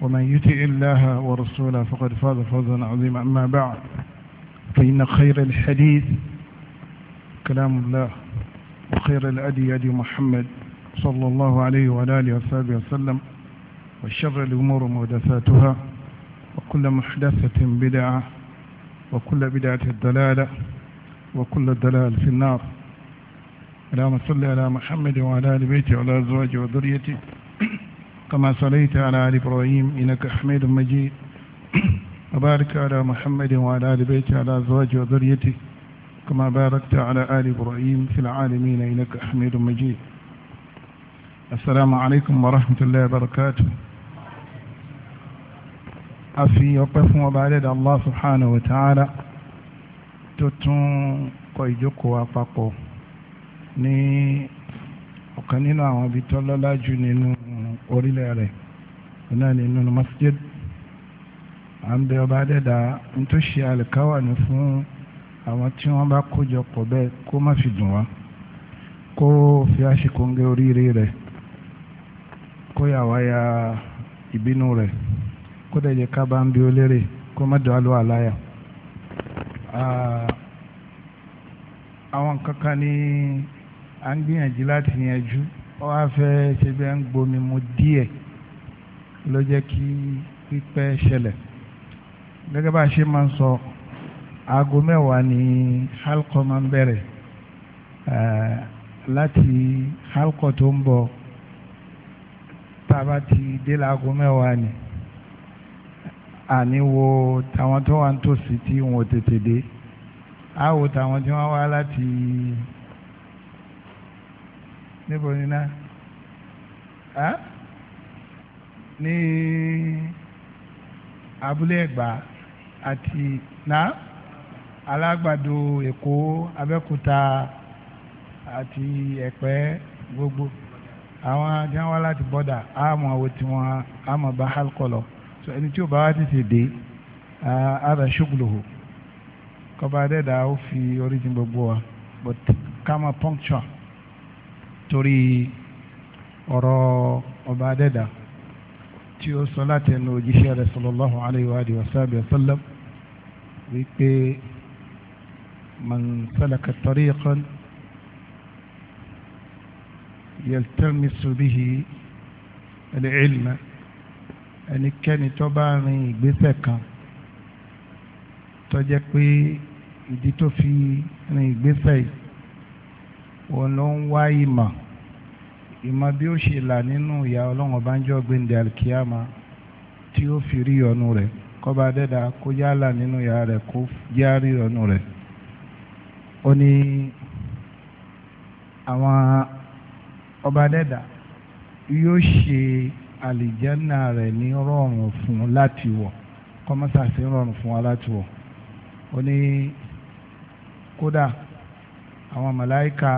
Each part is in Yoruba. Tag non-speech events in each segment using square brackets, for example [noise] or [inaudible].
ومن يطع الله ورسوله فقد فاز فوزا عظيما أما بعد فإن خير الحديث كلام الله وخير الأدي أدي محمد صلى الله عليه وعلى آله وصحبه وسلم وشر الأمور محدثاتها وكل محدثة بدعة وكل بدعة الدلالة وكل الدلال في النار اللهم صل على محمد وعلى آل بيته وعلى أزواجه وذريته كما صليت على آل إبراهيم إنك حميد مجيد [clears throat] وبارك على محمد وعلى آل بيته على أزواج وذريته كما باركت على آل إبراهيم في العالمين إنك حميد مجيد السلام عليكم ورحمة الله وبركاته أفي يقف وبعد الله سبحانه وتعالى تتون قيدك وفقه ني ọ̀kan nínú وبيتولى ibi orílẹ̀ rẹ̀ náà ní inú masjid à ń bẹ ọba adẹ́dà ń tó ṣe àlìkáwà ní fún àwọn tí wọ́n bá kójọ pọ̀ bẹ́ẹ̀ kó má fi dùn wá kó fi àṣekóńgé oríire rẹ̀ kó yà wá ya ìbínú rẹ̀ kó dẹ̀ jẹ́ ká bá ń bi ó lérè kó má dọ̀ á àláyà àwọn kankan ni à ń gbìyànjú láti yanjú wọ́n wá fẹ́ ṣe bí wọ́n ń gbomi mu díẹ̀ ló jẹ́ kí pípẹ́ ṣẹlẹ̀ gẹ́gẹ́ bá a ṣe máa ń sọ aago mẹ́wàá ni halkọ máa ń bẹ̀rẹ̀ láti halkọ tó ń bọ̀ tá a bá ti dé láago mẹ́wàá ni àní táwọn tó wà ń tòsí tí wọn ò tètè dé á táwọn tí wọ́n wá láti níbo ni náà ẹ́ ní abúlé ẹ̀gbá àti náà alágbàdo èkó abẹ́kúta àti ẹ̀pẹ́ gbogbo àwọn tí wọ́n wá láti bọ́dà àmọ́ àwọn tí wọ́n àmọ́ bá hálkọ́ lọ so ẹni tí ò bá wá tètè dé ara ṣuguloho kọba adẹ́dàá ó fi oríjìn gbogbo wa but kama puncture torí ọ̀rọ̀ ọba adẹ́dà tí ó sọ láti ẹnu òjíṣẹ́ rẹ̀ sallallahu alayhi wa alihi wa sahbihi wa sallam wípé man salaka tariqan yaltamisu bihi al-ilma ẹnikẹ́ni tó bá rin ìgbésẹ̀ kan tó pé ìdí tó fi rin ìgbésẹ̀ yìí òun ló ń wá ìmọ̀ ìmọ̀ bí ó ṣe là nínú ìyá ọlọ́run ọba ń jọ gbẹ̀ndẹ̀ alikiyama tí ó fi rí ọnu rẹ̀ kọ́ba dẹ́dà kó yálà nínú ìyá rẹ̀ kó yá rí ọnu rẹ̀ ó ní àwọn ọba dẹ́dà yóò ṣe àlìjánà rẹ̀ ní rọrùn fún láti wọ̀ kọ́mọ́sàsì rọrùn fún wa láti wọ̀ ó ní kódà àwọn màláìka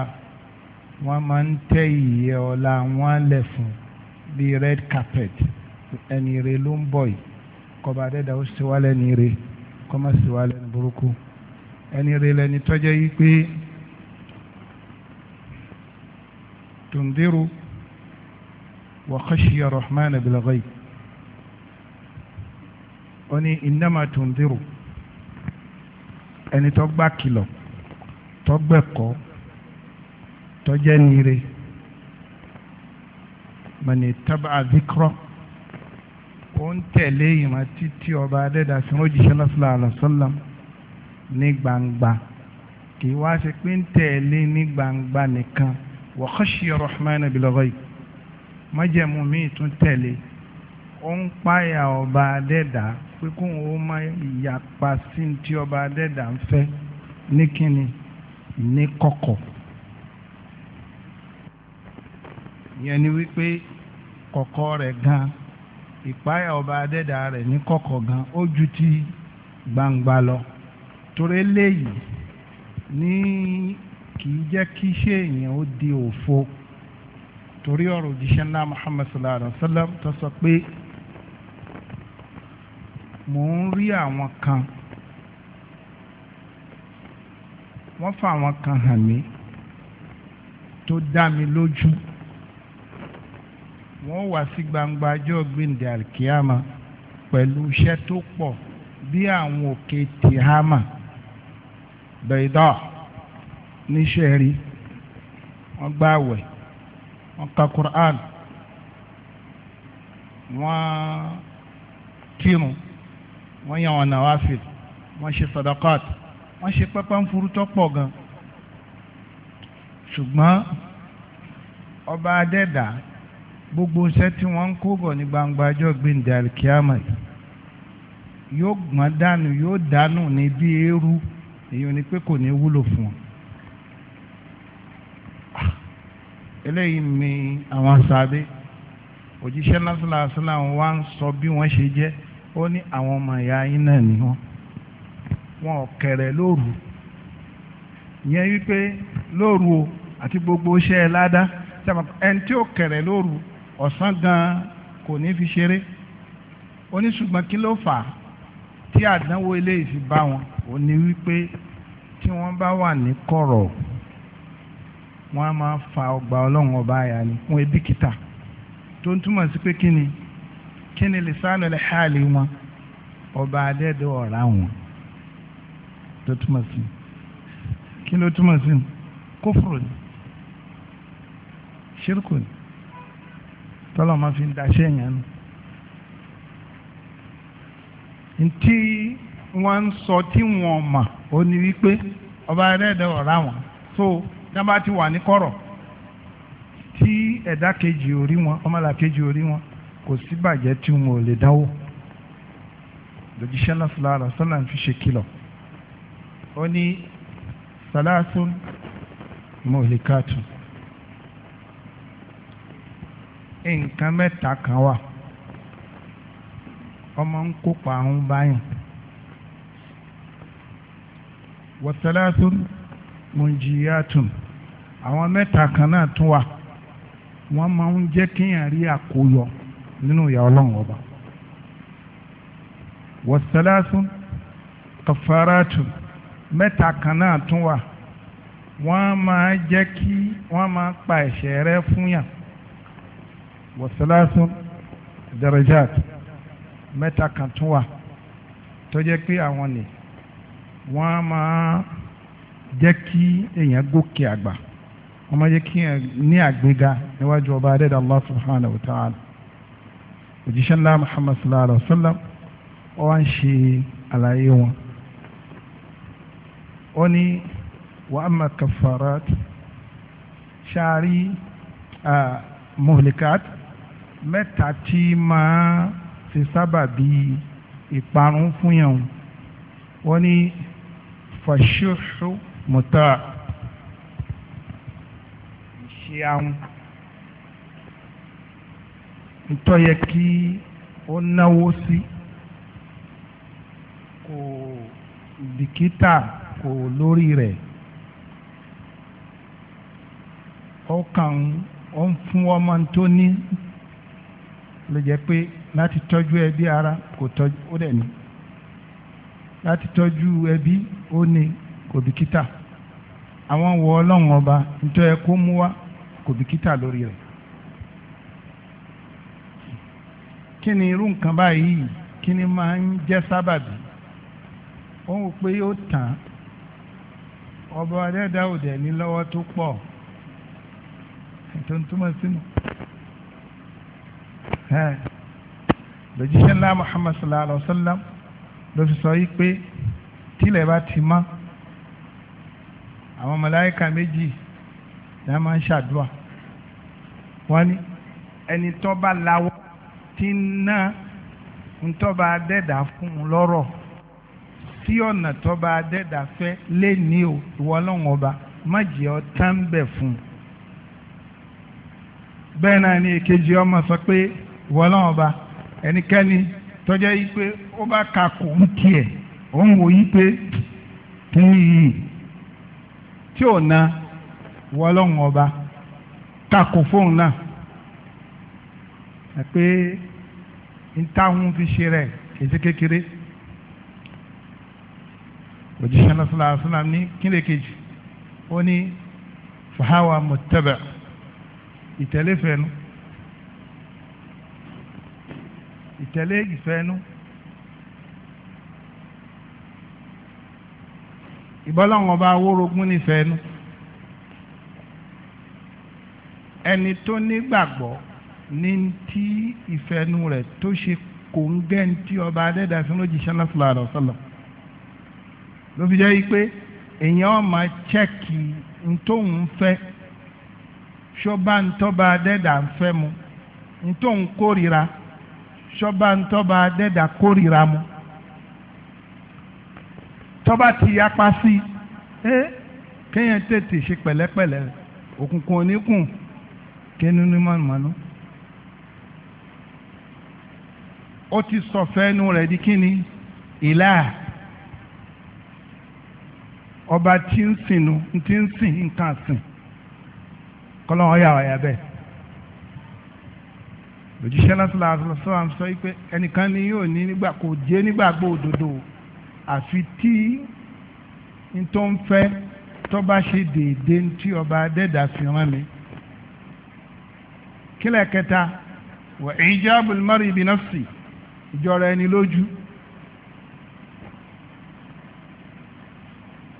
wọ́n máa ń tẹ́ ìyẹ́ ọlá wọn lẹ̀ fún bíi red carpet ẹni rẹ ló ń bọ̀ yìí kọba adẹ́dà ó sì wá lẹ́ni rẹ kọ́ má sì wá lẹ́ni burúkú ẹni rẹ lẹ́ni tọ́jọ́ yìí pé tundiru wa khashiya rahman bil Oni ó ní innama tundiru ẹni tó gbà kìlọ̀ tó gbẹ̀kọ́ tọ́jẹ́ nire mani taba zikro ó ń tẹ̀lé ìmọ̀ títí ọba adẹ́dàsí òjíṣẹ́ lọ́sọ̀lá àlọ́sọ́lá ní gbangba kì í wá ṣe pé ń tẹ̀lé ní gbangba nìkan wa khashiya rahman bil-ghaib májẹ̀mú mi tún tẹ̀lé ó ń páyà ọba adẹ́dà pé kóun ó má yapa sí ti ọba adẹ́dà ń fẹ́ ní kíni ní kọ̀kọ̀. yẹn ni wípé kọ̀kọ̀ rẹ̀ gan ìpáyà ọba adẹ́dà rẹ̀ ní kọ̀kọ̀ gan ó ju ti gbangba lọ torí léyìí ní kì í jẹ́ kí iṣẹ́ èèyàn ó di òfo torí ọ̀rọ̀ òjíṣẹ́ ńlá Muhammad sallallahu alayhi wa sallam tó sọ pé mò ń rí àwọn kan wọ́n fa àwọn kan hàn mí tó dá mi lójú wọ́n wá sí gbangba ọjọ́ gbẹ̀ndẹ̀ alkiyama pẹ̀lú iṣẹ́ tó pọ̀ bí àwọn òkè tihama bẹ̀dọ̀ níṣẹ́ rí wọ́n gbààwẹ̀ wọ́n ka Qur'an wọ́n kírun wọ́n yan wọn nawafil wọ́n ṣe sadakat wọ́n ṣe pápán furutọ́ pọ̀ gan ṣùgbọ́n ọba adẹ́dàá gbogbo iṣẹ́ tí wọ́n ń kó bọ̀ ní gbangba ọjọ́ gbẹ̀ǹdẹ̀ alikiyama yóò gbọ́n dànù yóò dànù ní bí eérú èyí ni pé kò ní wúlò fún wọn. eléyìí mi àwọn sábẹ́ òjíṣẹ́ lásìlàsílà wa ń sọ bí wọ́n ṣe jẹ́ ó ní àwọn ọmọ ìyá yín náà ni wọ́n wọn ò kẹ̀rẹ̀ lóru ìyẹn wípé lóru o àti gbogbo iṣẹ́ ẹ ládàá ẹni tí ó kẹ̀rẹ̀ lóru ọ̀sán gan kò ní fi ṣeré oníṣùgbọ́n kí ló fà á tí àdánwò eléyìí fi bá wọn ò ní wípé tí wọ́n bá wà ní kọ̀rọ̀ wọ́n á máa fa ọgbà ọlọ́run ọba àyà ni fún ebíkítà tó ń túmọ̀ sí pé kí ni kí ni lisanu lè hàlì wọn ọba adẹ́dẹ́ ọ̀rá wọn tó túmọ̀ sí kí ló túmọ̀ sí kófòrò ni ṣírkù ni tọ́lọ̀ máa fi ń daṣẹ́ yẹn nù ntí wọ́n ń sọ tí wọ́n mà ó ní wípé ọba ẹlẹ́dẹ̀ ọ̀rá wọn so dábà ti wà ní kọ̀rọ̀ tí ẹ̀dá kejì orí wọn ọmọlà kejì orí wọn kò sí bàjẹ́ tí wọn ò lè dáwó lójúṣẹ́ náà fúlára sọ́nà fi ṣe kìlọ̀ ó ní sàlásùn mọ̀lẹ́kàtún. nǹkan mẹ́ta kan wà ọmọ ń kópa àwọn báyìí wọ́tẹ́lẹ́tún mọ̀jìyàtún àwọn mẹ́ta kan náà tún wà wọ́n máa ń jẹ́ kéèyàn rí àkóyọ nínú ìyá ọlọ́run ọba wọ́tẹ́lẹ́tún kàfàràtún mẹ́ta kan náà tún wà wọ́n máa jẹ́ kí wọ́n máa pa ẹ̀ṣẹ̀ wọ̀sálásún darajat mẹ́ta kan tún wà tó jẹ́ pé àwọn ni wọ́n á máa jẹ́ kí èèyàn gòkè àgbà wọ́n máa jẹ́ kí èèyàn ní àgbéga níwájú ọba adẹ́dà Allah subhanahu wa ta'ala òjíṣẹ́ ńlá Muhammad sallallahu alayhi wa sallam ó wá ń ṣe àlàyé wọn ó ní wa amma kafarat ṣáárí muhlikat mẹ́ta tí máa ṣe sábàbí ìparun fún yàn wọ́n ní fàṣíṣù mọ́tà ìṣe àwọn ntọ́yẹ kí ó náwó sí kò bìkítà kò lórí rẹ̀ ọkàn ó ń fún ọmọ tó ní ló jẹ́ pé láti tọ́jú ẹbí ara kò tọ́jú ó dẹ̀ ní láti tọ́jú ẹbí ó ní kò bìkítà àwọn wọ ọlọ́run ọba nítorí ẹ kó mú wá kò bìkítà lórí rẹ̀ kí ni irú nǹkan báyìí kí ni máa ń jẹ́ sábàbí ó ń wò lójíṣẹ́ ńlá muhammad sallallahu alayhi wa sallam ló fi sọ yìí pé tílẹ̀ bá ti mọ́ àwọn màláíkà méjì ni a máa ń ṣàdúrà wọ́n ní ẹni tó bá lawọ́ tí ń ná ń tó bá dẹ́dà fún un lọ́rọ̀ tí ọ̀nà tó bá dẹ́dà fẹ́ lé ní o ìwọ ọlọ́run ọba má jẹ́ ọ tán bẹ̀ fún un bẹ́ẹ̀ náà ni èkejì ọmọ sọ pé. wọlọ́n ọba ẹnikẹ́ni tọ́jọ́ yìí pé ó bá ka kò ń tiẹ̀ ó ń wò yí pé kí ni yìí tí ò na wọlọ́n ọba ka kò fóun náà pé n táwọn fi ṣe rẹ̀ èsì kékeré òjíṣẹ́ náà sọ́la sọ́la ní kíndékejì ó ní fàáwà mọ̀tẹ́bẹ̀ ìtẹ̀lẹ́fẹ̀ẹ́ nu. ìtẹ̀lé ìfẹ́nu ìbọ́láwọn ọba awórogún nífẹ̀ẹ́nu ẹni tó nígbàgbọ́ ní tí ìfẹ́nu rẹ̀ tó ṣe kò ń gẹ́ ní ọba adẹ́dà fún lójijì sallallahu alaihi wasallam ló fi jẹ́ pé èèyàn máa chẹ́kì ntóhun fẹ́ ntọ́ba ń fẹ́ tọ́ba ń tọ́ba dẹ́dà kórìíra mu tọ́ba ti yapa sí i ẹ kéèyàn tètè ṣe pẹ̀lẹ́pẹ̀lẹ́ òkùnkùn oníkùn kẹ́nu ní mọ̀nàmọ́ná ó ti sọ fẹ́nu rẹ̀ di kíni ìlà ọba tí ń sìn nu tí ń sìn nǹkan sìn lójúṣẹ́ lásìlá àṣọ sọ pé ẹnìkan ni yóò ní nígbà kò jẹ́ nígbàgbọ́ òdodo àfi tí n tó ń fẹ́ tó bá ṣe déédéé tí ọba adẹ́dà fi rán mi. kílẹ̀ kẹta wà ìjábùl mari bi nafsi ìjọra ẹni lójú.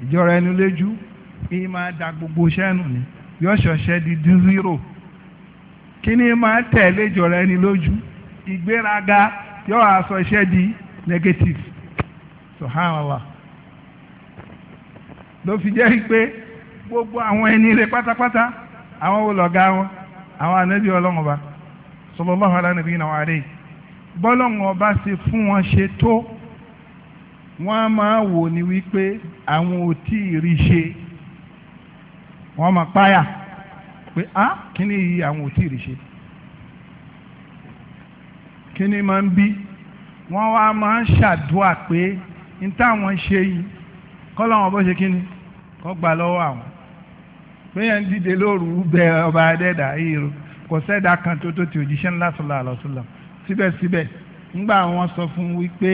ìjọra ẹni lójú ìmọ̀ àdá gbogbo sẹ́nu ni yọ̀ṣọ̀ṣẹ́ di dín zero. kíní máa tẹ̀lé jọ̀rọ̀ ẹni lójú ìgbéraga yóò aṣọ iṣẹ́ di negative subhanallah ló fi jẹ́ pé gbogbo àwọn ẹni rẹ̀ pátápátá àwọn olọ̀gá wọn àwọn ànábì ọlọ́run ọba sallallahu ala nabiyina wa alayhi bọ́lọ́run ọba ṣe fún wọn ṣe tó wọ́n máa wò ní wípé àwọn ò tí ì rí ṣe wọ́n máa páyà. pé á kíní yìí àwọn ò tí ì rí ṣe kíní máa ń bí wọ́n wá máa ń ṣàdúrà pé n táwọn ṣe yìí kọ́ làwọn bó ṣe kíní kọ́ gbà lọ́wọ́ àwọn bẹ́ẹ̀ ń dìde lóru bẹ ọba adẹ́dà ìrù kò sẹ́dá kan tó tó ti òjíṣẹ́ ńlá sọ̀lá àlọ́sọ̀lá síbẹ̀síbẹ̀ ńgbà wọn sọ fún wípé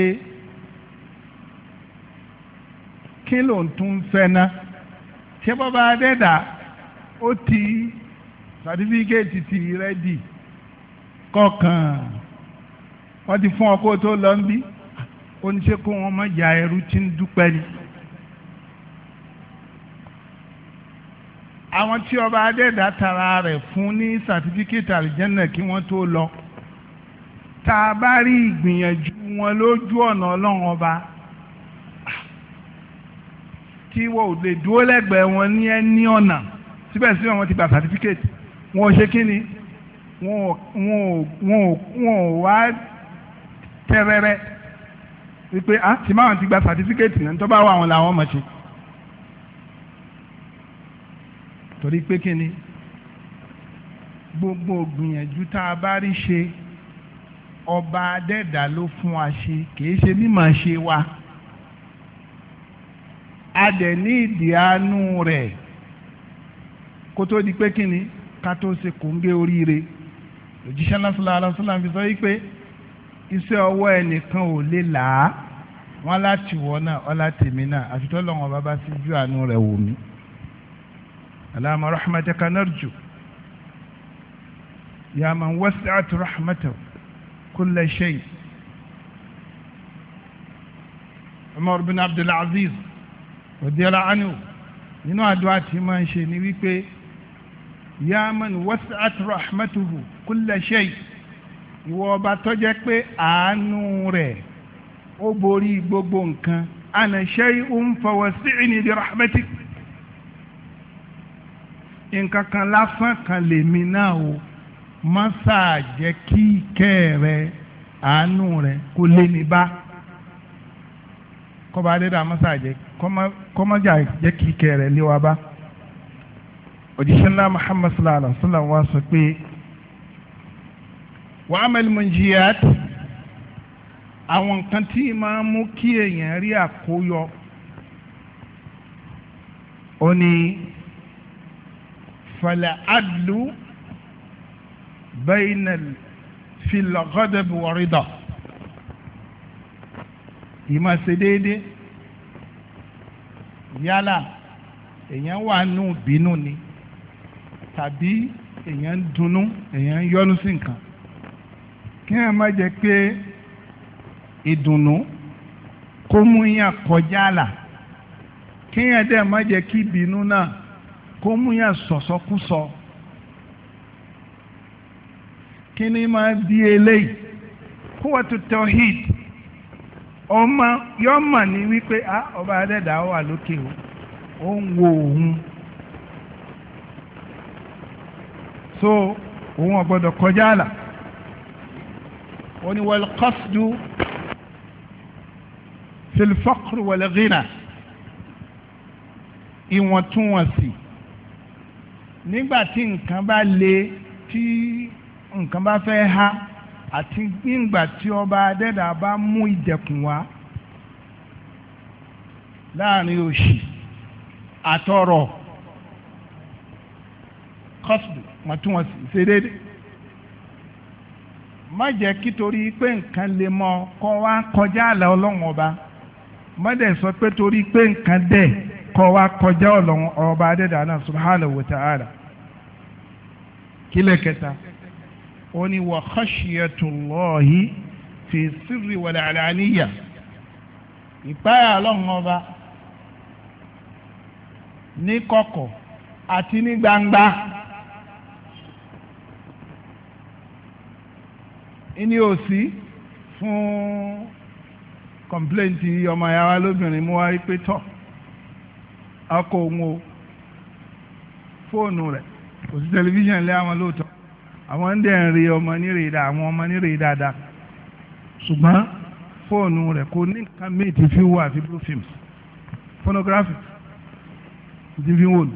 kí ló ń tún fẹ́ ná ṣé bọ́ba adẹ́dà ó ti sàtífíkẹ́ẹ̀tì ti rẹ́dì kọ̀ọ̀kan wọ́n ti fún ọ kó tó lọ ń bí oníṣẹ́ kó wọn má ya ẹrú tí ń dúpẹ́ ni. àwọn tí ọba adẹ́ẹ̀dá tara rẹ̀ fún ní sàtífíkẹ́ẹ̀tì àlìjẹ́nà kí wọ́n tó lọ tá a bá rí ìgbìyànjú wọn lójú ọ̀nà ọlọ́run ọba tí wọ́n ò lè dúró lẹ́gbẹ̀ẹ́ wọn ní ẹni ọ̀nà síbẹ̀síbẹ̀ wọ́n ti gba sàtífíkẹ́ẹ̀tì wọn ṣe kí ni wọn ò wá tẹ́rẹ́rẹ́ wípé ah tí máwọn ti gba sàtífíkẹ́tì náà tó bá wà wọn làwọn mọ̀ torí pé kí ni gbogbo gbìyànjú tá a bá rí ṣe ọba adẹ́dà ló fún wa ṣe kì ṣe mímọ̀ ṣe wa a dẹ̀ ní ìdí àánú rẹ̀ kó tó di pé kí ni ká tó ṣe kòńgé oríire òjíṣẹ́ lásìlá aláṣìlá fi sọ wípé iṣẹ́ ọwọ́ ẹnìkan ò lè là á wọn láti wọ náà ọlá tèmi náà àfi tó lọ́wọ́n bá bá sí ju àánú rẹ̀ wò mí. alama rahmataka narju ya man wasi'at rahmatahu kulla shay. umar bin abdulaziz radiyallahu anhu nínú àdúrà tí máa ń ṣe ni wípé ya man wasi'at rahmatuhu kulla shay ìwọ ọba tó jẹ́ pé àánú rẹ̀ ó borí gbogbo nǹkan ana shay'un fawasi'ni bi rahmatik nǹkan kan lásán kan lèmi náà o má sáà jẹ́ kí ìkẹ́ rẹ àánú rẹ kó lé mi bá kọ́ba adédà má sáà jẹ́ kọ́mọ́jà jẹ́ kí ìkẹ́ rẹ lé wa bá òjíṣẹ́ ńlá muhammad sallallahu alaihi wa sallam wá sọ pé wa amal munjiyat àwọn nǹkan tí máa mú kí èèyàn rí àkóyọ ó ní fala adlu bayna fil ghadab wa rida ṣe déédéé yálà èèyàn wà nù bínú ni tàbí èèyàn ń dunnú èèyàn ń yọnu sí nǹkan kí ẹ má jẹ pé ìdùnnú kó mú yàn kọjá àlà kí ẹ dẹ má jẹ kí ìbínú náà kó mú yàn sọ̀sọ́kúsọ kí ni máa bí eléyìí kó wà tó tawhid ọmọ yọmọ ni wípé ah, ọba adẹ́dàá wà lókè o ó ń wo òun. so òun ọ̀gbọ́dọ̀ kọjá àlà wọ́n ni wal qasdu fil faqr wal ghina ìwọ̀ntúnwọ̀nsì nígbà tí nǹkan bá le tí nǹkan bá fẹ́ há àti nígbà tí ọba adẹ́dà bá mú ìdẹ̀kùn wá láàrin òṣì àtọrọ kọ́sùdù wọ́n tún wọn ṣe déédé má jẹ́ kí torí pé nǹkan lè mọ kọ́ wá kọjá àlà ọlọ́run ọba má dẹ̀ sọ pé torí pé nǹkan dẹ̀ kọ́ wá kọjá ọlọ́run ọba adẹ́dàá náà subhanahu wa ta'ala kílẹ̀ kẹta ó ní wa khashiyatullahi fi sirri wal alaniya ìpáyà ọlọ́run ọba ní kọ̀kọ̀ àti ní gbangba. ní òsì fún kọ̀ǹpléǹtì ọmọ ìyá wa lóbìnrin mú wa pé tọ̀ ọkọ̀ òun o fóònù rẹ̀ kò sí tẹlifíṣàn lé àwọn lóòótọ́ àwọn ń dẹ̀ ń rí ọmọ nírèé dáa àwọn ọmọ nírèé dáadáa ṣùgbọ́n fóònù rẹ̀ kò ní nǹkan míì ti fi wo àfi blue films pornography ti fi wò nù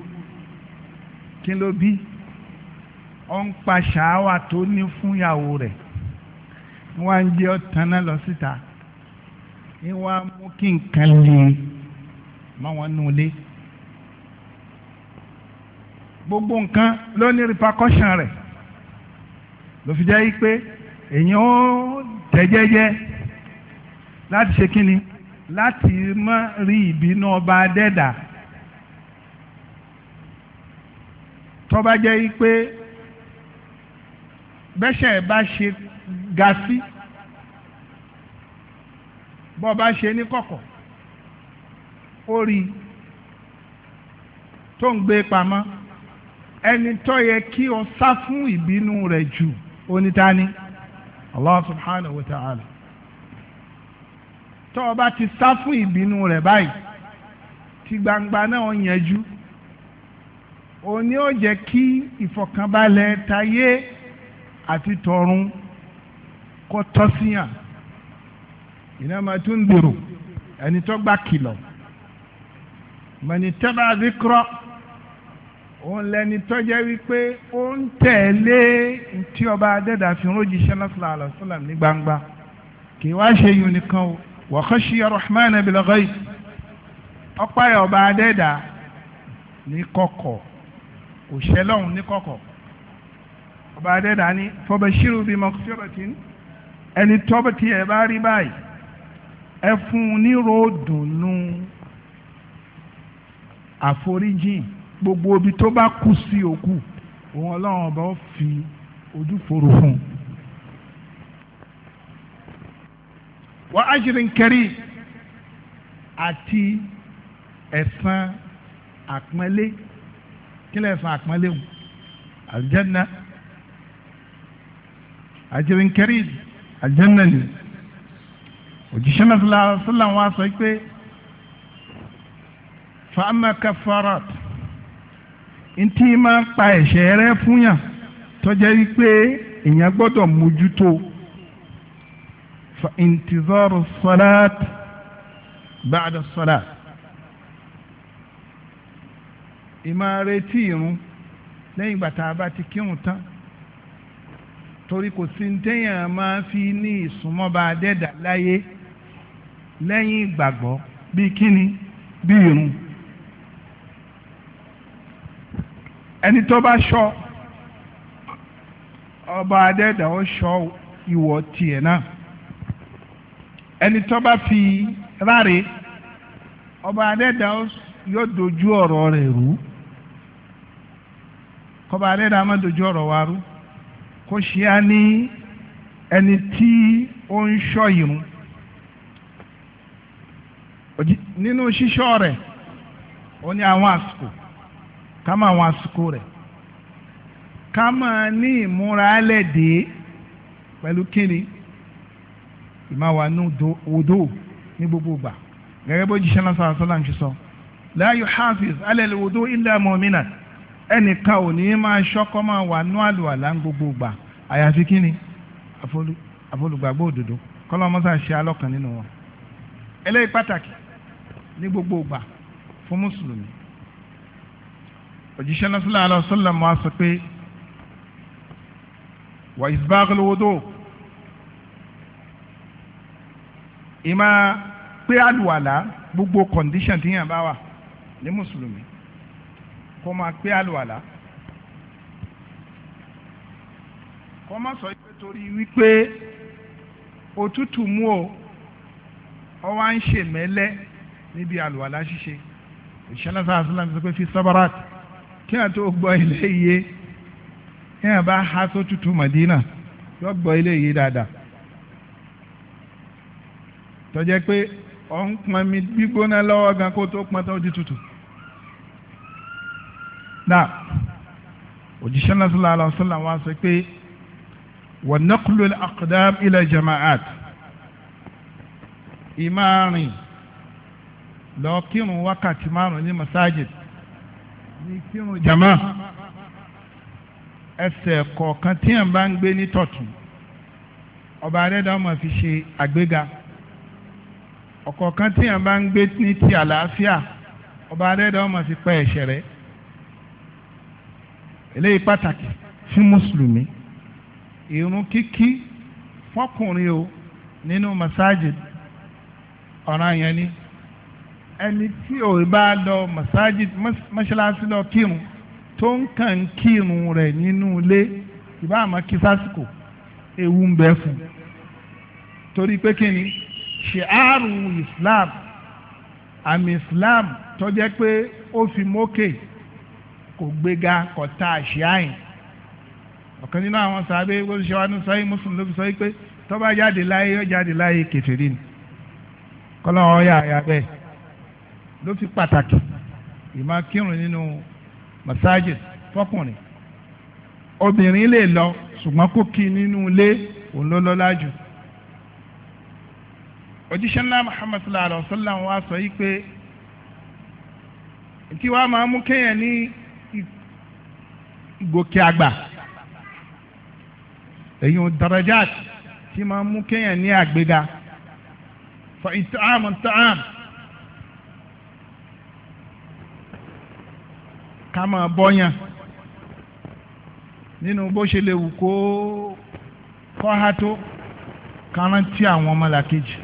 kí ló bí ọ ń pa ṣááwà tó ní fún ìyàwó rẹ̀ wọ́n á ń jẹ́ ọ̀tánná lọ síta ni wọ́n á mú kí nǹkan lè má wọn nù lé gbogbo nǹkan ló ní repercussion rẹ̀ ló fi jẹ́ pé èyàn ó tẹ́jẹ́jẹ́ láti ṣe kínni láti má rí ìbínú ọba adẹ́dà tó bá jẹ́ pé bẹ́sẹ̀ bá ṣe Gasi sí bọ́ bá ṣe ní kọ̀kọ̀ ó rí tó ń gbé pamọ́ ẹni tó yẹ kí o sá fún ìbínú rẹ̀ jù onítání Allah subhanahu wa ta'ala tó o bá ti sá fún ìbínú rẹ̀ báyìí tí gbangba náà yanjú òní ó jẹ́ kí ìfọ̀kànbalẹ̀ tayé àti tọ̀run kó tọ́ sí yàn ìnáma tó ń gbèrò ẹni tó gbà kìlọ̀ mọ̀nì tẹ́lá àdékọ́rọ́ òun lẹni tó jẹ́ wípé ó ń tẹ̀lé tí ọba adẹ́dà fi rójíṣẹ́ lọ́sọ̀lá àlọ́sọ̀lá ní gbangba kì í wá ṣe yun nìkan o wa khashiya rahmana ọ̀pá ẹ̀ ọba adẹ́dà ní kọ̀kọ̀ kò ṣẹlọ́hún ní kọ̀kọ̀ ọba adẹ́dà ní fọbẹ̀ṣirù bíi mọ̀kúṣẹ́rọ̀ tí ń ẹni tọ́bọ̀ tí ẹ bá rí báyìí ẹ fún un ní ròdùnú àforíjìn gbogbo ibi tó bá kú sí òkú òun ọlọ́run ọba ó fi ojú fòrò fún un. wọ́n áṣírin kẹrí àti ẹ̀san àpọ́nlé kílẹ̀ ẹ̀san àpọ́nlé wù àlùjánnà áṣírin kẹrí àjẹ́nà ni òjíṣẹ́ náà sọ́là wọn sọ pé fàámà kafarat ntí máa ń pa ẹ̀ṣẹ̀ rẹ fúnyàn tọ́jẹ́ wípé èèyàn gbọ́dọ̀ mójútó fa intizọ́rù sọ́láàt báàdà sọ́láàt ìmọ̀ retí irun lẹ́yìn ìgbà bá ti kírun tán torí kò sí téèyàn máa fi ní ìsúnmọ́ba adẹ́dà láyé lẹ́yìn ìgbàgbọ́ bíi kíni bíi irun ẹni tó bá ṣọ ọba adẹ́dà ó ṣọ ìwọ tiẹ̀ náà ẹni tó bá fi ráre ọba adẹ́dà yóò dojú ọ̀rọ̀ rẹ̀ rú kọba adẹ́dà má dojú ọ̀rọ̀ wa rú kó ṣe á ní ẹni tí ó ń ṣọ́ ìrun nínú ṣíṣọ́ rẹ̀ ó ní àwọn àsìkò ká máa àwọn àsìkò rẹ̀ ká máa ní ìmúra lẹ́dẹ̀ pẹ̀lú kíni ìmáwánú odò ní gbogbo ìgbà gẹ́gẹ́ bó jíṣẹ́ náà sọ̀rọ̀ sọ́lá ń ṣe sọ la yuhafiz ala al-wudu illa mu'minan ẹnìkan ò ní máa ṣọ́kọ́ máa wà nú àlùwàlá ń gbogbo gbà àyàfi kí ni àfolùgbàgbọ́ òdodo kọ́lọ́mọ́sá ṣe alọ́kan nínú wọn eléyìí pàtàkì ní gbogbo gbà fún mùsùlùmí òjíṣẹ́ nasala aláṣọ́lá máa sọ pé wà isbaghul wudu ìmá pé àlùwàlá gbogbo kọ̀ǹdíṣàn tíyàn bá wà ní mùsùlùmí kó máa pé àlùwàlà kó má sọ pé torí wípé òtútù mú o ọ wá ń ṣe mẹ́lẹ́ níbi àlùwàlà ṣíṣe ìṣẹ́lẹ̀ sáà sílẹ̀ sọ pé fi sabarat kí ẹ̀ tó gbọ́ ilé iye kí ẹ̀ bá há sótútù Madina yọ gbọ́ ilé iye dáadáa tọ́jẹ́ pé ọ̀ ń pọnmi gbígbóná lọ́wọ́ gan kó tó pọn tó di tútù náà òjíṣẹ́ náà sallallahu alaihi wasallam wá sọ pé wa naqlu al-aqdam ila jama'at ìmáàrin lọ kírun wákàtí márùn ní masajid ní kírun jama ẹsẹ̀ kọ̀ọ̀kan tí ẹ̀ ń bá ń gbé ní tọ̀tún ọba adẹ́dá fi ṣe àgbéga ọ̀kọ̀ọ̀kan tí ẹ̀ bá ń gbé ní ti àlàáfíà ọba adẹ́dá fi pẹ́ ẹ̀ṣẹ̀ rẹ̀ eléyìí pàtàkì fún mùsùlùmí ìrun kíkí fọkùnrin o nínú masajid ọ̀ràn yẹn ni ẹni tí ò bá lọ masajid mọ́ṣáláṣí lọ kírun tó ń kàn kírun rẹ̀ nínú ilé ìbá àmọ́ kí sásìkò ewu ń bẹ fún un torí pé kí ni ṣìárù islam àmì islam tó jẹ́ pé ó fi mókè kò gbéga kò ta àṣìá yìí ọ̀kan nínú àwọn sàbẹ̀ olùṣèwà ní sọ́yìn mùsùlùmí ló fi sọ pé tó bá jáde láyé yóò jáde láyé kẹfìrí ni kọ́lọ́wọ́ yà yà bẹ́ẹ̀ ló fi pàtàkì ìmọ̀ kírun nínú masajid fọkùnrin obìnrin lè lọ ṣùgbọ́n kò kí nínú ilé òun ló lọ́lá jù òjíṣẹ́ ńlá muhammad sallallahu alaihi wa sọ yìí pé tí wàá máa mú kéèyàn ní gòkè àgbà èyí ò darajat tí máa mú kéèyàn ní àgbéga fa ìtààmù tààmù ká máa bọ́yàn nínú bó ṣe lè wù kó kọ́há tó kárántí àwọn ọmọlàkejì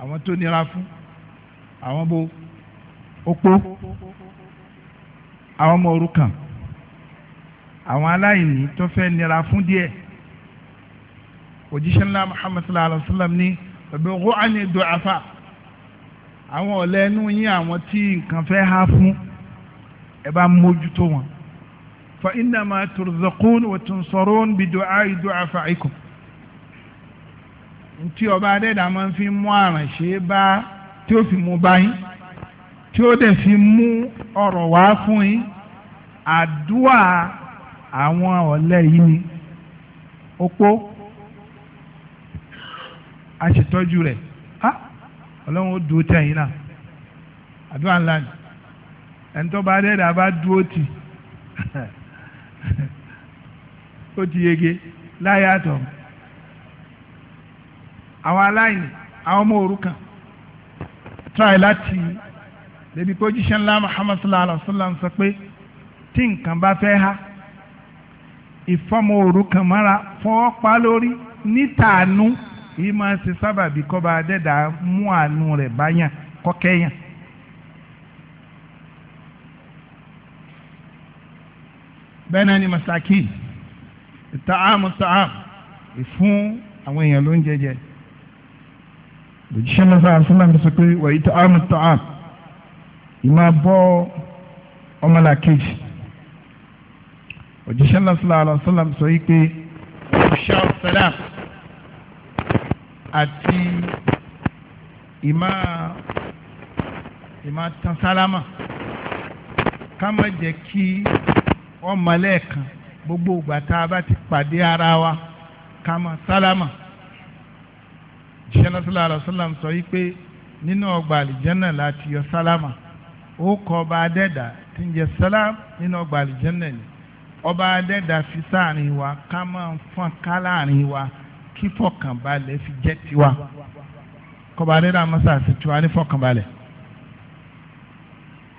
àwọn tó nira fún àwọn bó opó àwọn ọmọ òrukàn àwọn aláìní tó fẹ́ nira fún díẹ̀ òjíṣẹ́ ńlá muhammad sallallahu alayhi wa sallam ní ọ̀bẹ̀ owó àní du'afa àwọn ọ̀lẹ́ inú yín àwọn tí nǹkan fẹ́ há fún ẹ bá mójútó wọn fa innama turzaqun wa tunsarun bi du'a'i du'afaikum ntí ọba adẹ́dàá máa ń fi mú àrànṣe bá tí ó fi mú báyìí tí ó dẹ̀ fi mú ọ̀rọ̀ wá fún yín àdúà àwọn ọ̀lẹ yìí ni opó a ṣètọ́jú rẹ̀ ha ọlọ́run ó dúró tẹ̀yìn náà àdúrà ńlá ni ẹni tó bá dẹ́ẹ̀dá bá dúró tì [laughs] ó ti yege láyé àtọ̀ àwọn aláìní àwọn ọmọ òrukàn tíráì láti lẹ́bi pé ojúṣe ńlá Muhammad sallallahu alaihi wa sallam sọ pé. tí nǹkan bá fẹ́ há ìfọmọ òrukàn mára fọwọ́ pa lórí nítàánú yìí máa ń ṣe sábàbí kọ́ba adẹ́dà mú àánú rẹ̀ báyàn kọ́kẹ́yàn. bẹ́ẹ̀ ni masakin ta'am ta'am ìfún àwọn èèyàn ló ń jẹjẹ. òjíṣẹ́ sọ pé wàyí ta'am ta'am òjíṣẹ́ lọ́sọ̀lá alọ́sọ́lá sọ wípé ṣá ọ̀sẹ̀dá àti ìmá ìmá tán sálámà ká má jẹ́ kí ọmọ lẹ́ẹ̀kan gbogbo ìgbà tá a bá ti pàdé ara wa ká má sálámà òjíṣẹ́ lọ́sọ̀lá alọ́sọ́lá sọ wípé nínú ọgbà àlìjẹ́nà láti yọ sálámà ó kọ́ ọba adẹ́dà tí ń jẹ sálámà nínú ọgbà àlìjẹ́nà ni ọba adẹ́dà fi sáàrin wa ká máa fọ́n ká láàrin wa kí fọkànbalẹ̀ fi jẹ́ tiwa kọba adẹ́dà mọ́sá sí tiwa ní fọkànbalẹ̀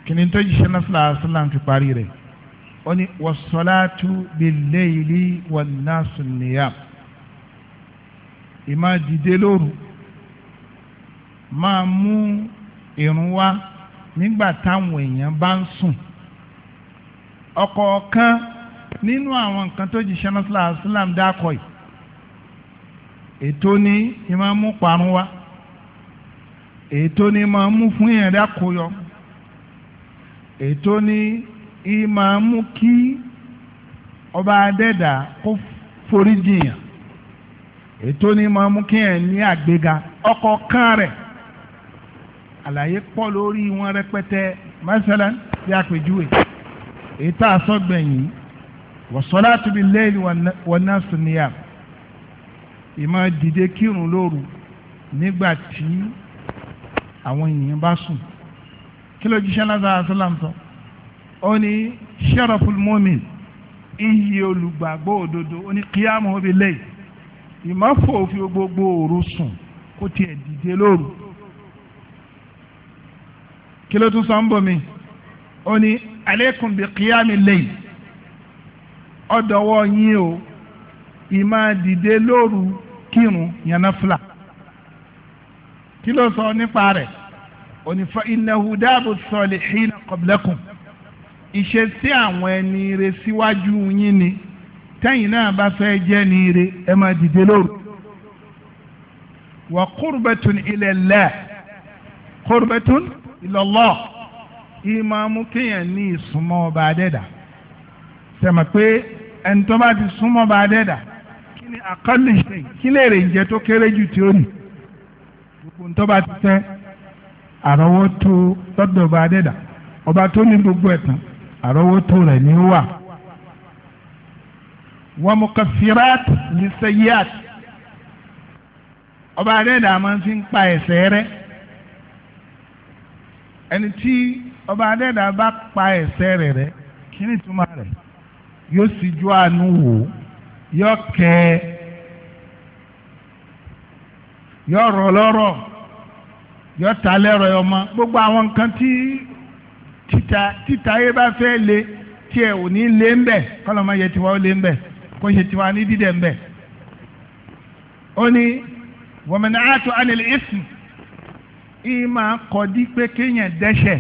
kìnnìún tó yìí ṣẹlẹ̀ sílá sílá fi parí rẹ̀ ó ní wàsálàtú bil-layli wan-nasu niyam ìmá dìde lóru máa mú ìrun wá nígbà táwọn èèyàn bá ń sùn ọkọ̀ọ̀kan nínú àwọn nǹkan tó jí sẹ́nọ́sílà islam dákọ̀ yìí ètò ní máa mú parun wá ètò ní máa mú fún yẹn dákòyọ ètò ní máa mú kí ọba adẹ́dà kó forí jiyàn ètò ní máa mú kí yẹn ní àgbéga ọkọ̀ kan rẹ̀ àlàyé pọ̀ lórí wọn rẹpẹtẹ mẹsàlán bí àpèjúwe ètò àsọgbẹ̀yìn wàsọ́láàtú bil layli wan nasu niyam ìmọ̀ dìde kírun lóru nígbà tí àwọn èèyàn bá sùn kí ló jíṣẹ́ lásán àṣàlám sọ ó ní sharaful mu'min iyì olùgbàgbọ́ òdodo ó ní qiyamuhu bil layl ìmọ̀ fòfin gbogbo òru sùn kó tiẹ̀ dìde lóru kí ló tún sọ ń bọ̀ mi ó ní alaykum bi qiyamil layl ọ̀dọ̀wọ́ yín o ìmá dìde lóru kírun yànnáfìlà kí ló sọ nípa rẹ̀ onífa innahu dáàbò sọlẹ̀ hínà qablakum ìṣesí àwọn ẹni ire síwájú yín ni tẹ́yìn náà bá fẹ́ jẹ́ ni ire ẹ máa dìde lóru wa qurbatun ila Allah qurbatun ila ìmọ̀ amúkéyàn ní ìsúnmọ́ ọba adẹ́dàá tẹ̀mọ̀ pé ẹni tó bá ti súnmọ́ bá dẹ́dà kí ni àkọ́lì ṣe kí lè rè jẹ tó kéré jù tí ó nì gbogbo tó bá ti tẹ́ àrọ́wọ́ tó lọ́dọ̀ bá dẹ́dà ọba tó ní gbogbo ẹ̀tàn àrọ́wọ́ tó rẹ̀ ní wà. wọ́n mú kọfírat ní sẹ́yíàt ọba dẹ́dà máa fi ń pa ẹ̀ṣẹ̀ rẹ́ ẹni tí ọba dẹ́dà bá pa ẹ̀ṣẹ̀ rẹ̀ rẹ́ kí ni túmọ̀ rẹ̀ yóò sì ju àánú wò yóò kẹ́ yóò rọ̀ lọ́rọ̀ yóò ta lẹ́rọ̀ ẹ̀ ọmọ gbogbo àwọn nǹkan tí títa títa yé bá fẹ́ le tí ẹ ò ní lé ń bẹ̀ kọ́lọ́mọ yẹ tiwa ó lé ń bẹ̀ kó ṣe tiwa ní dídẹ̀ ń bẹ̀ ó ní wọ̀mọ̀nà àtọ̀ ànilẹ̀ ìsìn ìyí máa kọ́ dí pé kéèyàn dẹ́ṣẹ̀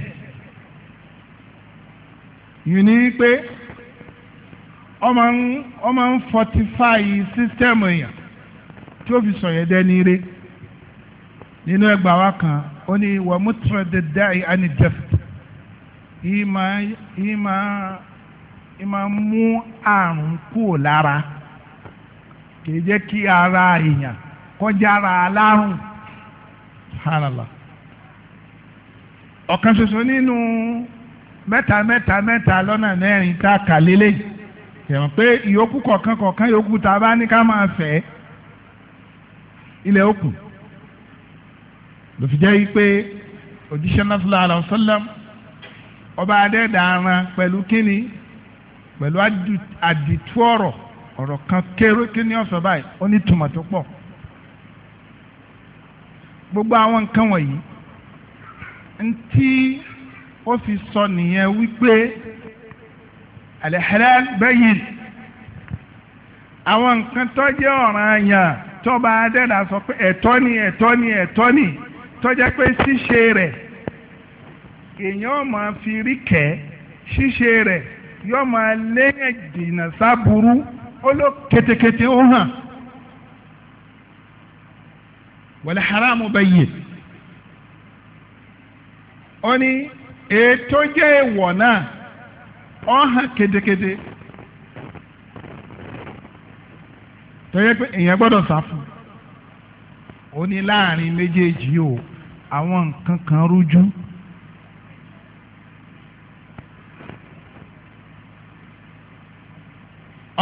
yìí ní pé ọmọ ń fortify sísítẹ́ẹ̀mù èèyàn tí ó fi sọ̀yẹ̀ dẹ́ni ire nínú ẹgbà wa kan ó ní wọ́n mú tẹ̀rẹ̀dẹ̀ dá ẹni dẹ́fẹ̀t yìí máa mú àrùn kúrò lára kì í jẹ́ kí ara èèyàn kọjá ara alárùn subhanallah ọ̀kan ṣoṣo nínú mẹ́ta mẹ́ta mẹ́ta lọ́nà mẹ́rin tá a kà lélẹ́yìí tẹ̀wọ̀n pé ìyókù kọ̀ọ̀kan kọ̀ọ̀kan yòókù tá a bá ní ká máa fẹ́ ilẹ̀ òkun ló fi jẹ́ pé òjíṣẹ́ náfúlà àlọ́sọ́lẹ́m ọba adẹ́dàáran pẹ̀lú kínní pẹ̀lú àdìtú ọ̀rọ̀ ọ̀rọ̀ kan kéré kínní ọ̀sọ̀ báyìí ó ní tùmọ̀ tó pọ̀ gbogbo àwọn nǹkan wọ̀nyí ntí ó fi sọ nìyẹn wípé al-halal bayyin àwọn nǹkan tó jẹ́ ọ̀ràn yàn tó bá adẹ́dà sọ pé ẹ̀tọ́ ni ẹ̀tọ́ ni ẹ̀tọ́ ni tó jẹ́ pé ṣíṣe rẹ̀ èèyàn máa fi rí kẹ́ ṣíṣe rẹ̀ yóò máa léyìn dènà sábúrú ó ló ó hàn wal haramu bayyin ó ní ètò jẹ́ èèwọ̀ náà. Ọha kedekede tọ́yẹ́ pé èèyàn gbọ́dọ̀ sá fún un ó ní láàrin méjèèjì o àwọn nǹkan kan rújú.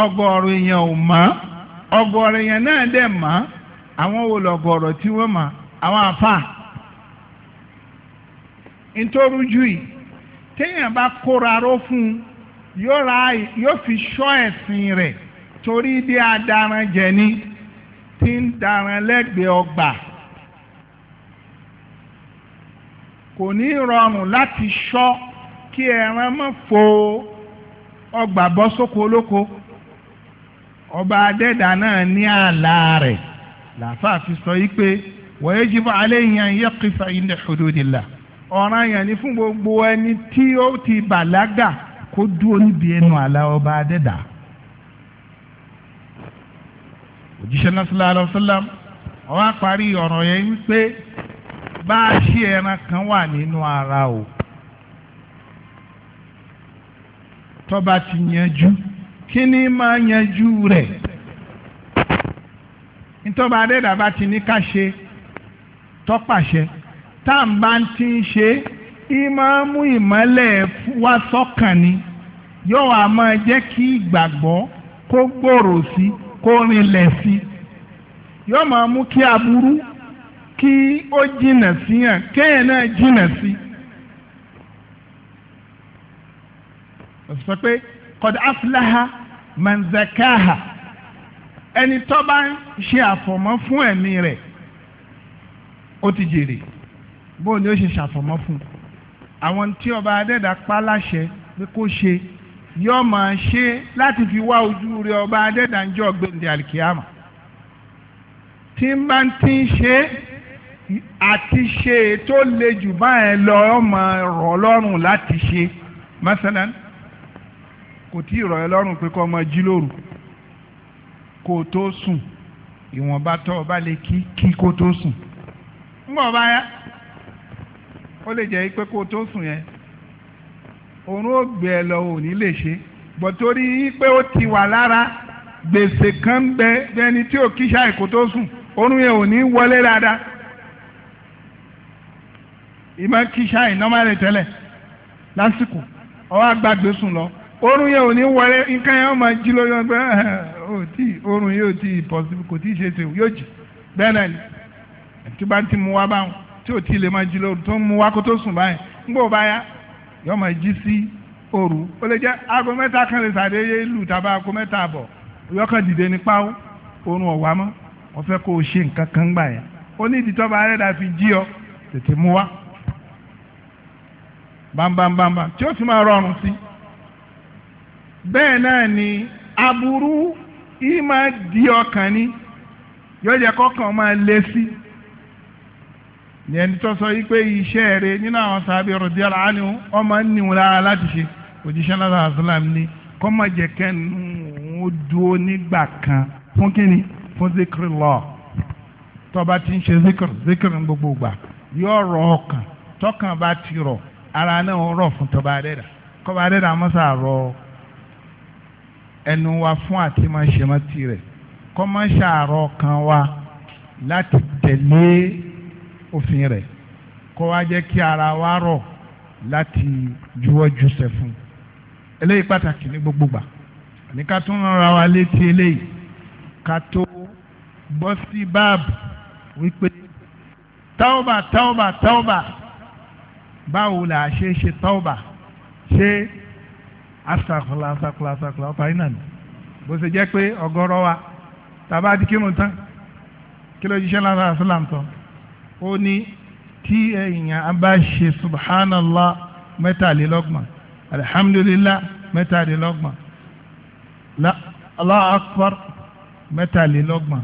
ọgọ́rùn èèyàn ò mọ̀ ọgọ́rùn èèyàn náà dẹ̀ mọ̀ àwọn wo lọ̀gọ̀rọ̀ tí wọ́n mọ̀ àwọn àfà nítorí jù yìí téèyàn bá kóra ró fún un yóò fi ṣọ́ ẹ̀sìn rẹ̀ torí bí adaran jẹ ní tí ń daran lẹ́gbẹ̀ẹ́ ọgbà kò ní rọrùn láti ṣọ́ kí ẹran má fò ọgbà bọ́ sóko olóko ọba adẹ́dà náà ní ààlà rẹ̀ làáfàá fi sọ yí pé wa yajibu alayhi an yaqifa inda hududillah ọ̀ranyàn ni fún gbogbo ẹni tí ó ti bàlágà kó dúró níbi ẹnu àlà ọba adẹ́dà òjíṣẹ́ náà sallallahu alaihi wasallam ó parí ọ̀rọ̀ yẹn wípé bá a ṣe ẹran kan wà nínú ara o tọ́ba ti yanjú kí ni máa yanjú rẹ̀ ntọ́ba adẹ́dà bá ti ní ká ṣe tọ́pàṣẹ tá à ń bá ti ń ṣe é ìmáàmù ìmọ́lẹ̀ wá sọ́kàn ni yóò wá máa jẹ́ kí ìgbàgbọ́ kó gbòòrò sí kó rinlẹ̀ sí yóò máa mú kí aburú kí ó jìnà sí hàn kéèyàn náà jìnà sí. sọ pé qad aflaha man ẹni tó bá ń ṣe àfọ̀mọ́ fún ẹ̀mí rẹ̀ ó ti jèrè bóun ni ó ṣe ṣàfọ̀mọ́ fún un àwọn tí ọba adẹ́dà pa láṣẹ pé kó ṣe yóò máa ṣe láti fi wá ojú rẹ ọba adẹ́dà ń jọ gbẹ̀ndẹ̀ àlìkíyàmà tí n bá ti ń ṣe àti ṣe tó le jù báyẹn lọ ọmọ rọ̀ lọ́rùn láti ṣe masalan kò tí ì rọ̀ ẹ́ lọ́rùn pé kọ́ ọmọ jí kó o tó sùn ìwọ̀nba tó o bá lè kí kí kó o tó sùn ń bọ̀ báyà ó lè jẹ́ pé kó o tó sùn yẹn òun ó gbé ẹ lọ òní lè ṣe bọ̀ torí pé ó ti wà lára gbèsè kan ń bẹ bẹni tí ò kíṣà èkó tó sùn oorun yẹn ò ní wọlé dáadáa ìmọ̀ kíṣà yìí nọ́màlì tẹ́lẹ̀ lásìkò ọwọ́ àgbàgbé sùn lọ oorun yẹn ò ní wọlé nǹkan yẹn ó máa jí lórí ọgbẹ́ ò tí oorun yóò tí possible kò tí ì ṣe ṣe yóò jì bẹ́ẹ̀ náà ni tí bá ti mu wá báwọn. tí o tí lè máa jí lóru tó ń mu wá kó tó sùn báyìí ńgbò bá yá yọ máa jí sí òru ó lè jẹ́ aago mẹ́ta kan lè sàdéyé lù tàbí aago mẹ́ta àbọ̀ yọkàn dìde ní pawó oorun ọwà mọ́ o ṣe nǹkan kan gbà ó ọ tètè wá tí máa rọrùn sí bẹ́ẹ̀ náà ni aburú di ọkàn ni kọ́kàn máa yẹn tó sọ yí pé iṣẹ́ rẹ nínú àwọn sábẹ́ radiyallahu anhu ọmọ nìwọ̀n lára láti ṣe òjíṣẹ́ náà sàlám ni kọ́mọ jẹ kẹ́nu ó dúró nígbà kan fún kínní fún zikiri lọ tọba ti ń ṣe zikiri zikiri gbogbo gbà yóò rọ ọkàn tọkàn bá ti rọ ara náà rọ fún tọba adẹ́dà kọba adẹ́dà mọ́sà rọ ẹnu wa fún àti máa ṣe mọ́ tirẹ̀ kọ́mọ ṣàrọ̀ kan wa láti tẹ̀lé òfin rẹ̀ kó wá jẹ́ kí ara wa rọ̀ láti juwọ́ jùsẹ̀ fún eléyìí pàtàkì ní gbogbo gbà ní ká tún rán ara wa létí eléyìí ká tó bọ́ sí báàbù wípé táwọ́bà táwọ́bà táwọ́bà báwo là á ṣe ṣe táwọ́bà ṣé asàkùlà asàkùlà asàkùlà ọ̀pá iná ni bó ṣe jẹ́ pé ọ̀gọ̀rọ̀ wa tàbá di kírun tán kí ló jíṣẹ́ lára àṣìláàmù ó ní tí èèyàn bá ṣe subhanallah mẹ́tàlélọ́gbọ̀n alhamdulillah mẹ́tàlélọ́gbọ̀n allah akbar mẹ́tàlélọ́gbọ̀n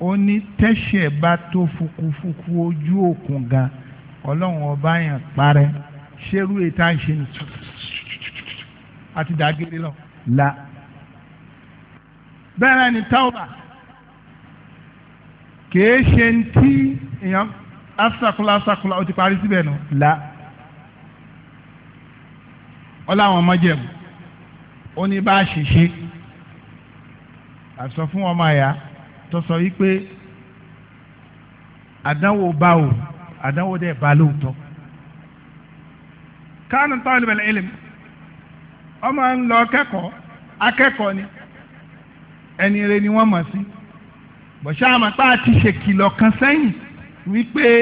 ó ní tẹ́ṣẹ̀ bá tó fukufuku ojú òkun gan ọlọ́run ọba yẹn parẹ́ ṣerú ètò àṣẹ ni àti dàgéré lọ la bẹ́ẹ̀ ni tauba kìí ṣe ti èèyàn asakula asakula o ti parí síbẹ̀ nù la ó láwọn ọmọ jẹ̀bù ó ní bá a ṣe ṣe àṣọ fún ọmọ àyà tó sọ wípé àdánwò bá o àdánwò dẹ̀ bá lóòótọ́ kánú táwọn ìlú ẹlẹ́m ọmọ ń lọ kẹ́kọ̀ọ́ akẹ́kọ̀ọ́ ni ẹni rẹ ni wọ́n mọ̀ sí bọ̀ṣá àmọ́ pé a ṣèkìlọ̀ kan sẹ́yìn wípé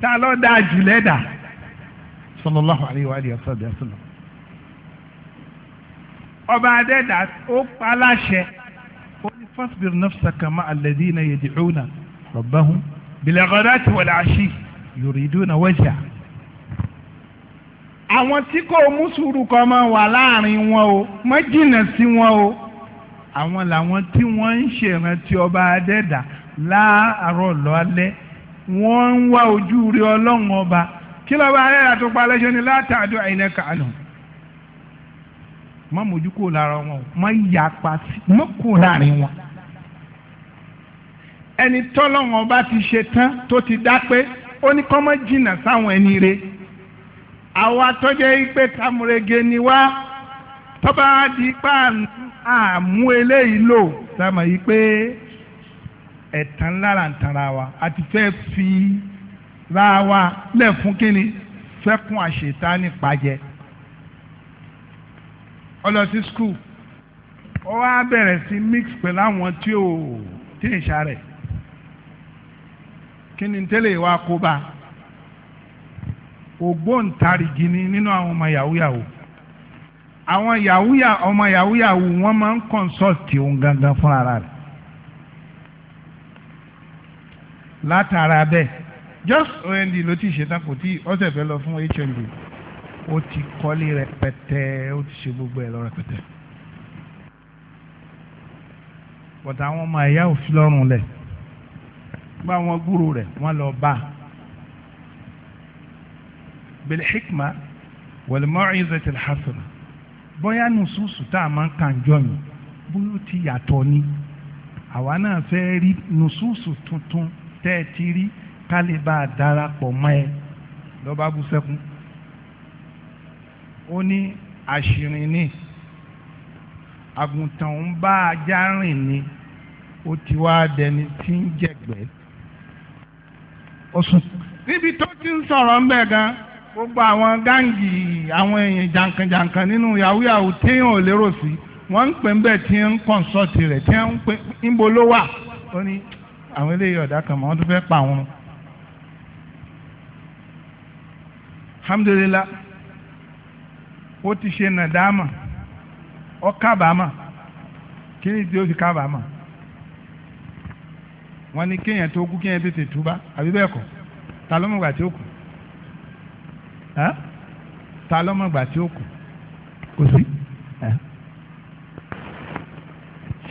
ta ló dáa jù lẹ́dà sallallahu alayhi wa alihi wa sallam ọba adẹ́dà ó pa láṣẹ ó ní fasbir nafsaka ma'a alladhina yad'una rabbahum bilghadati wal ashi yuriduna wajha àwọn tí kò mú sùúrù kan máa wà láàrin wọn o má jìnnà sí wọn o àwọn làwọn tí wọ́n ń ṣèrántí ọba adẹ́dà láàárọ̀ lọ́lẹ́ wọ́n ń wá ojú rí ọlọ́run ọba kí lọ́ba ayé àtúpọ̀ alẹ́ṣẹ́ ni látàdó àyìnlẹ́ kàánù má mójú kúrò lára wọn má yapa sí má kúrò láàrin wọn. ẹni tọ́lọ́run ọba ti ṣe tán tó ti dá ó ní kọ́ mọ́ jìnnà sáwọn ẹni re àwa tọ́jẹ́ ìpè tamurege ni wá tọ́ba di pa àmú eléyìí lò sáà yìí pé ẹ̀tàn lára ń tara wa a ti fẹ́ fi ra wa lẹ̀ fún kínní fẹ́kùn àṣetá nípa jẹ. ọlọsí skul ó wá bẹ̀rẹ̀ sí mix pẹ̀lú àwọn tí ò tí ì sáré kínní tẹ́lẹ̀ wa kó bá ògbóǹtarìgì ni nínú àwọn ọmọ yahoo yahoo àwọn yahoo ọmọ yahoo yahoo wọ́n máa ń consult òun gangan fúnra rẹ̀. látara bẹ́ẹ̀ just ond ló ti ṣetán kò tí ọ̀sẹ̀ fẹ́ lọ fún hnd ó ti kọ́lé rẹpẹtẹ ó ti ṣe gbogbo ẹ̀ lọ rẹpẹtẹ bọ̀tà àwọn ọmọ ẹ̀yà òfin lọ́rùn lẹ̀ gba àwọn gúrú rẹ̀ wọ́n lọ bá bil hikma wal mau'izati al hasana bóyá nùsùsù tá a máa ń kàn jọyìn bóyá ó ti yàtọ̀ ni àwa náà fẹ́ rí nùsùsù tuntun tẹ́ ẹ ti rí ká lè bá a darapọ̀ mọ́ ẹ lọ́ba bú sẹ́kún ó ní àṣìrìn ni àgùntàn ń bá ajá rìn ni ó ti wá dẹni tí ń jẹ̀gbẹ́ ó sùn níbi tó ti ń sọ̀rọ̀ ń bẹ̀ gan gbogbo àwọn gáǹgì àwọn èèyàn jàǹkànjàǹkàn nínú yahoo téèyàn ò lérò sí wọ́n ń pè ń bẹ̀ tí ń kọ̀ǹsọ̀tì rẹ̀ tí ń pè ń bo ó ní àwọn eléyìí ọ̀dà kan mọ̀ wọ́n tún fẹ́ pa àwọn. alhamdulilah ó ti ṣe nàdámà ó kábàámà kí ni tí ó fi kábàámà wọ́n ní kéèyàn tó kú kéèyàn tètè túbá àbí bẹ́ẹ̀ kọ́ ta ló mọ̀ gbà tí ó kù ta ló mọ̀ gbà tí ó kù kò sí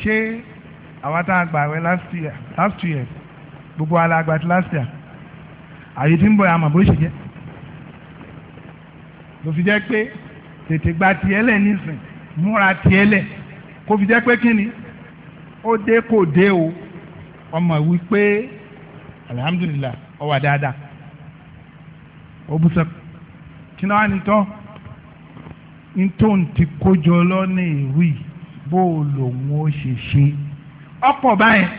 ṣé àwa tá a gbà wẹ̀ last year last year, years gbogbo ala àgbà ti last year àyè tí ń bọ̀ àmọ̀ bó ṣe jẹ́ ló fi jẹ́ pé tètè gba tiẹ̀ lẹ̀ nísìn múra tiẹ̀ lẹ̀ kó fi jẹ́ pé kí ni ó dé kò dé o ọmọ wípé alihamudulilayi ó wà dáadáa ó bú sẹ́kù kí náà ni tọ́ ní tóun ti kó jọ lọ́nà ìwì bó o lòun ó ṣe ṣe ọ̀pọ̀ báyẹn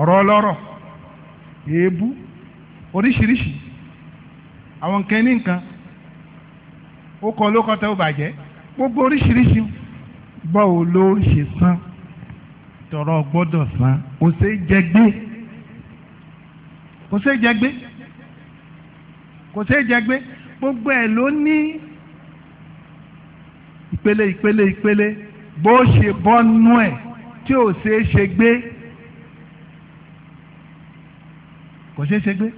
ọ̀rọ̀ ọlọ́rọ̀ èébú oríṣiríṣi àwọn nǹkan ní nǹkan ó kọ lókọ tẹ́ ó bàjẹ́ gbogbo oríṣiríṣi bọ́ọ̀ ló ṣe san tọrọ gbọ́dọ̀ san kò ṣe é jẹ gbé kò ṣe é jẹ gbé kò ṣe é jẹ gbé gbogbo ẹ̀ ló ní ìpele ìpele ìpele bó ṣe bọ́nú ẹ̀ tí ò ṣeé ṣe gbé kò ṣeé ṣe gbé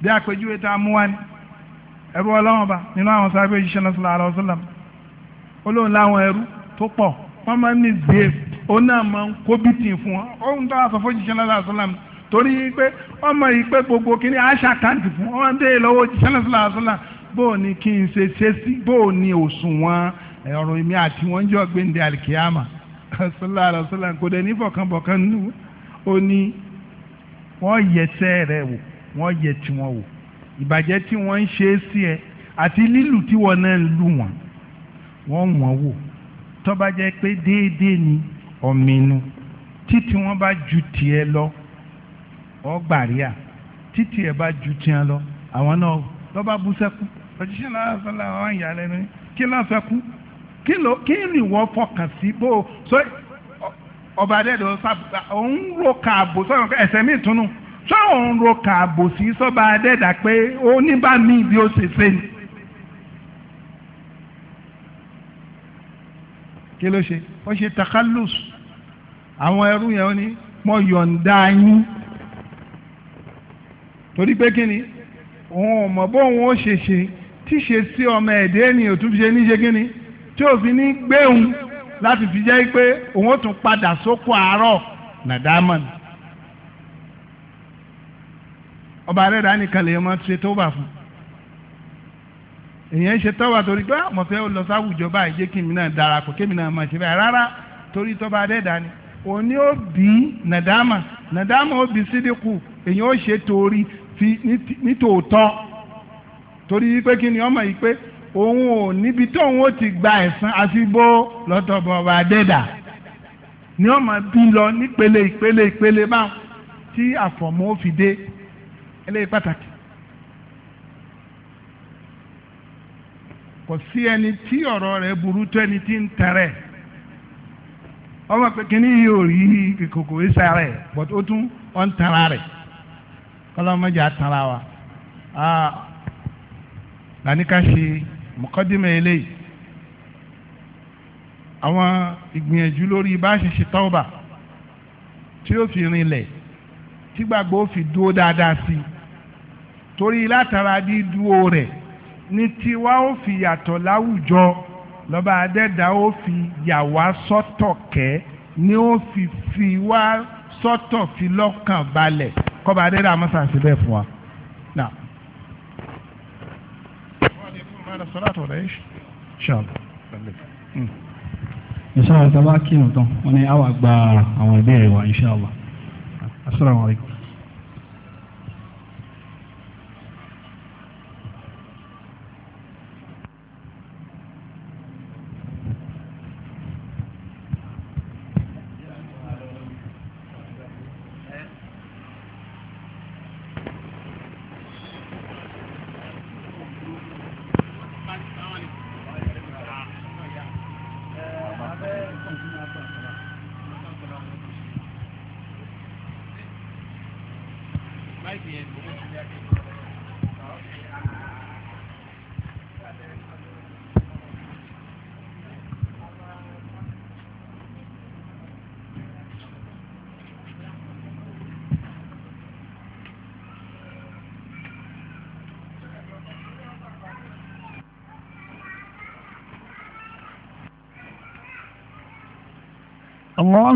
bí àpèjúwe tá a mú wá ní ẹrú ọlọ́wọ́n bá nínú àwọn sábẹ́ òjíṣẹ́ náà sallallahu alaihi wasallam olóhùn láwọn ẹrú tó pọ̀ wọ́n máa ń ní zèé òun náà máa ń kó bìtì fún wọn ohun tó wà sọ fún òjíṣẹ́ náà sallallahu torí pé ọmọ yìí pé gbogbo kìíní àṣà kàǹtì fún wọn dé lọ́wọ́ òjíṣẹ́ náà sallallahu bóò ni kí n ṣe ṣe sí bóò ni òṣùwọ̀n ọ̀rọ̀ èmi àti wọn jọ gbẹ̀ndẹ̀ àlìkíyàmà sallallahu alaihi wasallam kò dẹ̀ nífọ̀kànbọ̀kan nù ó ní wọ́n yẹsẹ̀ rẹ̀ wò wọ́n yẹ tiwọn wò ìbàjẹ́ tí wọ́n ń ṣe sí ẹ àti lílù tí wọ́n náà ń lù wọ́n wọ́n wọ́n wò tó jẹ́ pé déédéé ni ọ̀mìnú títí wọ́n bá ju tiẹ̀ lọ ọgbàríà títí ẹ̀ bá ju tiẹ̀ lọ àwọn náà lọ́ba bú sẹ́kù òjíṣẹ́ náà sọ́la àwọn ìyàlẹ́nu kí náà fẹ́ kí ni wọ́n fọkàn sí bó so ọba adẹ́dọ̀ òun ro kààbò sọ̀rọ̀ ẹ̀sẹ̀ mi túnú sọ òun ro kààbò sí sọ́ba adẹ́dà pé ó ní bá mi bí ó ṣe ṣe ni. kí ló ṣe ó ṣe takalus àwọn ẹrú yẹn ó ní mo yọ̀ǹda yín torí pé kí ni òun ò mọ̀ bóun ó ṣe ṣe tíṣe sí ọmọ ẹ̀dẹ́ ni òtún fi ṣe kí ni. tí fi ní gbéhùn láti fi jẹ́ pé òun ó tún padà sóko àárọ̀ nàdámọ̀n ọba rẹ̀ dánìkan ṣe tó fún ṣe torí pé ah, lọ sáwùjọ báyìí jẹ́ kí mi náà náà máa ṣe báyìí rárá torí tọ́ba ni ó bí ó bí sídìkù èyàn ó ṣe torí fi nítòótọ́ torí pé kí ni ọmọ yìí òun ò níbi tóun ó ti gba ẹ̀san àfibó lọ́tọ̀bọ̀ ọba adẹ́dà ni ọmọ bí lọ nípele ìpele ìpele báwọn tí àfọ̀mọ́ fi dé eléyìí pàtàkì. kò sí ẹni tí ọ̀rọ̀ rẹ̀ burú tó ẹni tí ń tẹ̀rẹ̀ ọmọ pé yìí ò rí kòkò ìsà rẹ̀ but ó tún ọ̀ ń tara rẹ̀ kọ́lọ́mọdé àtara wa ah, làníkà ṣe mọ̀kọ́dímọ̀ eléyìí àwọn ìgbìyànjú lórí bá ṣe ṣe tọ́ọ̀bà tí ó fi rinlẹ̀ tí gbàgbọ́ fi dúó dáadáa sí i torí látara dídúó rẹ̀ ní tiwa ó fi yàtọ̀ láwùjọ lọ́ba adẹ́dá ó fi yà wá sọ́tọ̀ kẹ́ ni ó fi fi wá sọ́tọ̀ fi lọ́kàn balẹ̀ kọ́ba adẹ́dá amọ́sàsíbẹ̀ fún wa. بعد الصلاة ولا إيش إن شاء الله inshallah taba kírun tán wọn ni a wà gba àwọn ìbéèrè wa inshallah asalaamualeykum.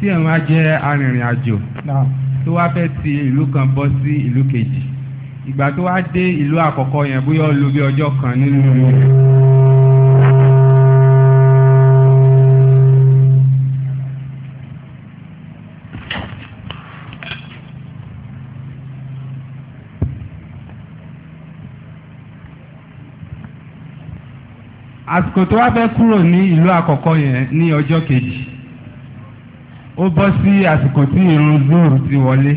tí ẹ̀ máa jẹ́ arìnrìn àjò tó wá fẹ́ ti ìlú kan bọ́ sí ìlú kejì ìgbà tó wá dé ìlú àkọ́kọ́ yẹn bóyá ó lò bí ọjọ́ kan nínú àsìkò tó wá fẹ́ kúrò ní ìlú àkọ́kọ́ yẹn ní ọjọ́ kejì ó bọ́ sí àsìkò irun zoro ti wọlé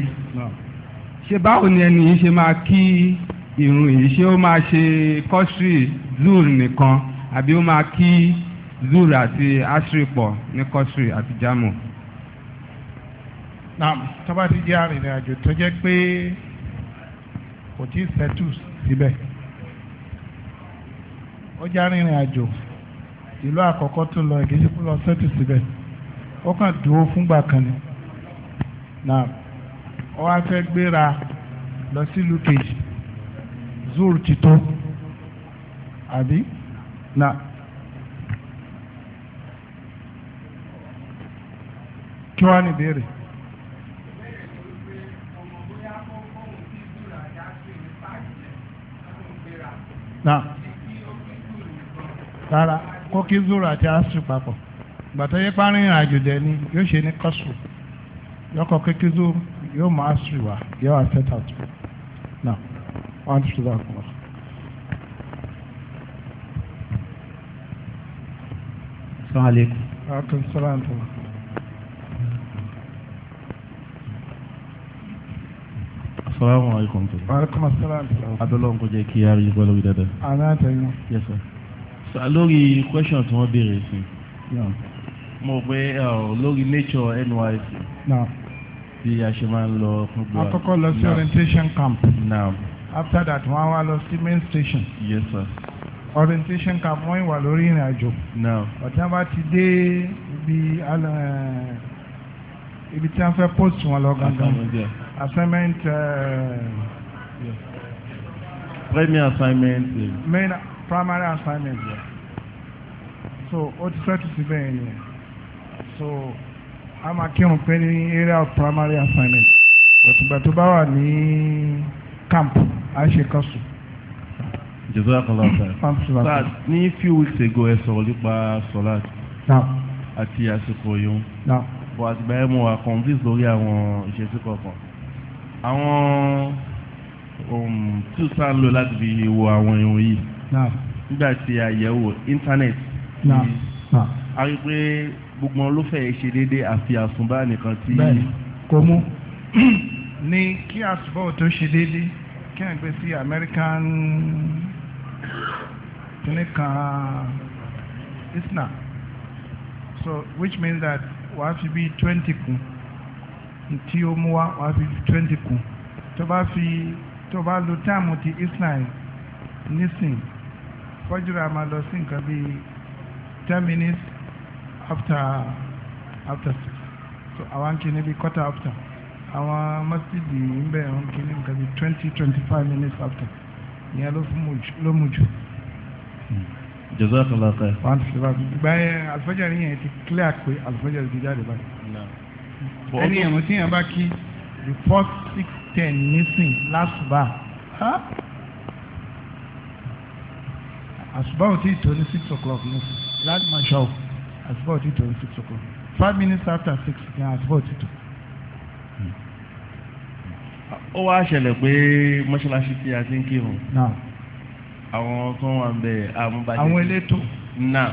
ṣé báwo ni ẹni yìí ṣe máa kí irun yìí ṣé ó máa ṣe kọ́sírì zoro nìkan àbí ó máa kí zoro àti asiri pọ̀ ní kọ́sírì àti jamu. naam tọ́ba ti jẹ́ arìnrìn àjò tó jẹ́ pé kò tí ì sẹ́tù síbẹ̀ ó jẹ́ arìnrìn àjò ìlú àkọ́kọ́ tó lọ ìgbésí lọ síbẹ̀. ó kàn dúró fúngbà kan ni náà ó wá fẹ́ gbéra lọ sílùú kejì zuru ti tó àbí náà. kí wàá ní ìbéèrè. náà rárá kókí zuru àti asiri papọ̀ gbàtọ́ yẹ pa rìnrìn àjò dẹ̀ ni yóò ṣe ní kọ́sù yọkọ̀ kékeré yóò máa sùn wá yóò wá set out now one two three four. Assalamu alaikum. Wa alaikum salaam. Assalamu alaikum. Wa alaikum assalam. Adọ́lọ́run kò kí a rí gbọ́dọ̀ wí dáadáa. Àná àtẹ̀yìn. Yes sir. Lórí question tí wọ́n béèrè sí. Yeah mo pé lórí nature NYSC bí a ṣe máa ń lọ fún gbọ́. àkọ́kọ́ lọ sí orientation camp. now after that wọ́n á wá lọ sí main station. yes sir. orientation camp wọ́n wà lórí ìrìn àjò. now ọ̀tá ti dé ibi ibi tí wọ́n fẹ́ post wọn lọ gangan assignment. Uh, yes. premier assignment. main primary assignment. so ó ti fẹ́ tù bẹ́ẹ̀ yẹn so a máa kírun pé ní area of primary assignment gbàtúgbà tó bá wà ní camp a ṣe kan sùn. jazakallah [coughs] sir ní few weeks ago ẹ sọ̀rọ̀ nípa solat àti àsìkò yòó bọ̀ àtìgbà ẹ̀ mọ̀ wá complete lórí àwọn ìṣesí kọ̀ọ̀kan àwọn tí o sá ń lò láti fi wo àwọn èèyàn yìí nígbà tí àyẹ̀wò internet a rí pé gbogbo ló fẹ́ ṣe déédéé àfi àsùnbà nìkan tí. bẹ́ẹ̀ni kò mú. [clears throat] ní kí àsùnbà tó ṣe déédéé kí ẹ̀ gbé sí American clinic isna so which means that wàá fi bí twenty kù tí ó mú wá wàá fi twenty kù tó bá fi tó bá lo táàmù ti isna nísìn fọ́júra máa lọ sí nǹkan bíi ten minutes after after six so àwọn kìíní bíi quarter after àwọn masidi ń bẹ̀ àwọn kìíní nǹkan bíi twenty twenty five minutes after ìyẹn ló fún ló mú jù. jazakallah khair. wọ́n ti sèwà gba ẹ alifajari yẹn ti clear pé alifajari ti jáde báyìí. ẹni ẹ̀mọ́ tí yẹn bá kí the first six ten nísìn last bar àṣùbà ò tí ì tó ní six o'clock nísìn láti máa ṣọ́ọ̀ àsìkò òtítọ́ six o'clock five minutes after six ní àsìkò òtítọ́. ó wá ṣẹlẹ̀ pé mọ́ṣáláṣí tí a ti ń kírun àwọn tó wà ń bẹ àmúbàjẹ́ àwọn elétò náà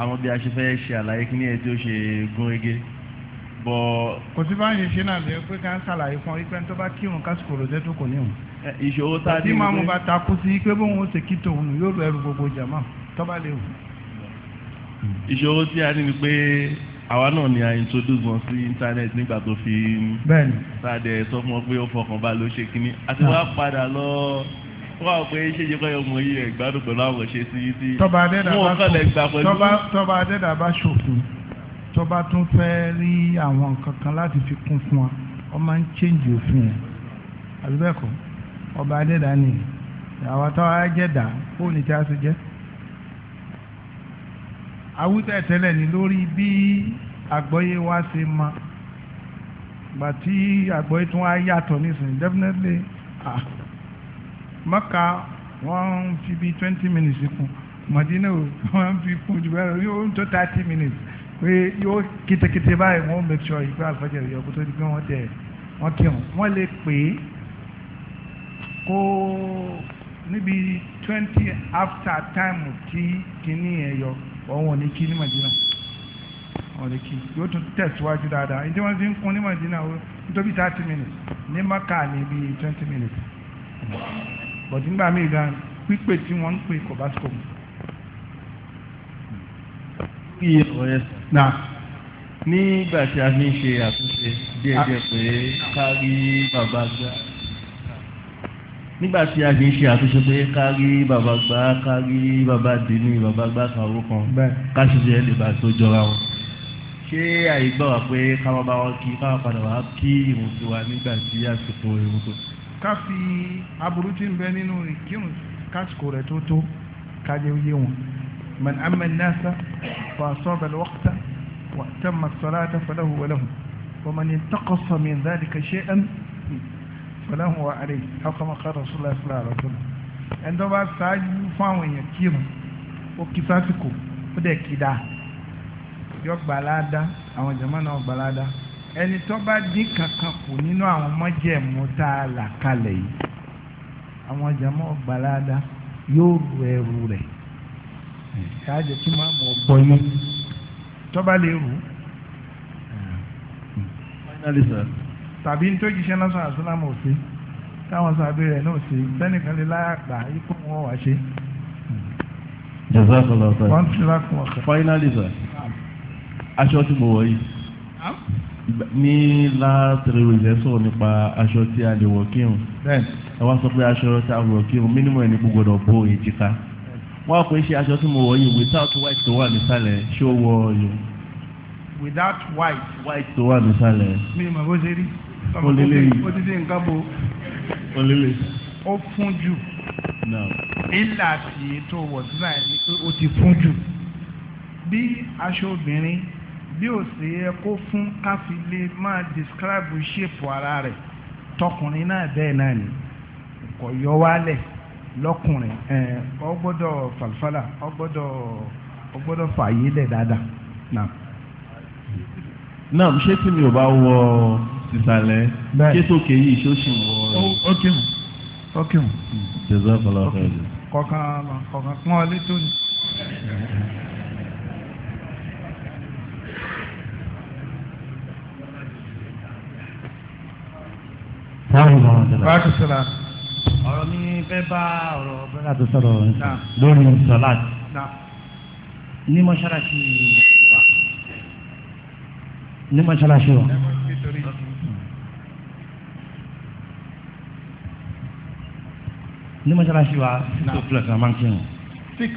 àwọn bí a ṣe fẹ́ ṣe àlàyé kí ni ẹ tí ó ṣe gún ege bọ́. kò sí bá ń ṣe ṣe náà lè pé ká ń ṣàlàyé fún ọ ipe tó bá kírun kásìkò ròjẹ́ tó kò ní òun. ìṣòro tá a ní. tí màmú bá takú sí pé bóun ó ṣe kí tòun yóò rú ẹrù gbogbo jàmá tó bá lè wù ìṣòro tí a ní ni pé àwa náà ni a introduce wọn sí internet nígbà tó fi ń sáadẹ sọ fún wọn pé ó fọkàn bá ló ṣe kínní àti wá ah. padà lọ wọ́n á pé ṣéṣe kọ́ ọmọ yìí ẹ̀ gbádùn pẹ̀lú àwọn ṣe sí tí wọ́n kọ́lẹ̀ gbà pẹ̀lú. tọ́ba adẹ́dà bá ṣòfin tọ́ba tún fẹ́ rí àwọn kankan láti fi kún fún wa wọ́n máa ń change òfin yẹn àbí bẹ́ẹ̀ kọ́ ọba adẹ́dà nìyẹn àwọn táwa jẹ́dà bóun ni tí a ṣe jẹ́ awútẹ̀tẹ̀lẹ̀ ni lórí bí àgbọ́yé wa ṣe mọ gbà tí àgbọ́yé tún wá yàtọ̀ nísìnyí definitely ah mọ́ka wọ́n ń fi bí twenty minutes kún mọ̀dínà wọ́n ń fi kún jù bẹ́ẹ̀ yóò ń tó thirty minutes pé yóò kétékété báyìí wọ́n make sure ìgbà àlùfáàjẹ̀ rẹ̀ yọkú tó di pé wọ́n tẹ̀ wọ́n kírun wọ́n lè pè é kó níbi twenty after time tí kinní yẹn yọ wọn wọn ní kí ní Madina wọn ní kí yóò tún tẹ̀síwájú dáadáa ní tí wọ́n ti ń kún ní Madina o nítorí thirty minutes ní maka ní bí twenty minutes but nígbà míì gan pípé tí wọ́n ń pè kò bá sọ̀rọ̀. iye ọ̀rẹ́ náà nígbà tí a fi ń ṣe àtúnṣe díẹ̀díẹ̀ pé ká rí bàbá gbà nígbà tí a fi ń ṣe àtúnṣe pé kárí bàbá gbá kárí bàbá dínú bàbá gbá kàwó kan káṣíṣe ẹ lè bá tó jọra wọn. ṣé àyígbà wà pé káwọn bá wọn kí káwọn padà wá kí ìrùn tó wa nígbà tí àsìkò ìrùn tó. ká fi aburú tí ń bẹ nínú ìkírun kásìkò rẹ̀ tó tó kájẹ oyé wọn. man amma nasa wa asaba alwaqta wa atamma as-salata falahu wa lahu wa man intaqasa min dhalika shay'an fọláhùn wa àrè akọmọkà rasulillah sallallahu alaihi wa sallam ẹni tó bá ṣáájú fún àwọn èèyàn kírun ó kí sásìkò ó dẹ̀ kí dáa yọ gbàládá àwọn jàmá náà gbàládá ẹni tó bá dín kankan kù nínú àwọn mọ́jẹ̀mú tá a là kalẹ̀ yìí àwọn jàmá gbàládá yóò ru ẹrù rẹ̀ káà kí máa mọ̀ ọ̀gbọ́n yín tó bá lè rù. finally sir tàbí tó jíṣẹ́ náà òsè táwọn sábẹ́ rẹ̀ náà ṣe sẹ́nìkan lè láàgbà ikú wọn wá ṣe. jazakallah finally sir aṣọ tí mo wọ̀ yìí ní last three weeks ẹ sọ̀rọ̀ nípa aṣọ tí a lè wọ̀ kírun ẹ wá sọ pé aṣọ tí a wọ̀ kírun minimum ẹni kò gbọdọ̀ bo èjìká wọ́n á pè ṣe aṣọ tí mo wọ̀ yìí without white tó wà nísàlẹ̀ ṣé ó yìí. without white. white tó wà nísàlẹ̀. mi ò mọ̀ bó ṣe rí ó ti dé nǹkan bo ó fún jù ilà tí ètò wọ̀túnà ẹ̀ ni pé ó ti fún jù bí aṣọ obìnrin bí ó sì yẹ kó fún káfí lè máa describe ṣèpù ara rẹ̀ tọkùnrin náà bẹ́ẹ̀ náà ni kò yọ wálẹ̀ lọkùnrin ẹ ọ gbọ́dọ̀ falfala ọ gbọ́dọ̀ ọ gbọ́dọ̀ fààyè lẹ dáadáa náà. náà ṣé tí mi ò bá wọ sísàlẹ̀ kétòkè yìí ṣó sì wọ ọ. ó kí mu ó kí mu. jésù àfọlá ọ̀fẹ́lẹ̀. kọ̀ọ̀kan kọ̀ọ̀kan pọ́n ọlé tó ní. báàkì sọlá. ọ̀rọ̀ mi fẹ́ bá ọ̀rọ̀ bẹ́ẹ̀ tó sọ̀rọ̀ lórí sọ̀láàtì. ní mọ́ṣáláṣí wa. ní mọ́ṣáláṣí wa. ní mọ́ṣáláṣí wa six o'clock na máa ń kírun. six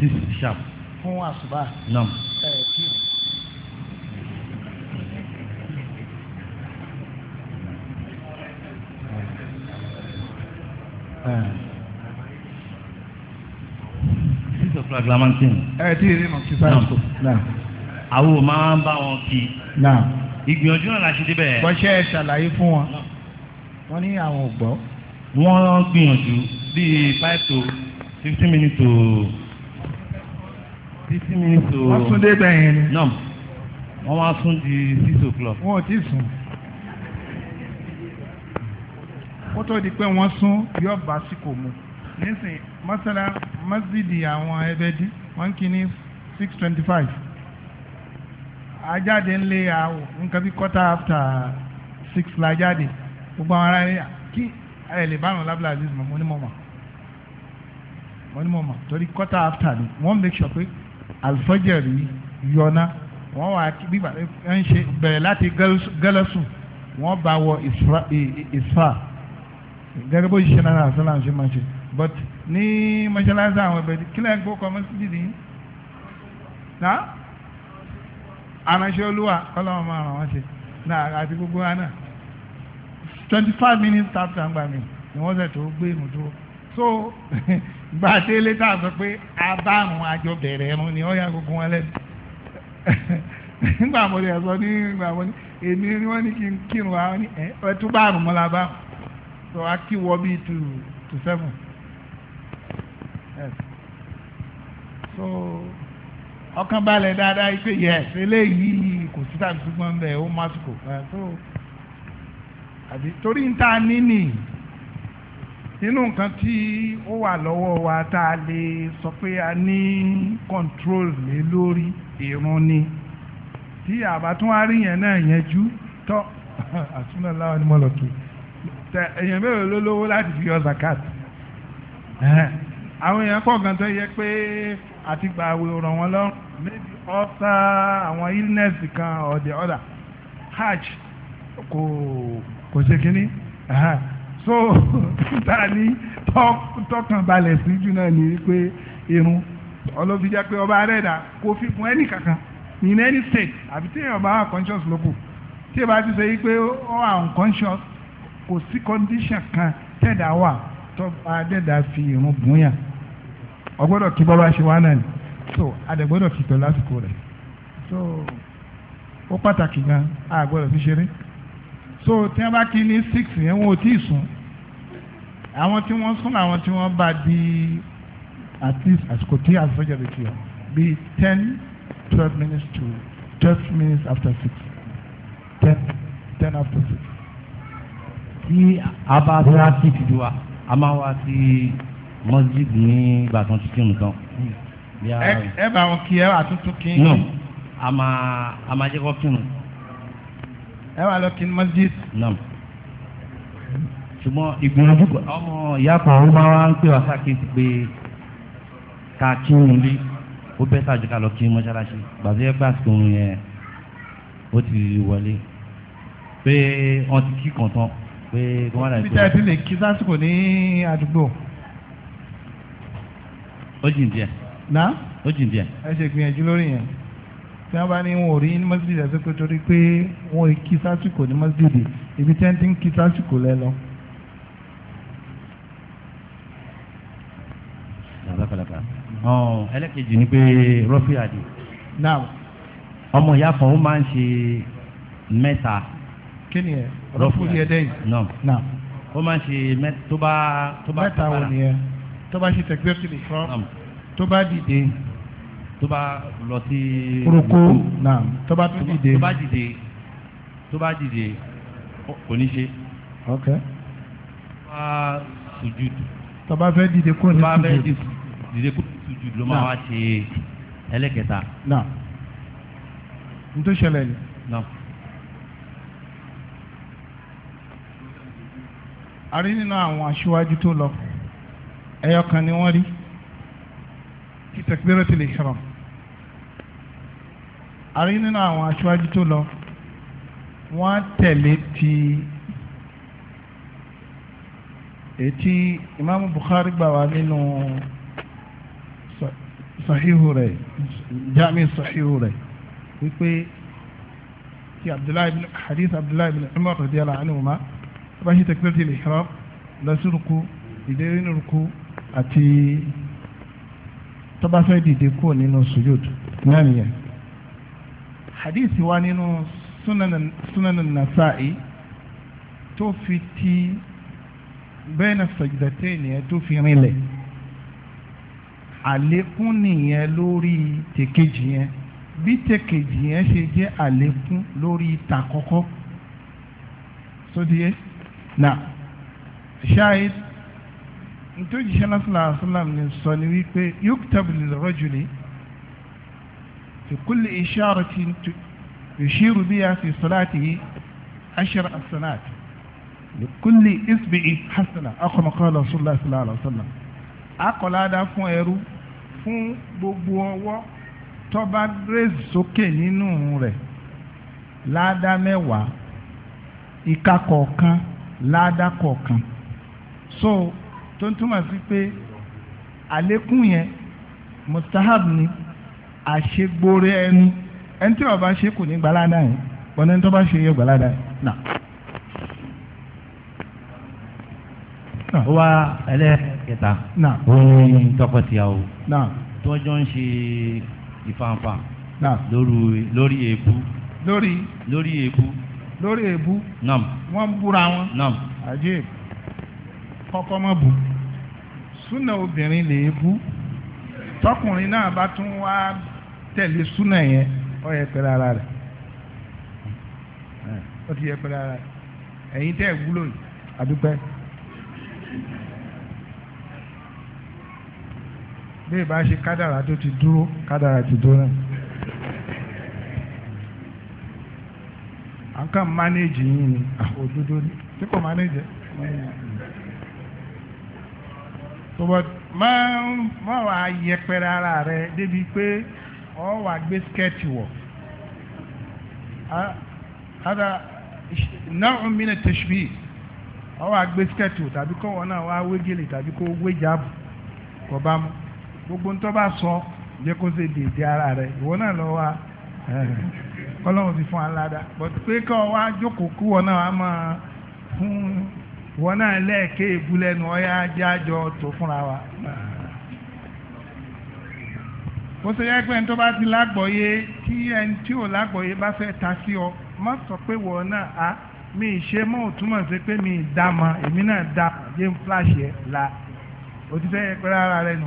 six sharp. fún àṣùbà. nam. six o'clock la máa ń kírun. ẹ tí ìrìn nà kí sáyẹn tó. àwọn máa ń bá wọn kí. ìgbìyànjú náà la ṣe débẹ̀. bọ́sẹ̀ ṣàlàyé fún wọn wọ́n ní àwọn ò gbọ́. wọ́n gbìyànjú bíi five to fifteen minutes to fifteen minutes to. wọ́n sún dé bẹ́ẹ̀ ni. nọ́ọ̀mù wọ́n wá sún di six o'clock. wọ́n ò tí ì sùn. kó tó di pé wọ́n sún yóò bá síkò mu nísìn mọ́sálá mọ́sídìí àwọn ẹbẹ́dí wọ́n kì í ní six twenty five ajáde ńlẹ̀ àwọ̀ nǹkan bí quarter after six la jáde gbogbo àwọn ará rẹ̀ ah, kí ẹ lè bá àwọn lábúlà aziz mọ̀ mo ní mọ̀ mọ̀ ní mọ̀ torí quarter after ni wọ́n make sure pé alfajiri yọ̀ọ́ná wọ́n wà bíbà ẹ ń ṣe bẹ̀rẹ̀ láti gẹ́lẹ́sùn wọ́n bá wọ ìsfà gẹ́gẹ́ bó ṣiṣẹ́ náírà àṣálà ń ṣe máa ṣe but ní mọ́ṣáláṣí àwọn ẹgbẹ́ kílẹ̀ ń gbókọ̀ mọ́sídì ní na aránṣẹ́ olúwa kọ́lọ́wọ́n máa ràn wọ́n ṣe na àti gbogbo wa náà twenty five minutes after ń gbà mí ni wọ́n sẹ̀ tó gbé ìrun dúró so [laughs] ìgbà tí ilé tá a sọ pé a bá àwọn àjọ bẹ̀rẹ̀ ẹ̀rùn ni ó yà gbogbo wọn lẹ́nu [laughs] nígbà mo lè sọ ní ìgbà mo ní èmi ni wọ́n ní kí n kírun wa ní ẹ ẹ tún bá àrùn mọ́lá bá so a kí wọ bíi two to seven yes. so ọkàn balẹ̀ dáadáa pé yes eléyìí kò sí tàbí ṣùgbọ́n bẹ́ẹ̀ ó má sùkò so àbí torí ń ta níní nínú nǹkan tí ó wà lọ́wọ́ wa tá a lè sọ pé a ní control lé lórí ìrun ni tí àbá tún wá rí yẹn náà yẹn jú tọ́ [laughs] àtúnà láwọn ni mo lọ kí èèyàn mélòó ló láti fi yọ zakat àwọn èèyàn pọ̀ gan tó yẹ pé àti gba àwẹ̀ ràn wọ́n lọ́rùn maybe ulcer àwọn illness kan or the other hajj kò. Ko kò ṣe kínní so [laughs] ta ni tọkàn balẹ̀ sí jù náà ni pé irun ọlọ́fi jẹ́ pé ọba arẹ́dà kò fi fún ẹnì kankan in any state àbí tí èèyàn bá wà conscious lóko tí èèyàn bá ti sọ yìí pé ó wà unconscious kò sí condition kan tẹ̀dá wà tọ́ba arẹ́dà fi irun bùn yàn ọgbọ́dọ̀ kí bọ́ba ṣe wá náà ni so adẹ̀gbọ́dọ̀ kìtọ̀ lásìkò rẹ̀ so ó pàtàkì gan a gbọ́dọ̀ fi ṣeré so tí wọ́n bá kí ní six yẹn wọn ò tí ì sùn àwọn tí wọ́n sún àwọn tí wọ́n bá di at least àsìkò tí àsìkò bẹ ti yọ bí ten twelve minutes to twelve minutes after six ten ten after six. tí a bá fẹ́ six ju wa a máa wá sí mọ́sídìí ní ìbátan tuntun nìkan. ẹ bá wọn kí ẹ àtúntún kí. no a máa a máa jẹ́ kó kírun ẹ wà lọ kí ni masjid. naam ṣùgbọ́n ìgbìyànjú ọmọ ìyá kan ó máa wá ń pè wá sákèsì pé ká kí n lé ó bẹ́ sàjù ká lọ kí n mọ́ṣáláṣí gbàtí ẹ gbà sí òun yẹn ó ti wọlé pé wọ́n ti kí kàn tán pé kó má dàgbé. peter ti lè kí sásìkò ní àdúgbò. ó jìn díẹ̀. náà ó jìn díẹ̀. ẹ ṣe gbìyànjú lórí yẹn tí wọ́n bá ní wọn ò rí ní mọ́sídìí ẹ̀sìn pé torí pé wọn ò kí sásìkò ní mọ́sídìí ibi tí wọ́n ti ń kí sásìkò lẹ́ lọ. ẹlẹ́kejì ni pé rọ́fì àdì. ọmọ ìyá kan ó máa ń ṣe mẹ́ta. kí ni ẹ rọ́fì ẹ̀dẹ́ yìí. ó máa ń ṣe mẹ́ta tó bá. mẹ́ta wo ni ẹ tó bá ṣe tẹ̀gbẹ́sì nìkan tó bá dìde tó bá lọ sí. kúrúkú náà tó bá tún dìde. tó dìde tó dìde kò ní ṣe. ok. tó bá sujud. tó bá fẹ́ dìde kúrò ní sujud. tó bá fẹ́ dìde kúrò ní sujud ló máa wá ṣe ẹlẹ́kẹta. náà n tó ṣẹlẹ̀ ni. náà. a rí nínú àwọn aṣíwájú tó lọ ẹyọ kan ni wọ́n rí kí takbiratul ihram àrí nínú àwọn aṣáájú tó lọ wọ́n tẹ̀lé ti ètí ìmáàmù Bukhari gbà wá nínú sahihu rẹ̀ jami sahihu rẹ̀ wípé ti abdullahi bin hadith abdullahi bin umar radiyallahu anhuma bá ṣe tẹ̀kílẹ́tì lè ṣọ́ lọ́sùrùkú ìdérínúrùkú àti tọ́báfẹ́ dìde kúrò nínú sùjúdù náà nìyẹn hadith wa nínú sunan nasa'i tó fi ti bẹ́ẹ̀nà sọ̀jìdàtẹ́ ènìyàn tó fi rinlẹ̀ àlékún nìyẹn lórí tèkejì yẹn bí tèkejì yẹn ṣe jẹ́ àlékún lórí tàkọ́kọ́ sódìyẹ na ṣáà nítorí jíṣẹ́ lásìlá àṣìlá ni sọ ni wípé yóò tẹ̀bù lè rọ́jùlé في كل إشارة يشير بها في صلاته عشر حسنات لكل إصبع حسنة أخو قال رسول الله صلى الله عليه وسلم أقول هذا فún ẹrú fún gbogbo ọwọ́ tó bá grace sókè nínú rẹ̀ láàdá mẹ́wàá ìka kọ̀ọ̀kan láàdá kọ̀ọ̀kan so tó ń túmọ̀ sí pé àlékún yẹn mustahab ni àṣegbóró ẹnu ẹni tí ọba ṣe kò ní gbalada yẹn ọ̀nà ẹni tó bá ṣe yẹ gbalada yẹn. wa ẹlẹ́kẹta orin tọkọtìyàwó tọ́jọ́ ń ṣe ìfànfà lórí èébú. lórí lórí èébú. lórí èébú. nam. wọ́n búra wọn. nam. àjẹ́ kọ́kọ́ mọ́ bù súnà obìnrin lè bú tọkùnrin náà bá tún wá tẹ̀lé súnà yẹn ó yẹ pẹ̀lú ara rẹ̀ ó ti yẹ pẹ̀lú ara rẹ̀ ẹ̀yin tẹ́ ẹ̀ wúlò yìí àdúpẹ́. bí ìbá ṣe kádàrà tó ti dúró kádàrà ti dúró náà. à ń kàn mánéèjì yín ni òdodo ni tí kò mánéèjì tó bá máa ń wà yẹpẹrẹ ara rẹ débi pé. ọ wà gbé skẹ́ẹ̀tì wọ̀ ada náà mi ọ wà gbé skẹ́ẹ̀tì wọ̀ tàbí kọ́ wọn náà wà wégele tàbí kó wéjà kọ́ bá mu gbogbo ntọ́ bá sọ jẹ́ kó ṣe dèdè ara rẹ ìwọ náà lọ wá kọ́lọ́hún ti fún aláda but pé kọ́ wá jókòó kú wọn náà wà máa fún wọn náà lẹ́ẹ̀kẹ́ ìbúlẹ̀ tó fúnra wa. bó ṣe yẹ pé ẹni tó bá ti lágbọ̀ọ́yé tí ẹni tí ò lágbọ̀ọ́yé bá fẹ́ ta sí ọ má sọ pé wọ̀ náà á mi ṣe mọ́ ò túmọ̀ sí pé mi dá ma èmi náà dá yé ń flash ẹ̀ la òtítọ́ yẹ pé rárá rẹ nu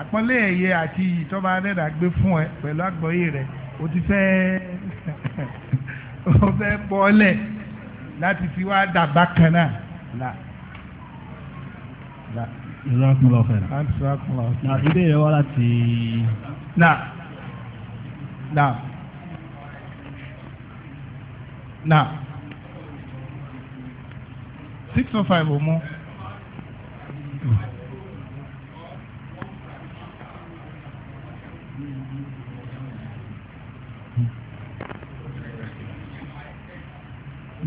àpọ́nlé ẹ̀yẹ àti iyì tó bá dẹ́dà gbé fún ẹ pẹ̀lú àgbọ̀ọ́yé rẹ òtítọ́ [laughs] ó fẹ́ bọ́ọ̀lẹ̀ láti fi wá dà bákan náà la. la. ìrọ̀kùnlọ́fẹ̀. ìrọ̀kùnlọ́fẹ̀. nà ìbéèrè wa láti. Naam. Naam. Naam. Six or oh five or more.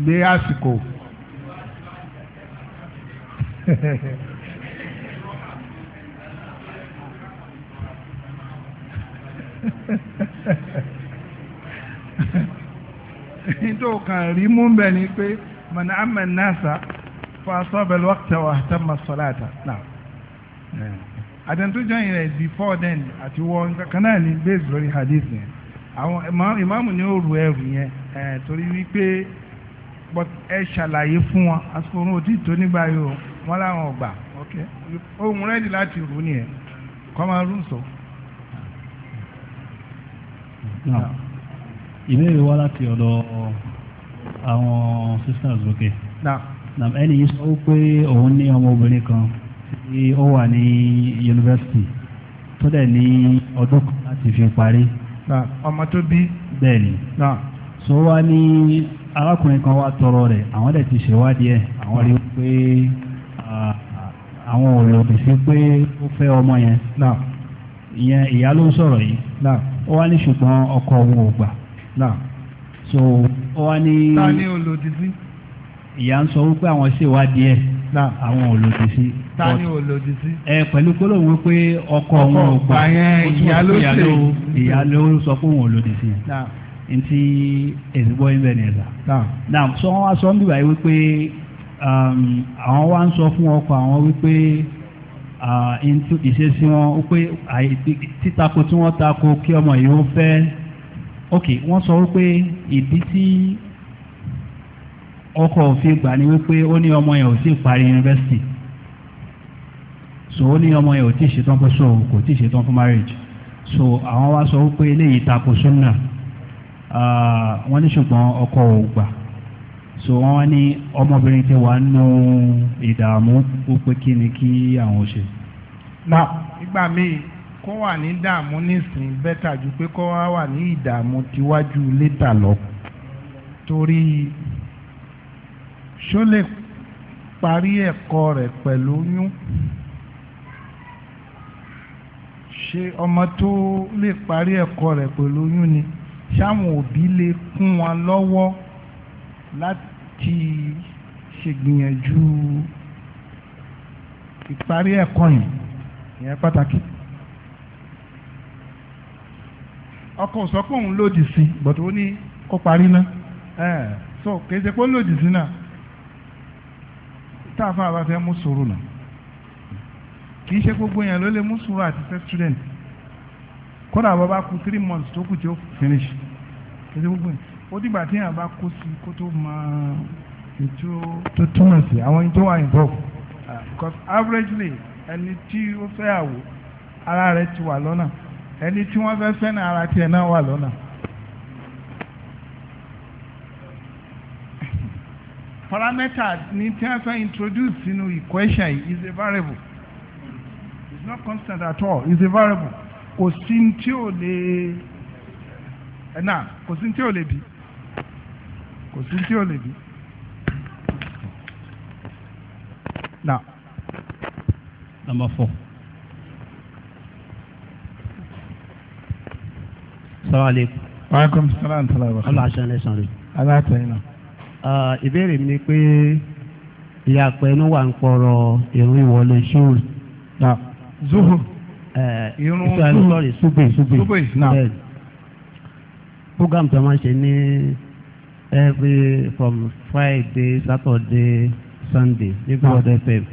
Gbé àsìkò. [laughs] nítorí kan rí mú bẹ́ẹ̀ ni pé man amma nasa fa asaba al wa ahtamma as-salata náà eh. àtẹnudọ́jọ́ before then àti wọ́n kankan ni based hadith yẹn àwọn ìmáàmù ni ó ru ẹrù yẹn eh, torí wípé ẹ ìbéèrè wá láti ọ̀dọ̀ àwọn sisters lókè ẹni yìí sọ pé òun ní ọmọbìnrin kan tí ó wà ní yunifásitì tó dẹ̀ ní ọdún kan láti fi parí. ọmọ tó bí. bẹ́ẹ̀ ni so wá ní arákùnrin kan wá tọrọ rẹ̀ àwọn dẹ̀ ti ṣèwádìí ẹ̀ àwọn rí pé àwọn sí pé ó fẹ́ ọmọ yẹn. ìyẹn ìyá ló ń sọ̀rọ̀ yìí ó wá ní ṣùgbọ́n ọkọ òun ò so ó wá ní ìyá ń sọ wípé àwọn ṣèwádìí ẹ̀ àwọn ò lòdì sí. ta ni ò lòdì sí. ẹ pẹ̀lú gbólóhùn wípé ọkọ wọn ò gbà ìyá ló ṣe ìyá ló sọ pé òun ò lòdì sí. ntí èsìgbọ́ ẹ̀ ń bẹ̀ sọ wọn wá sọ ń bíbáyé wípé um, àwọn wá ń sọ fún ọkọ àwọn wípé. Ah, into ìṣesí wọn ó pé títakò tí wọ́n takò kí ọmọ yìí ó fẹ́ ok wọ́n sọ wípé ìdí tí ọkọ òfin gbà ni wípé ó ní ọmọ yẹn ò sì parí yunifásitì so ó ní ọmọ yẹn ò tí ì ṣetán fún so kò tí ì ṣetán fún marriage so àwọn wá sọ wípé eléyìí takò sunna ah, wọ́n ní ṣùgbọ́n ọkọ ò gbà so wọ́n ní ọmọbìnrin tí wà nù ìdààmú ó pé kí ni kí àwọn ṣe. na ìgbà míì kó wà ní dààmú nísìnyí bẹ́tà ju pé kó wá wà ní ìdààmú tíwájú létà lọ torí ṣó lè parí ẹ̀kọ́ rẹ̀ pẹ̀lú oyún ṣé ọmọ tó lè parí ẹ̀kọ́ rẹ̀ pẹ̀lú oyún ni ṣáwọn òbí lè kún wọn lọ́wọ́ láti ti ṣègbìyànjú ìparí ẹ̀kọ́ yẹn ìyẹn pàtàkì ọkọ sọ pé òun lòdì sí but ó ní kó parí ná ẹ so kì í ṣe pé ó lòdì sí náà tá a fún àbáfẹ́ mú sùúrù náà kì í ṣe gbogbo yẹn ló lè mú sùúrù àti fẹ́ student kódà bàbá kú three months tó kù tí ó finish kì í ṣe gbogbo yẹn ó dìgbà tí yàrá bá kó sí kó tó mọ ètò tó túmọ̀ sí àwọn ẹni tó wà involve ah, because averagely ẹni tí ó fẹ́ àwò ara rẹ̀ ti wà lọ́nà ẹni tí wọ́n fẹ́ fẹ́ náà ara tiẹ̀ náà wà lọ́nà. parameter ni tí wọ́n fẹ́ introduce sínú equation is a variable it's not constant at all it's a variable kò sí tí ò lè ẹ̀ eh, náà kò sí tí ò lè bí kò sí tí ò lè bí. now number four. salaam aleykum. waaleykum salaam salaam wa rahmatulah. aláṣẹ ẹ̀ sàn rẹ̀. aláṣẹ ẹ̀ náà. ìbéèrè mi ni pé ìyàpẹ̀ inú wa ń pọ̀rọ̀ ìrún ìwọlé ṣúùrù. na zuhu. irun zuhu sọ́ọ̀rì súbè súbè. súbè náà. program tó máa ń ṣe ní every from Friday Saturday Sunday ní God FM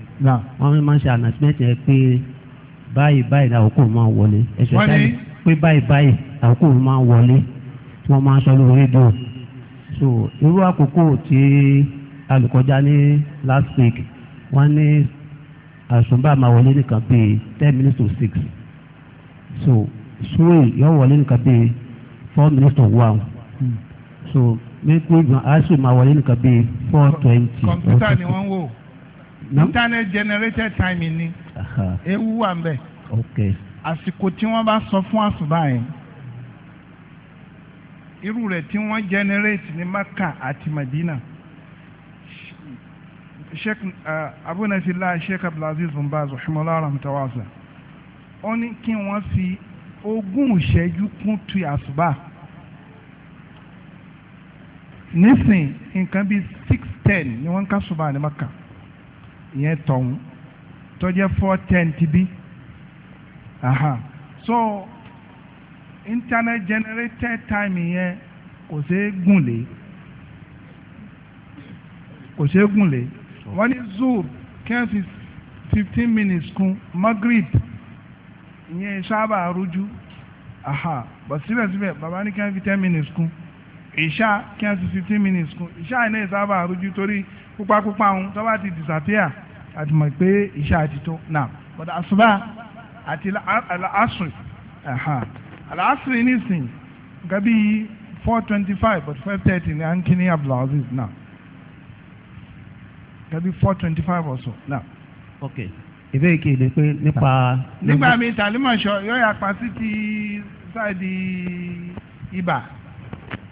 wọ́n máa ń ṣe announcement yẹn pé báyìí báyìí àkókò máa wọlé ẹ̀ṣẹ̀ sáyẹn pé báyìí báyìí àkókò máa wọlé tí wọ́n máa ń sọ lórí rédíò so irú àkókò tí alùkọjá ní last week wọ́n ní àṣùnbà máa wọlé nìkan bíi ten minutes to six so sùwèé yóò wọlé nìkan bíi four minutes to one hmm. so mẹ́gbẹ́gbọ̀n a sì máa wọlé nìkan bíi four twenty. kọ̀mpútà ni wọ́n ń wò internet generated timing ni ewu wà ń bẹ. àsìkò tí wọ́n bá sọ fún àsùbá yẹn irú rẹ̀ tí wọ́n generate ní Maka àti Madina sheikh uh, abunafila sheikh abdulaziz bumbaz rahimahullah rahmatawasa ó ní kí wọ́n fi ogún ìṣẹ́jú kún tu àsùbá nísìn nǹkan bíi six ten ni wọ́n ń ká ṣùgbọ́n àní maka ìyẹn tọ̀hún tó jẹ́ four ten ti bí aha so internet generated time yẹn kò ṣeé gùn lé kò ṣeé gùn lé wọ́n ní zoom kẹ́hìn fifteen minutes kún magrib ìyẹn sábà rújú aha bọ̀ síbẹ̀síbẹ̀ bàbá ní kẹ́hìn fi ten minutes kún ìṣá kí wọ́n ti fifteen minutes kún ìṣá iná ìsábà àrùjú torí púpàpúpà ń tó bá ti disappear àti mọ̀ pé ìṣá ti tó náà but àṣùbà àti àṣùrì àṣùrì nísìnyí nǹkan bíi four twenty five but five thirty ní ankini abdulaziz náà nǹkan bíi four twenty five or náà. okay ìbéèrè kì í lè pé nípa. nígbà mi tàlímọ̀ṣọ́ yóò yà pa sí ti sáà di ibà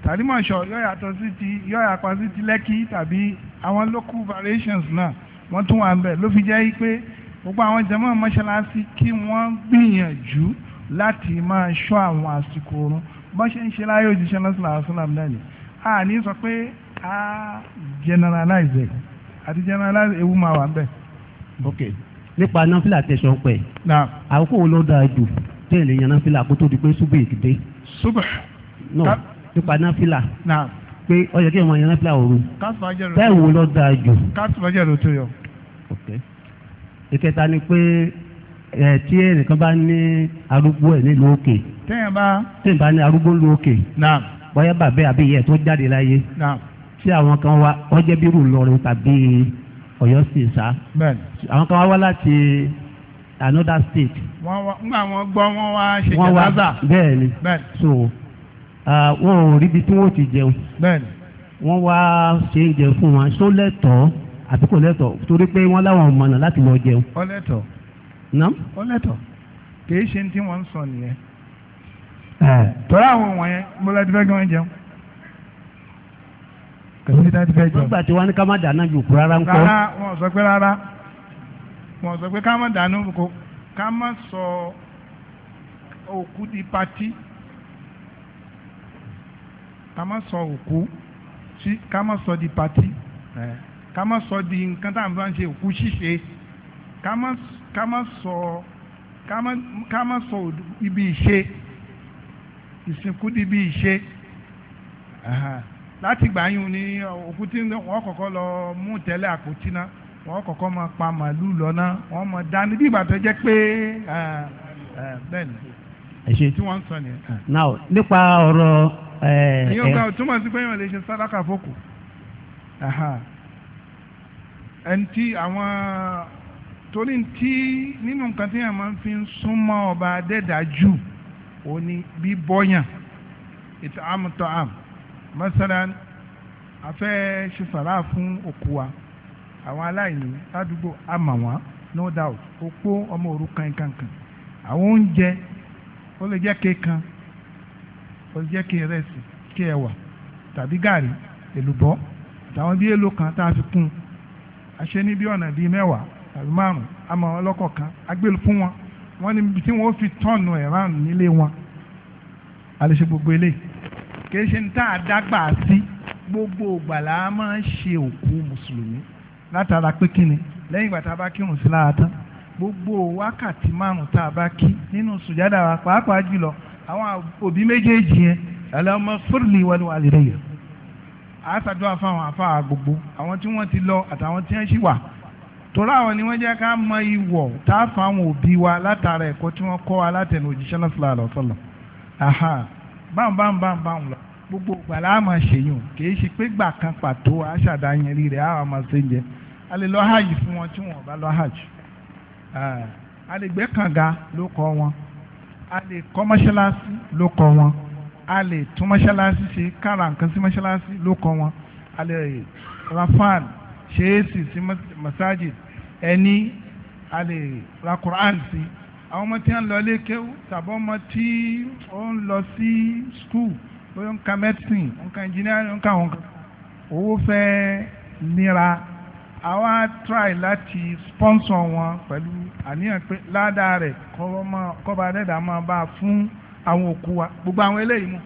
tàdímọ̀ṣọ́ yóò yàtọ̀ sí ti yóò yàpa sí ti lẹ́kì tàbí àwọn local variations náà wọ́n tún wà ń bẹ̀ ló fi jẹ́ pé gbogbo àwọn jàmá mọ́ṣáláṣí kí wọ́n gbìyànjú láti máa ṣọ́ àwọn àsìkò oorun bọ́n ń ṣe láyé òjíṣẹ́ lọ́sọ̀lá àṣọlám lẹ́nu a ní sọ pé a generalize it àti generalize ewu máa wà ń bẹ̀. ok nípa náfìlà tẹ̀sán pẹ̀ àkókò wo ló dáa jù tẹ̀lé yan náfìlà kó tó di pé súbù èkìdé. súbù. náà nípa náfìlà pé ọjọ́ kí wọ́n yan náfìlà òru bẹ́ẹ̀ wo ló dáa jù. kásìmájẹ́ ló tó yọ. ìkẹta ni pé ẹ tí ẹnìkan bá ní arúgbó ẹ nílùú òkè. tẹ́yìn bá. tẹ́yìn bá ní arúgbó nílùú òkè. bóyá bàbá àbí ìyá ẹ̀ tó jáde láyé. tí àwọn kan wá wọ́n jẹ́ bírù lọ́rin tàbí ọ̀yọ́ sì sá. àwọn kan wá wá láti another state. wọ́n wá ngbà wọ́n gbọ́ wọ́n wá ṣe kẹta sá. wọ́n wá bẹ́ẹ̀ ni so Ah, wọn ò ríbi tí wọ́n ti jẹun wọ́n wá ṣe ìjẹ fún wọn ṣó lẹ́tọ̀ọ́ àti kò lẹ́tọ̀ọ́ torí pé wọ́n láwọn ò mọ̀nà láti lọ jẹun. ọlẹ́tọ̀ ọlẹ́tọ̀ kì í ṣe tí wọ́n ń sọ nìyẹn eh. tọ́lá àwọn wọ̀nyẹn mo lọ́ọ́ ti fẹ́ kí wọ́n jẹun kẹsí náà ti fẹ́ jẹun. nígbà tí wọ́n ní ká má dáná jòkó rárá ń kọ́. rárá wọn sọ pé rárá wọn sọ pé ká má dáná kó ká má sọ òkú di patí ká má sọ òkú sí ká má sọ di pati eh. ká má sọ di nǹkan tá à ń bá ń ṣe òkú ṣíṣe ká má ká má sọ ká má sọ ibi ìṣe ìsìnkú di ibi ìṣe láti gbàyún ní òkú tí wọ́n kọ́kọ́ lọ mú tẹ́lẹ̀ àpótí náà wọ́n kọ́kọ́ máa pa màlúù lọ́nà wọ́n máa dání bí ìgbà tó jẹ́ pé eh, eh, bẹ́ẹ̀ ni èyí tí wọ́n sọ nìyẹn. now nípa ọ̀rọ̀ Eh, ìyẹn gba eh. túmọ̀ sí pé èèyàn lè ṣe sàdákà àwọn torí tí nínú nǹkan tí èèyàn máa ń súnmọ́ ọba adẹ́dàá jù ó ní bíbọ́yàn àmútọ́ àm masalan a ṣe sàrà fún òkú wa àwọn aláìní ládùúgbò àmà wọn no doubt opó ọmọ òrukàn kankan àwọn oúnjẹ ó lè jẹ́ ó jẹ́ kí ìrẹsì kí ẹ̀wà tàbí gàrí èlùbọ́ àtàwọn bí èlò kan tá a fi kún un àṣẹ ní bí ọ̀nà bíi mẹ́wàá tàbí márùn-ún àmọ́ ọlọ́kọ̀ kan agbèlú fún wọn wọn níbi tí wọ́n fi tọ́ọ̀nù ẹ̀ ránù nílé wọn àlèṣe gbogbo eléyìí kì í ṣe ní tá a dágbà sí gbogbo ìgbà máa ń ṣe òkú mùsùlùmí látara pé kíni lẹ́yìn ìgbà tá a bá kírun sí lára gbogbo wákàtí márùn-ún tá a bá kí nínú sùjádà wa pàápàá jùlọ àwọn òbí méjèèjì yẹn Allahumma firli wal walidayya àṣàdúrà fáwọn afáà gbogbo àwọn tí wọ́n ti lọ àtàwọn tí wọ́n ṣì wà torí àwọn ni wọ́n jẹ́ ká mọ ìwọ̀ tá a fa àwọn òbí wa látara ẹ̀kọ́ tí wọ́n kọ́ wa látẹnu náà fúlà lọ́sọ̀lọ̀ aha báwọn báwọn báwọn báwọn lọ gbogbo gbàlá àmà ṣèyàn kìí ṣe pé gbà kan pàtó aṣàdáyẹn rí rẹ̀ àwọn àmà ṣe ń jẹ a lè lọ hajj fún wọn tí wọn ò bá lọ hajj ah, a kànga ló kọ́ wọn a lè kọ́ mọ́ṣáláṣí ló kọ́ wọn a lè tún mọ́ṣáláṣí ṣe kára nǹkan sí mọ́ṣáláṣí ló kọ́ wọn a lè ra fan ṣe é sì sí masajid ẹni a lè ra Quran sí àwọn ọmọ tí wọ́n lọ ilé kéwú tàbí ọmọ tí ó lọ sí skul bóyá ń ka medicine ń ka engineering ń ka òun owó fẹ́ nira àwa try láti sponsor wọn pẹ̀lú àníyàn pé ládàá rẹ̀ kọ́ba dẹ́dà máa bá fún àwọn òkú wa gbogbo àwọn eléyìí mu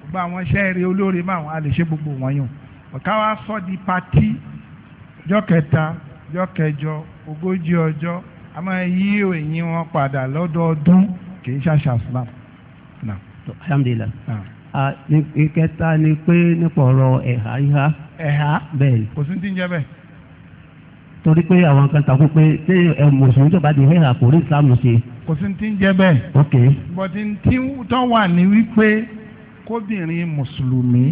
gbogbo àwọn iṣẹ́ eré olóore máa wọn a lè ṣe gbogbo wọn yàn ọ̀ká wa sọ di pati jọ́ kẹta jọ́ kẹjọ ogójì ọjọ́ a máa yí èyí wọn padà lọ́dọọdún kì í ṣàṣà Islam. alhamdulilayi ìkẹta ni pé nípa ọ̀rọ̀ ẹ̀há ìhá. ẹ̀há bẹ́ẹ̀ kò sí ti ń jẹ́ bẹ́ẹ̀. torí pé àwọn kan takú pé ṣé ẹ mùsùlùmí tó bá di ẹ̀há kò rí ìsìlámù ṣe. kò sí ti ń jẹ́ bẹ́ẹ̀. ok. bọ̀dé tí tó wà ní wípé kóbìnrin mùsùlùmí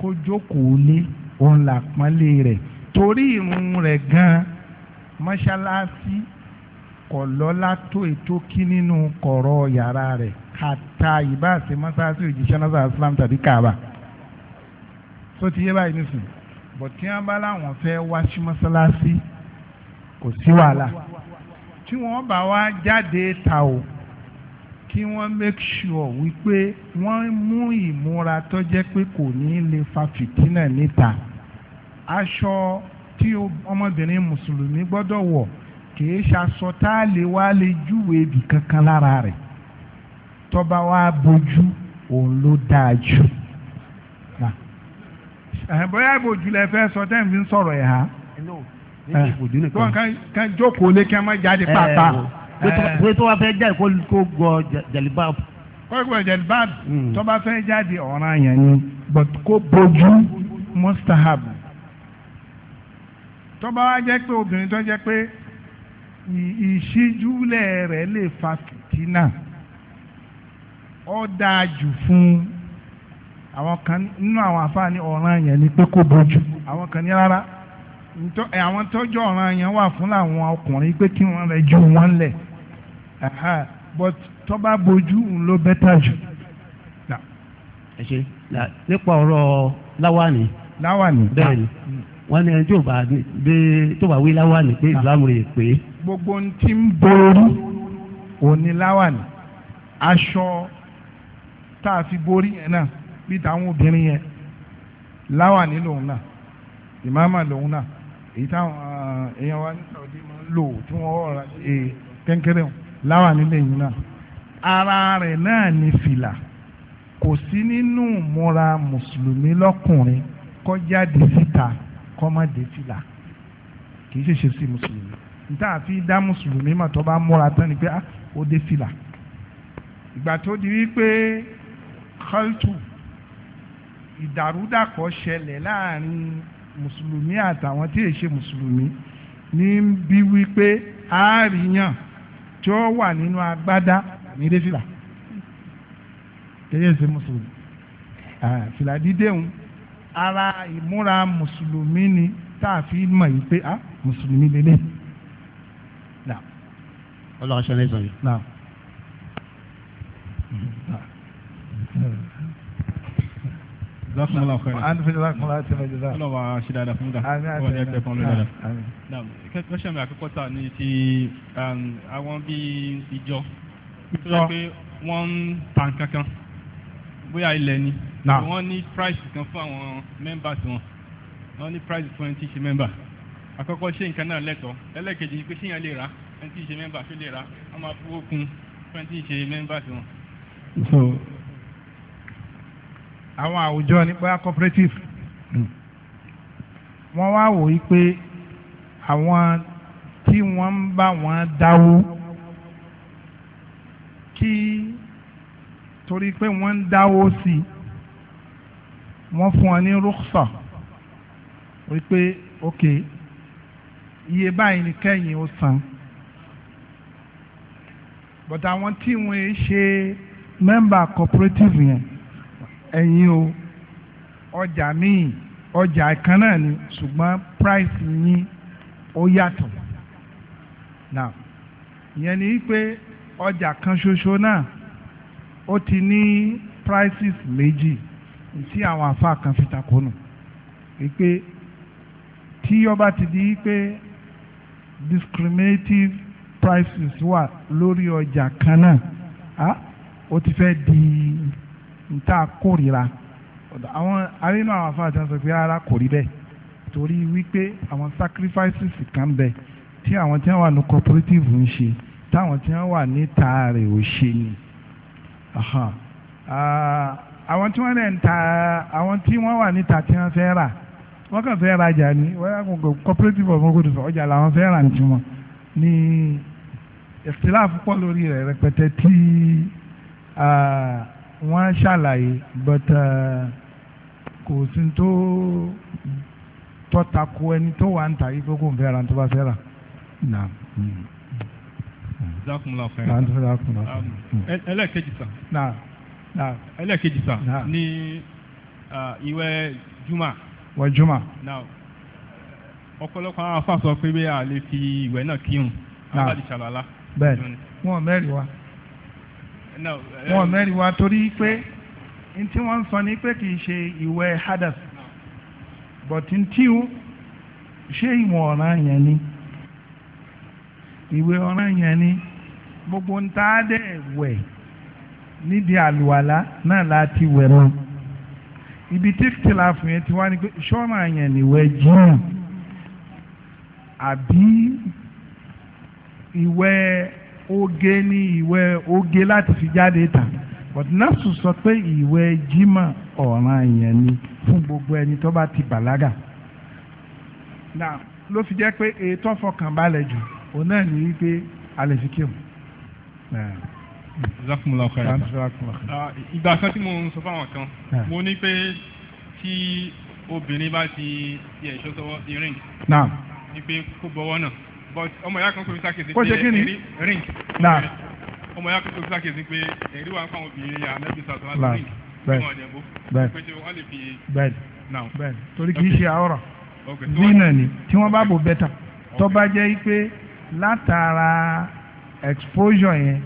kó jókòó lé òun làpọ́nlé rẹ̀ torí ìrun rẹ̀ gan-an mọ́ṣáláṣí kọ̀ lọ́lá tó ètò kí nínú kọ̀rọ̀ yàrá rẹ̀ kàtà ìbá àti mọ́sáàsì òjíṣẹ́ náà sáà islam tàbí kaaba tó ti yé báyìí nísìnyí bọ̀ tí wọ́n bá láwọn fẹ́ wá sí mọ́sálásí kò sí wàhálà tí wọ́n bá wá jáde ta o kí wọ́n make sure wípé wọ́n mú ìmúra tó jẹ́ pé kò ní lè fa fìtínà níta aṣọ tí ọmọbìnrin mùsùlùmí gbọ́dọ̀ wọ̀ kìí ṣaṣọ tá a lè wá lè júwèé ibì kankan lára rẹ̀ tọ́ba wa bójú òun ló dáa jù. bóyá ìbòjú lẹ fẹ́ sọ tẹ́ ń fi sọ̀rọ̀ ẹ̀ ha. tó nǹkan jókòó lé kí a má jáde pàápàá. bóyá tó wá fẹ́ jáde kó gbọ́ jẹ̀líbáàbù. kó gbọ́ jẹ̀líbáàbù hmm. tó bá fẹ́ jáde ọ̀ràn yẹn ni but kó bójú mustahab. tó bá jẹ́ pé obìnrin tó jẹ́ pé. ìṣíjúlẹ̀ rẹ̀ lè fa fìtínà ó dáa jù fún àwọn kan nínú àwọn ní ọ̀ràn yẹn ni pé kò bójú àwọn kan ní rárá eh, àwọn tọ́jú ọ̀ràn yẹn wà fún àwọn ọkùnrin pé kí wọ́n rẹ̀ ju lẹ̀ but tó bá bójú bẹ́tà jù. ẹ ṣe nípa ọ̀rọ̀ bẹ́ẹ̀ ni ah. wọ́n ní ẹni tó bá wí láwàní pé ah. gbogbo ohun tí ń borí òní láwàní aṣọ tá a fi borí yẹn náà bí táwọn obìnrin yẹn láwàní lòun náà ìmáàmà lòun náà èyí táwọn ah, èèyàn wa ní Saudi máa ń lò tí wọ́n rà ṣe kéńkéré láwàní lẹ́yìn náà ara rẹ̀ náà ní fìlà kò sí nínú ìmúra mùsùlùmí lọ́kùnrin kọjá dé síta kọ́mọ́dé fìlà kì í ṣe ṣe sí mùsùlùmí nta àfi dá mùsùlùmí mà tó bá múra tán ni pé ah ó dé fìlà ìgbà tó di wípé kọ́ltù ìdàrúdàpọ̀ ṣẹlẹ̀ láàrin mùsùlùmí àtàwọn tí èṣe mùsùlùmí ní bí wípé àáríyàn tí ó wà nínú agbádá ní dé fìlà kẹ́yẹ́ ṣe mùsùlùmí fìlà dídé ń ara ìmúra mùsùlùmí ni tá a fi mọ̀ yìí pé ah mùsùlùmí lélẹ́yìn ọlọ́run aṣọ lẹ́sàn yìí. lọ́kùnrin ọ̀kọ́ rẹ̀. àánú fún lọ́kùnrin láti mẹ́jọ dáa. ọlọ́wà ṣe dáadáa fún dáa. àmì àti ẹ̀rọ ẹ̀kọ́ ló dáadáa. kẹ́kọ̀ọ́ sẹ́mi àkọ́kọ́ ta ni ti um, àwọn bíi ìjọ. ìjọ pé wọ́n ń ta nǹkan kan bóyá ilẹ̀ ni. wọ́n ní price kan fún àwọn members wọn. wọ́n ní price fún ẹni tí ń ṣe member. àkọ́kọ́ ṣé nǹkan náà lẹ́tọ̀ọ́ ẹlẹ́kejì pé ṣé yẹn lè rà á fẹ́ tí ìṣe mẹ́mbà ṣó lè ra wọ́n máa fowó kún fẹ́ tí ìṣe mẹ́mbà sí wọn. so àwọn àwùjọ nípa cooperative hmm. wọ́n wá wò yí pé àwọn tí wọ́n ń bá wọn dáwó kí torí pé wọ́n ń dáwó sí wọ́n fún ọ ní rúkṣà wípé ok iye báyìí ni kẹ́yìn ó san but àwọn tí wọ́n ṣe mẹ́mbà cooperative yẹn ẹ̀yin o ọjà míì ọjà kan náà ni ṣùgbọ́n price yín ó yàtọ̀ now ìyẹn ni pé ọjà kan ṣoṣo náà ó ti ní prices méjì tí àwọn àfáà kan fi takò nù wípé tí ọba ti di pé discriminative prices wà lórí ọjà kan náà ó ti fẹ́ di níta kórìíra àwọn arínú àwọn afáàjà sọ pé ara kò rí bẹ́ẹ̀ torí wípé àwọn sacrifices kan bẹ tí àwọn tí wọ́n wà ní cooperative ń ṣe táwọn tí wọ́n wà níta rẹ̀ ò ṣe ni àwọn tí wọ́n rẹ̀ ń ta àwọn tí wọ́n wà níta tí wọ́n fẹ́ rà wọ́n kàn fẹ́ rajà ní wọ́n yà kó cooperative of mogodo ọjà làwọn fẹ́ rà ní tiwọn ní ìfìláàfù pọ̀ lórí rẹ̀ rẹpẹtẹ tí wọ́n ṣàlàyé but kò sí tó tọ́ta ko ẹni tó wà ń ta yìí pé kò ń fẹ́ ra tó bá fẹ́ rà. ẹlẹ́ẹ̀kejì sàn ẹlẹ́ẹ̀kejì sàn ní ìwẹ̀ juma. wọ juma. ọ̀pọ̀lọpọ̀ àwọn afáàsọ pé bí a lè fi ìwẹ̀ náà kírun àwọn àdìsàlọ́lá bẹ́ẹ̀ wọn mẹ́rin wa wọn uh, mẹ́rin wa torí pé ntí wọ́n ń sọ ni pé kì í ṣe ìwẹ̀ hadas but ntí o ṣé ìwọ̀n ọ̀ràn yẹn ni ìwẹ̀ ọ̀ràn yẹn ni gbogbo ntaadẹ wẹ̀ nídìí àlùwàlá náà láti wẹ̀rọ ibi tí kìláàfù yẹn ti wá ni pé ṣọ́ọ̀ràn yẹn ni wẹ̀ jẹun àbí ìwẹ̀ oge ní ìwẹ̀ oge láti fi jáde tà but nafsu sọ pé ìwẹ̀ jimá ọ̀ràn yẹn ni fún gbogbo ẹni tó bá ti bàlágà náà ló fi jẹ́ pé ètò ọ̀fọ̀kànbalẹ̀ jù òun náà ní wípé alẹ́ fi kírun zakumula ọkọ rẹ ìgbà kan tí mo ń sọ fáwọn kan mo ní pé tí obìnrin bá ti ti ẹ̀ṣọ́ sọ́wọ́ earring ni pé kó bọ́wọ́ náà but ọmọ ìyá kan kò fi sákèsí pé ẹ̀rí ring ọmọ ìyá kan kò fi sákèsí pé ẹ̀rí wà fáwọn obìnrin ànábì sàtọ́ láti ring fún ọ̀dẹ̀bó pé ṣe wọ́n lè fi bẹ́ẹ̀ torí kì í ṣe àwòrán zina ni tí wọ́n bá bò bẹ́tà tó bá jẹ́ pé látara exposure yẹn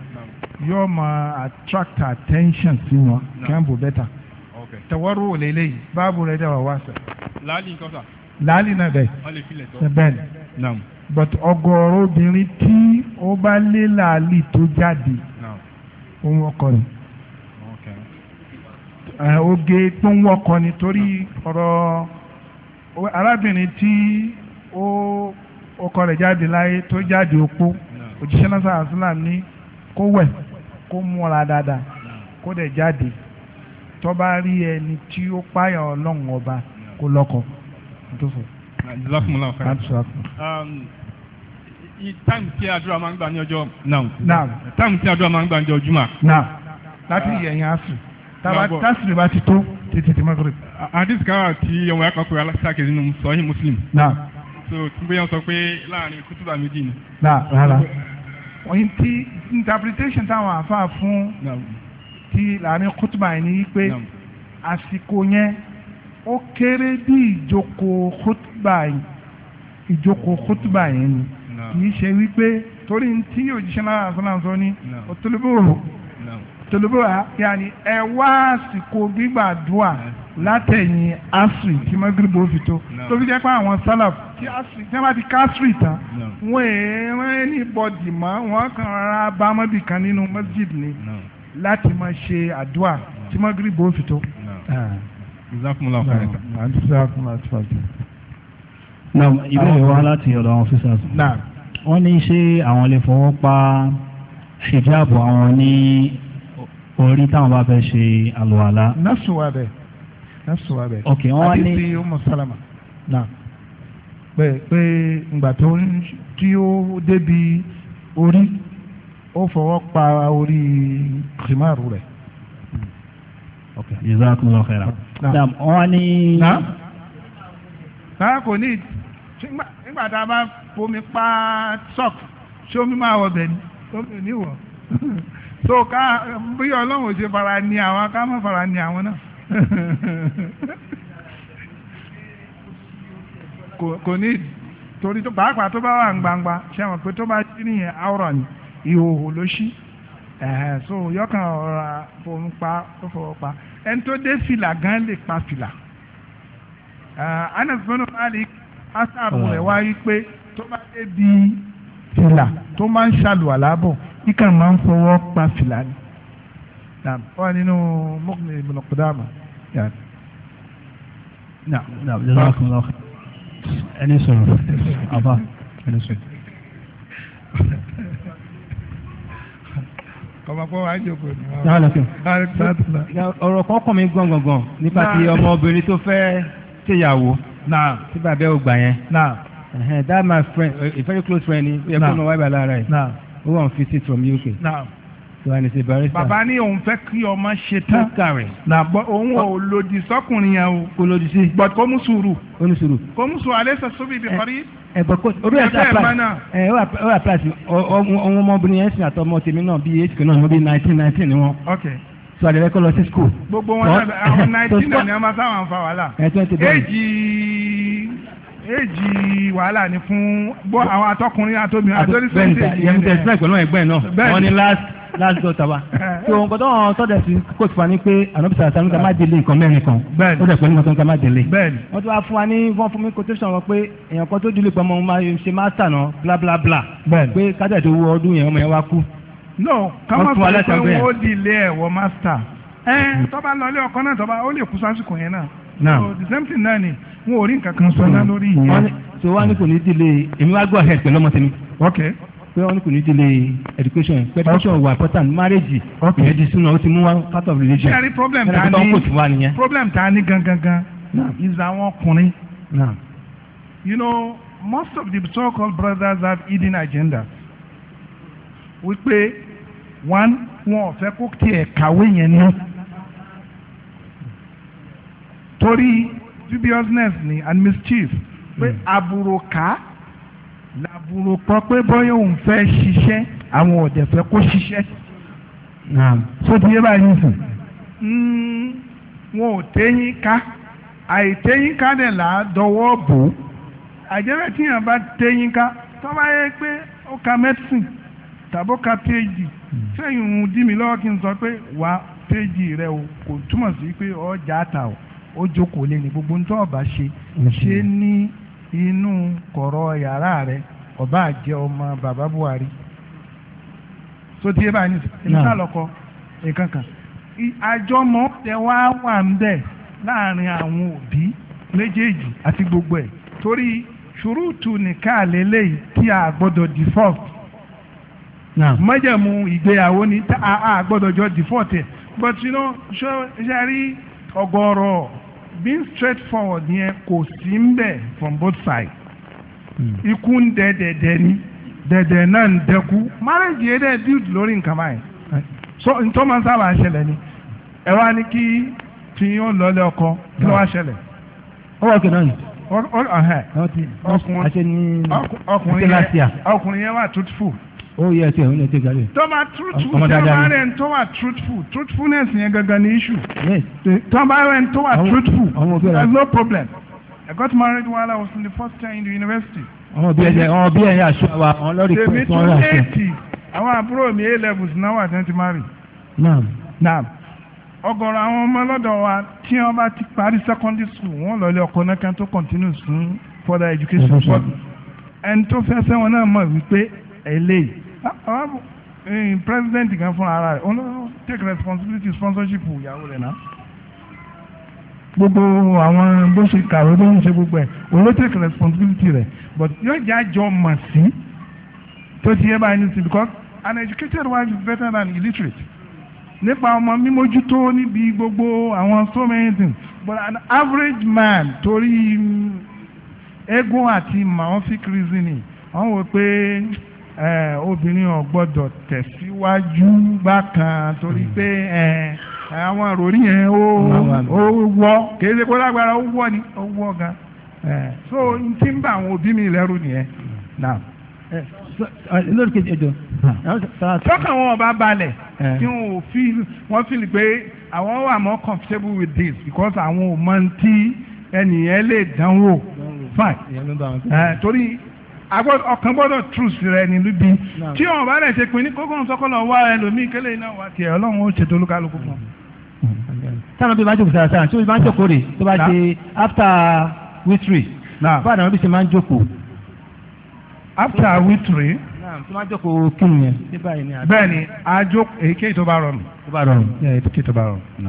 yóò máa attract attention sí wọn kí wọ́n bò bẹ́tà tẹ̀wọ́rù wò lélẹ́yìí báàbù rẹ̀ dẹ̀ wà wá sẹ̀. láàlì nǹkan sà. láàlì náà bẹ́ẹ̀ bẹ́ẹ̀ ni. but ọ̀gọ̀rọ̀ obìnrin tí ó bá lé làálì tó jáde òun ọkọ rẹ̀ oge tó ń wọkọ nítorí ọ̀rọ̀ arábìnrin tí ó ọkọ rẹ̀ jáde láyé tó jáde opó òjíṣẹ́ náà sàásìlà ní kó wẹ̀ kó mú múra dáadáa kó dẹ̀ jáde tó bá rí ẹni tí ó páyà ọlọ́run ọba kó lọ́kọ jazakumullahu khairan um, táìmù tí àdúrà máa ń gbà ní ọjọ́ náà táìmù tí àdúrà máa ń gbà ní ọjọ́ jùmọ̀. náà láti yẹ̀yìn àṣù tásìlì bá ti tó títí ti mọ́tò rẹ̀. àdìsí káwà tí ọmọ ẹ̀ka pé aláṣàkè nínú sọ́yìn muslim. náà so túnbẹ̀yàn sọ pé láàrin kútùbà méjì ni. náà rárá oyin ti interpretation táwọn àfa fún ti láàrin kútùbà yẹn ni pé àsìkò yẹn ó kéré bí ìjókòó khutba yìí ìjókòó khutba yẹn ni kì í ṣe wípé torí tí òjíṣẹ́ náà àfúnáṣọ ní òtólúbòrò òtólúbòrò yàní ẹ wá àsìkò gbígbàdúà látẹ̀yìn asri tí mọ́gìrìbò fi tó tó fi jẹ́ pé àwọn sálàf tí asri tí wọ́n bá ti ká asri tán wọ́n èèrè ní bọ́dì mọ́ wọ́n kàn rárá bá kan nínú masjid ni láti máa ṣe àdúà tí mọ́gìrìbò fi tó. Ah ìzákùnlá ọ̀kàrẹ́ta. náà ìbéèrè wa láti ọ̀dọ̀ àwọn officers. wọ́n ní ṣé àwọn lè fọwọ́ pa hijab àwọn ní orí táwọn bá fẹ́ ṣe àlùwàlá. nọ́ọ̀sì wa bẹ̀ nọ́ọ̀sì wa bẹ̀. ok wọ́n wá ní. àdìsí ọmọ sálámà náà pé pé ìgbà tó ń tí ó débi orí ó fọwọ́ pa orí kìmáàrú rẹ̀. ok jazakumullahu khairan dam wọ́n ní. rárá kò ní nígbà tá a bá fomi pa sock ṣé máa wọ bẹ̀ ni omi ò ní wọ̀ [laughs] so ká bí ọlọ́run ò ṣe fara ni àwọn ká má fara ni àwọn náà [laughs] kò ní torí tó pàápàá tó bá wà gbangba ṣe àwọn pé tó bá sí nìyẹn àwòrán ni ìhòòhò ló ṣí so yọkàn ọ̀rọ̀ fòun pa tó fọwọ́ pa ẹni tó dé fìlà gan lè pa fìlà ah, Anas bin Malik asáàbù rẹ̀ wá rí pé tó bá dé bi fìlà tó máa ń ṣàlùwàlá bọ̀ kíkà máa ń fọwọ́ pa fìlà ni wọ́n nínú mọ́kùnrin ìbùnà kùdàmà. ẹni sọ̀rọ̀ àbá ẹni sọ̀rọ̀ ọ̀rọ̀ kan kàn mí gbọ̀ngbọ̀ngbọ̀n nípa ti ọmọbìnrin tó fẹ́ ṣèyàwó tí bàbá ò gbà yẹn. that my friend a very close friend ni ó yẹ kó mọ wáyé bá lára ẹ̀ ó wà on visit from UK. Now and he's a barrister. bàbá ní òun fẹ́ kí ọmọ ṣe tán. barrister rẹ̀. na bọ òun ò lòdì sọkùnrin yẹn o. kò lòdì sí. but kò mú sùúrù. kò mú sùúrù. kò mú sùúrù alẹ́ sọ sóbì bí kọrí. ẹ bọ kó orí ẹ ti apply ẹ ó apply sí ọmọ ọmọbìnrin yẹn sìn àtọmọ tèmi náà bíi eight kan náà wọn bíi nineteen nineteen ni wọn. okay so àdẹ̀rẹ̀ kọ́ lọ sí school. gbogbo wọn náà [laughs] nineteen náà ni wọn bá sáwọn fa wàhálà. ẹ twenty one. èjì èjì wàhálà ni fún bọ́ àwọn atọ́kùnrin àtọ́mi adolescent èjì yẹn tẹ̀ sílẹ̀ pẹ̀lú ẹgbẹ́ náà wọ́n ní last last daughter wa [laughs] eh. so nǹkan tó hàn sọ́dẹ̀ sí kò sí wa ní pé ànábì sàràtà ní ká má délé nǹkan mẹ́rin kan ó dẹ̀ pẹ̀lú nǹkan ká má délé wọ́n ti wá fún wa ní wọ́n fún mi quotation wọn pé èèyàn kan tó dúró pẹ̀lú ọmọ ṣe master náà bla bla bla pé kájà tó wọ ọdún yẹn ọmọ yẹn wá kú. no káwọn sọ pé wọ́n ó di ilé ẹ̀wọ̀ master ẹ̀ eh, tọ́ba lọ ilé ọkọ náà tọ́ba ó lè kú sásìkò yẹn so the same thing náà ni n ò rí nǹkan kan sọ náà lórí ìyẹn. so wọ́n á ní kò ní dílé èmi wá gbọ́ ahead pẹ̀lú ọmọ tèmi. ok pé wọ́n ní kò ní dílé education education wà important marriage ìyẹn di súná ó ti mú wá part of religion. ṣé rí problem ta ni problem ta ni gangan gan is àwọn ọkùnrin. you know most of the so-called brothers have hidden agendas wípé one wọn ò fẹ́ kó tiẹ̀ kàwé yẹn ní torí dubiousness ni and mischief pé hmm. àbúrò ká làbúrò kọ pé bóyá òun fẹ́ ṣiṣẹ́ àwọn ọ̀dẹ̀ fẹ́ kó ṣiṣẹ́ so ti yé báyìí nìsín. Hmm. wọn ò téyín ká àìtéyín ká dẹ̀ là á dọwọ́ bò ó àjẹ́rẹ́ tíyàn bá téyín ká tó bá yẹ pé ó ka medicine tàbó ka phd sẹ́yìn hmm. òun dí mi lọ́wọ́ kí n sọ pé wà phd rẹ o kò túmọ̀ sí pé ọjà ta o ó jókòó lé ní gbogbo nítorí ọba ṣe ṣe ní inú kọ̀rọ̀ yàrá rẹ̀ ọba àjẹ ọmọ bàbá Buhari so tí ẹ bá ní ìsàlọ́kọ nǹkan kan àjọmọ́ tẹ wá wà ń bẹ̀ láàrin àwọn òbí méjèèjì àti gbogbo ẹ̀ torí ṣùrùtù nìkan àlélẹ́yìí tí a gbọ́dọ̀ default májẹ̀mú ìgbéyàwó ni a gbọ́dọ̀ jọ default ẹ̀ but you know ṣe rí ọgọ́rọ̀ being straightforward yẹn kò sí ń bẹ̀ from both sides hmm. ikú ń dẹ dẹ̀dẹ̀ ni dẹ̀dẹ̀ náà ń dẹ́kú marriage yẹn dẹ̀ build lórí nǹkan báyìí so ntọ́ máa ń sábà ṣẹlẹ̀ ni ẹ wá ní kí tiyín ó lọ́lẹ̀ ọkọ kí ló wá ṣẹlẹ̀. ọwọ́ ọkẹ náà yìí ọkùnrin yẹn wà truthful Oh yẹ ẹsẹ̀ òun ẹsẹ̀ gàdé. tó bá truthful tó bá rẹ̀ ń tó wà truthful truthfulness yẹn gangan ni issue. tó bá rẹ̀ ń tó wà truthful there's no problem. I got married while I was in the first year in the university. ọmọ bí ẹyẹ ọmọ bí ẹyẹ aṣọ wa àwọn lórí pẹ̀lú ọ̀rọ̀ àṣẹ. àwọn àbúrò mi A levels náà wà tẹ́ntì márì. naam. naam ọ̀gọ̀rọ̀ àwọn ọmọ ọlọ́dọ̀ wa tí wọ́n bá ti parí secondary school wọ́n lọ lé ọkọ náà kan tó continue fún further education. ẹni tó fẹ́ sẹ́wọ̀n náà mọ̀ wípé eléyìí Ah, ah, eh, president kan fúnra ara rẹ̀ òun take responsibility sponsorship ìyàwó rẹ̀ náà gbogbo àwọn bó ṣe kàwé bó ṣe gbogbo ẹ̀ òun take responsibility rẹ̀ but yóò jẹ́ àjọ mọ̀ sí tó ti yẹ báyìí nísìnyí because an educated wife is better than illiterate nípa ọmọ mímójútó níbi gbogbo àwọn so many things but an average man torí egun àti maofic reasoning wọ́n wò pé. obìnrin ò tẹ̀síwájú bákan torí pé àwọn àròrí yẹn ó wọ́ kìí ṣe kó lágbára ó wọ́ ni ó wọ́ gan so n ti ń bá àwọn òbí mi lẹ́rù nìyẹn náà wọn ọba balẹ̀ tí fi lè pé àwọn wà more comfortable with this because àwọn ò mọ tí ẹnìyẹn lè dánwò fine torí ọkàn gbọ́dọ̀ truth rẹ ní níbi tí wọn bá rẹ̀ ṣe pin ní kókó sọ́kọ́lọ̀ wá ẹlòmíì kélé iná wà tiẹ̀ ọlọ́run ó ṣètò olúkálukú fún. táwọn bí wọ́n á jókòó sára sára tí wọ́n bá ń jókòó rè tó bá ṣe after witri bá àwọn bí ṣe máa ń jókòó. after witri. tó máa jókòó kí ni yẹn. bẹ́ẹ̀ni àjò èyíkéyìí tó bá rọrùn. tó bá rọrùn. èyíkéyìí tó bá rọrùn.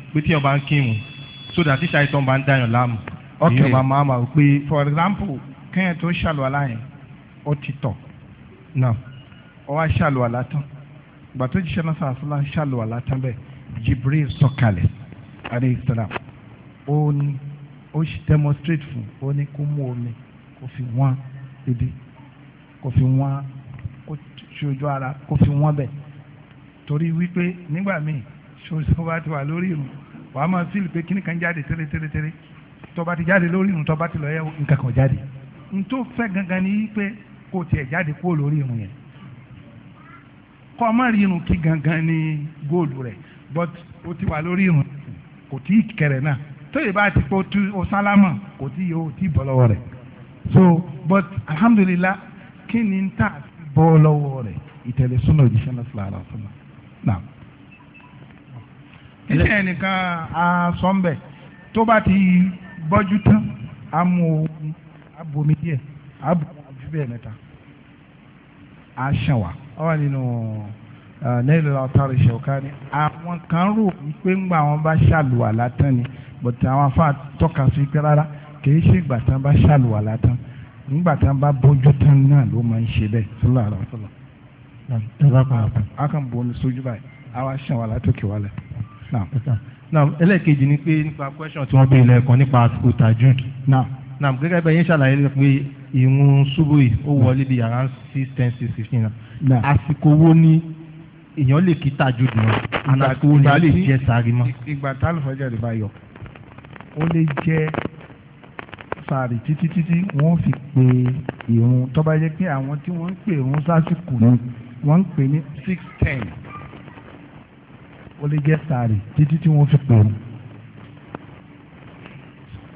pé tí ọba ń kírun so that tíṣà ìtàn bá ń dàyàn láàmú. ok ìyẹn ọba máa ma pé for example kẹ́hìn tó ṣàlùwàlá yẹn ó ti tọ̀ náà ó wá ṣàlùwàlá tán ìgbà tó jíṣẹ́ náà sàásùlá ṣàlùwàlá tán bẹ́ẹ̀ Jibril sọ̀kalẹ̀ alayhi salam ó ní ó ṣe demonstrate fún ó ní kó mú omi kó fi wọ́n ibi kó fi wọ́n kó ṣojú ara kó fi wọ́n bẹ̀ torí wípé nígbà míì ṣoṣo bá ti wà lórí irun wàá máa fíìlì pé kíní kan jáde tẹ́lẹ̀ tẹ́lẹ̀ tẹ́lẹ̀ tọba ti jáde lórí irun tọba ti lọ yẹ nǹkan kan jáde n tó fẹ́ gangan ni pé kò tiẹ̀ jáde kúrò lórí irun yẹn kọ́ ọ má rí irun kí gangan ni góòlù rẹ̀ but o ti wà lórí irun kò tí ì kẹrẹ náà tóyè bá ti kó tu o sálámà kò tí yóò tí bọ́ lọ́wọ́ rẹ̀ so but alhamdulilah kí ni n ta bọ́ lọ́wọ́ rẹ̀ ìtẹ̀lẹ́sọ́nà òjíṣẹ́ náà fúlàrà ọ̀sán náà ilé ẹnìkan àsọ̀nbẹ̀ tó bá ti bọ́jú tán amú omi abomi díẹ̀ abomi ju bẹ́ẹ̀ mẹ́ta àṣàwà ọ̀wà nínú nílùú ọ̀tọ́rọ̀ ìṣẹ̀wọ̀ká ni àwọn kan rò wípé ńgbà wọn bá ṣàlùwà látàn ni bọ̀tẹ̀ àwọn afá tọ́ka sí pé rárá kì í ṣe ìgbà tán bá ṣàlùwà látàn nígbà tán bá bójú tán náà ló máa ń ṣe bẹ́ẹ̀ sọlá àrà sọlá. a kàn bọ̀ ní sójú báyìí àwa ṣàwà látòkè wálẹ̀ naam ẹlẹ́ẹ̀kejì ni pé nípa question tí wọ́n bí ilẹ̀ kan nípa àsìkò tajud na naam gẹ́gẹ́ bẹ́ẹ̀ yín ṣàlàyé rẹ̀ pé ìrun ṣubú yìí ó wọlé di around six ten six fifteen na àsìkò wo ni èèyàn lè kí tajud mọ́ àsìkò wo ni èèyàn lè jẹ sáré mọ́. ìgbà tá àlùfáàjà rẹ̀ bá yọ ó lè jẹ́ sáré títí títí wọ́n fi pe ìrun tó bá pé àwọn tí wọ́n ń pè ìrun sásìkò hmm. wọ́n ń pè ní six ten ó lè jẹ́ sàárì títí tí wọ́n fi pè é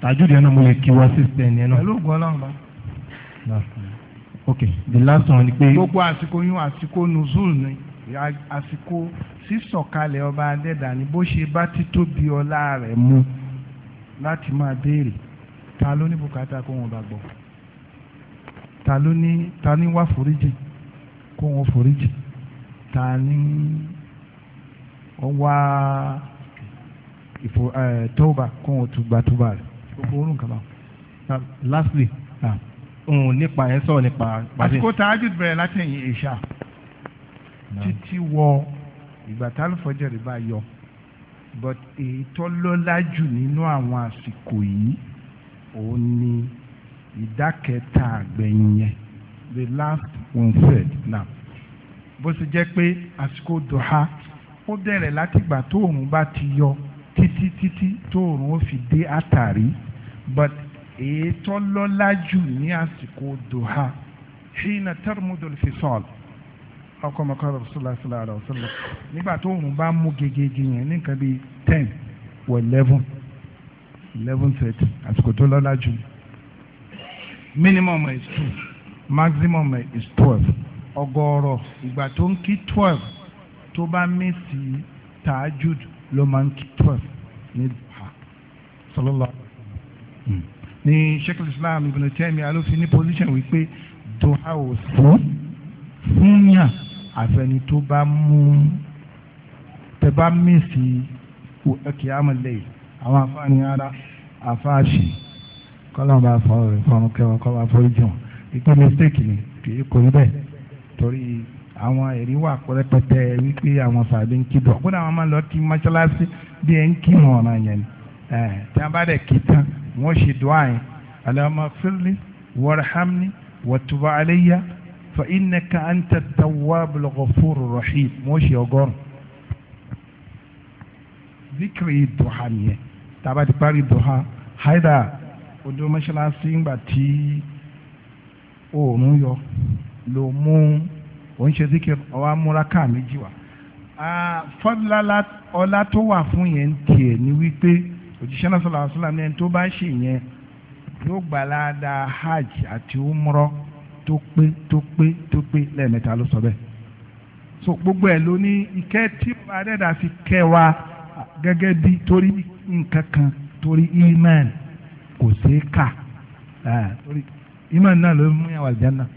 tajúdì ẹ̀nà mo lè kí wá sí sẹ́ni ẹ̀nà. pẹ̀lú ògùn ọlọ́run bá. ok the last one ni pé. gbogbo àsìkò yún àsìkò nùzúù ni àsìkò sísọ̀kalẹ̀ ọba adẹ́dà ni bó ṣe bá ti tóbi ọlá rẹ̀ mu láti máa béèrè ta ló ní bùkátà kó wọn bá gbọ́ ta ló ní ta ní wá foríjì kó wọn foríjì ta ní. Ni ó wá ìfò tọ́ba kó wọn tún gba túbà rẹ̀ gbogbo orun kama. lastly òun nípa ẹ̀ sọ̀rọ̀ nípa. àsìkò tààjú bẹ̀rẹ̀ látẹ̀yìn ìṣà títí wọ ìgbà tálùfọ́jẹ̀rì bá yọ but èyí tó lọ́lá jù nínú àwọn àsìkò yìí òun ni ìdákẹ́ta àgbẹ̀yìn yẹn the last one said, now bó ṣe jẹ́ pé àsìkò dùhà ó bẹ̀rẹ̀ látìgbà tóòrùn bá ti yọ títí títí tóòrùn ó fi dé àtàrí but èyí tó lọ́lá jù ní àsìkò dòha hina tarmudul fisal ọkọ mọkànlá rasulillah sallallahu alaihi wa sallam nígbà tóòrùn bá mú gegege yẹn ní nǹkan bíi ten or eleven eleven thirty àsìkò tó lọ́lá jù minimum is two maximum is twelve ọgọ́rọ̀ ìgbà tó ń kí twelve tó bá mẹ́sì tààjùd ló máa ń kí twelve ní duha sallallahu ní sheikh islam ibn Taymiyyah alófin ní position wípé duha ò fún fún yàn àfẹni tó bá mú tẹ bá mẹ́sì qiyamul layl àwọn afáàní ara afáàṣì kọ́lọ́n bá fọ́ ọ̀rẹ́ kẹwàá kọ́ bá forí jùmọ̀ mistake ni kì í kò ní bẹ́ẹ̀ torí àwọn ẹ̀rí wà pẹ́rẹ́pẹ́tẹ́ wípé àwọn sàbí ń kíbọ̀ kódà àwọn máa lọ kí mọ́ṣáláṣí bí ẹ ń kírun ọ̀ràn yẹn ni tí a bá dẹ̀ kí tán wọ́n ṣe dùá yẹn alámọ́fẹ́lẹ́ wọ́rọ̀hámní wọ́túbọ̀ aléyá fa innaka anta tawwabul ghafurur rahim wọ́n ṣe ọgọ́rùn. zikiri dùhà nìyẹn tá a bá ti haida odò mọ́ṣáláṣí ńgbà tí oòrùn yọ ló mú òun ṣe zikir ọwọ́ amúraká méjì wá fọdúlálá ọlá tó wà fún yẹn tiẹ̀ ni wípé òjíṣẹ́ náà sọ̀rọ̀ àṣọlá ní ẹni tó bá ṣe yẹn yóò gbà ládàá hajj àti umrọ tó pé tó pé tó pé lẹ́ẹ̀mẹ́ta ló sọ bẹ́ẹ̀ so gbogbo ẹ̀ ló ní ìkẹ́ tí adẹ́dà fi kẹ́ wa gẹ́gẹ́ bí torí nǹkan kan torí iman kò sí kà torí iman náà ló mú yàn wà lẹ́yìn náà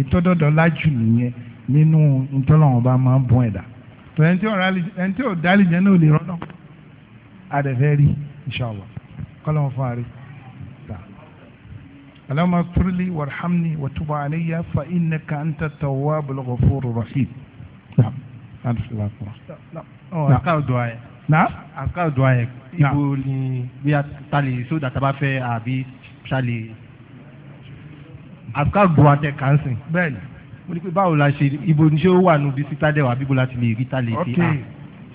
ìtọ́dọ̀dọ̀ lájú nìyẹn nínú ntọ́lọ́wọ́n bá máa ń bọ́ ẹ̀dá tó ẹni tí ò dálì jẹ́ náà lè rọ́nà adẹ̀fẹ́ rí inṣàlá kọ́lọ́wọ́n fún àárẹ̀ ta. alama turli warhamni watuba alayya fa innaka anta tawwabul ghafurur rahim. na akadu ayẹ ibo ni bí a ta lè sódà tá a bá fẹ́ àbí ṣá lè àkàgùn àtẹ kàǹsìn bẹ́ẹ̀ ni mo ní pé báwo la ṣe ibo ní ṣé ó wà níbi sítádẹ̀ wà bíbo láti lè rí ta lè fi à. ok ah.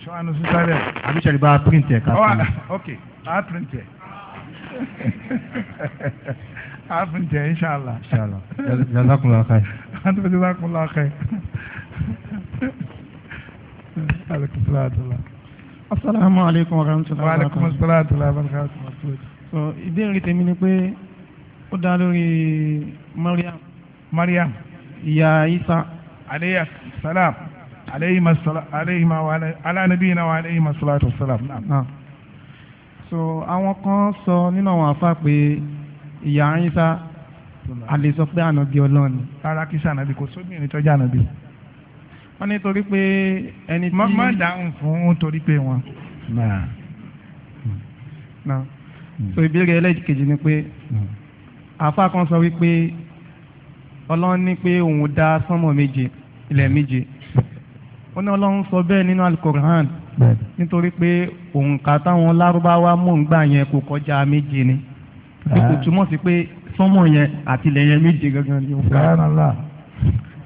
ṣọ́nù sítádẹ̀. àbí ṣe lè bá print ẹ̀ ká sí. ok a print ẹ̀ [laughs] a print ẹ̀ inṣàlá. inṣàlá jazakumullahu khair. a tó jazakumullahu khair. aleykum salaam. asalaamualeykum wa rahmatulahi wa barakatuh. wa aleykum salaam wa rahmatulahi wa barakatuh. so ìbéèrè tèmi ni pé ó dá lórí Mariam Mariam ìyá Isa aleyhi salam aleyhi masala aleyhi ma wa alanabi na wa aleyhi masalatu salam naam. so àwọn kan sọ nínú àwọn afa pé ìyá Isa àlè sọ pé ànábi Ọlọ́run ni. rárá kí sànà bí kò sóbìnrin tọ́jú ànábi. wọ́n ní torí pé ẹni tí. má dáhùn fún torí pé wọn. náà so ìbéèrè ẹlẹ́jì kejì ni pé àfa kan sọ wípé ọlọ́run ní pé òun dá sánmọ̀ méje ilẹ̀ méje ó ní ọlọ́run sọ bẹ́ẹ̀ nínú alukoran nítorí pé òǹkà táwọn lárúbáwá mọ̀ ń gbà yẹn kò kọjá méje ni kò ah. túmọ̀ sí pé sánmọ̀ yẹn àti ilẹ̀ yẹn méje gangan ni òǹkà. sàrànlá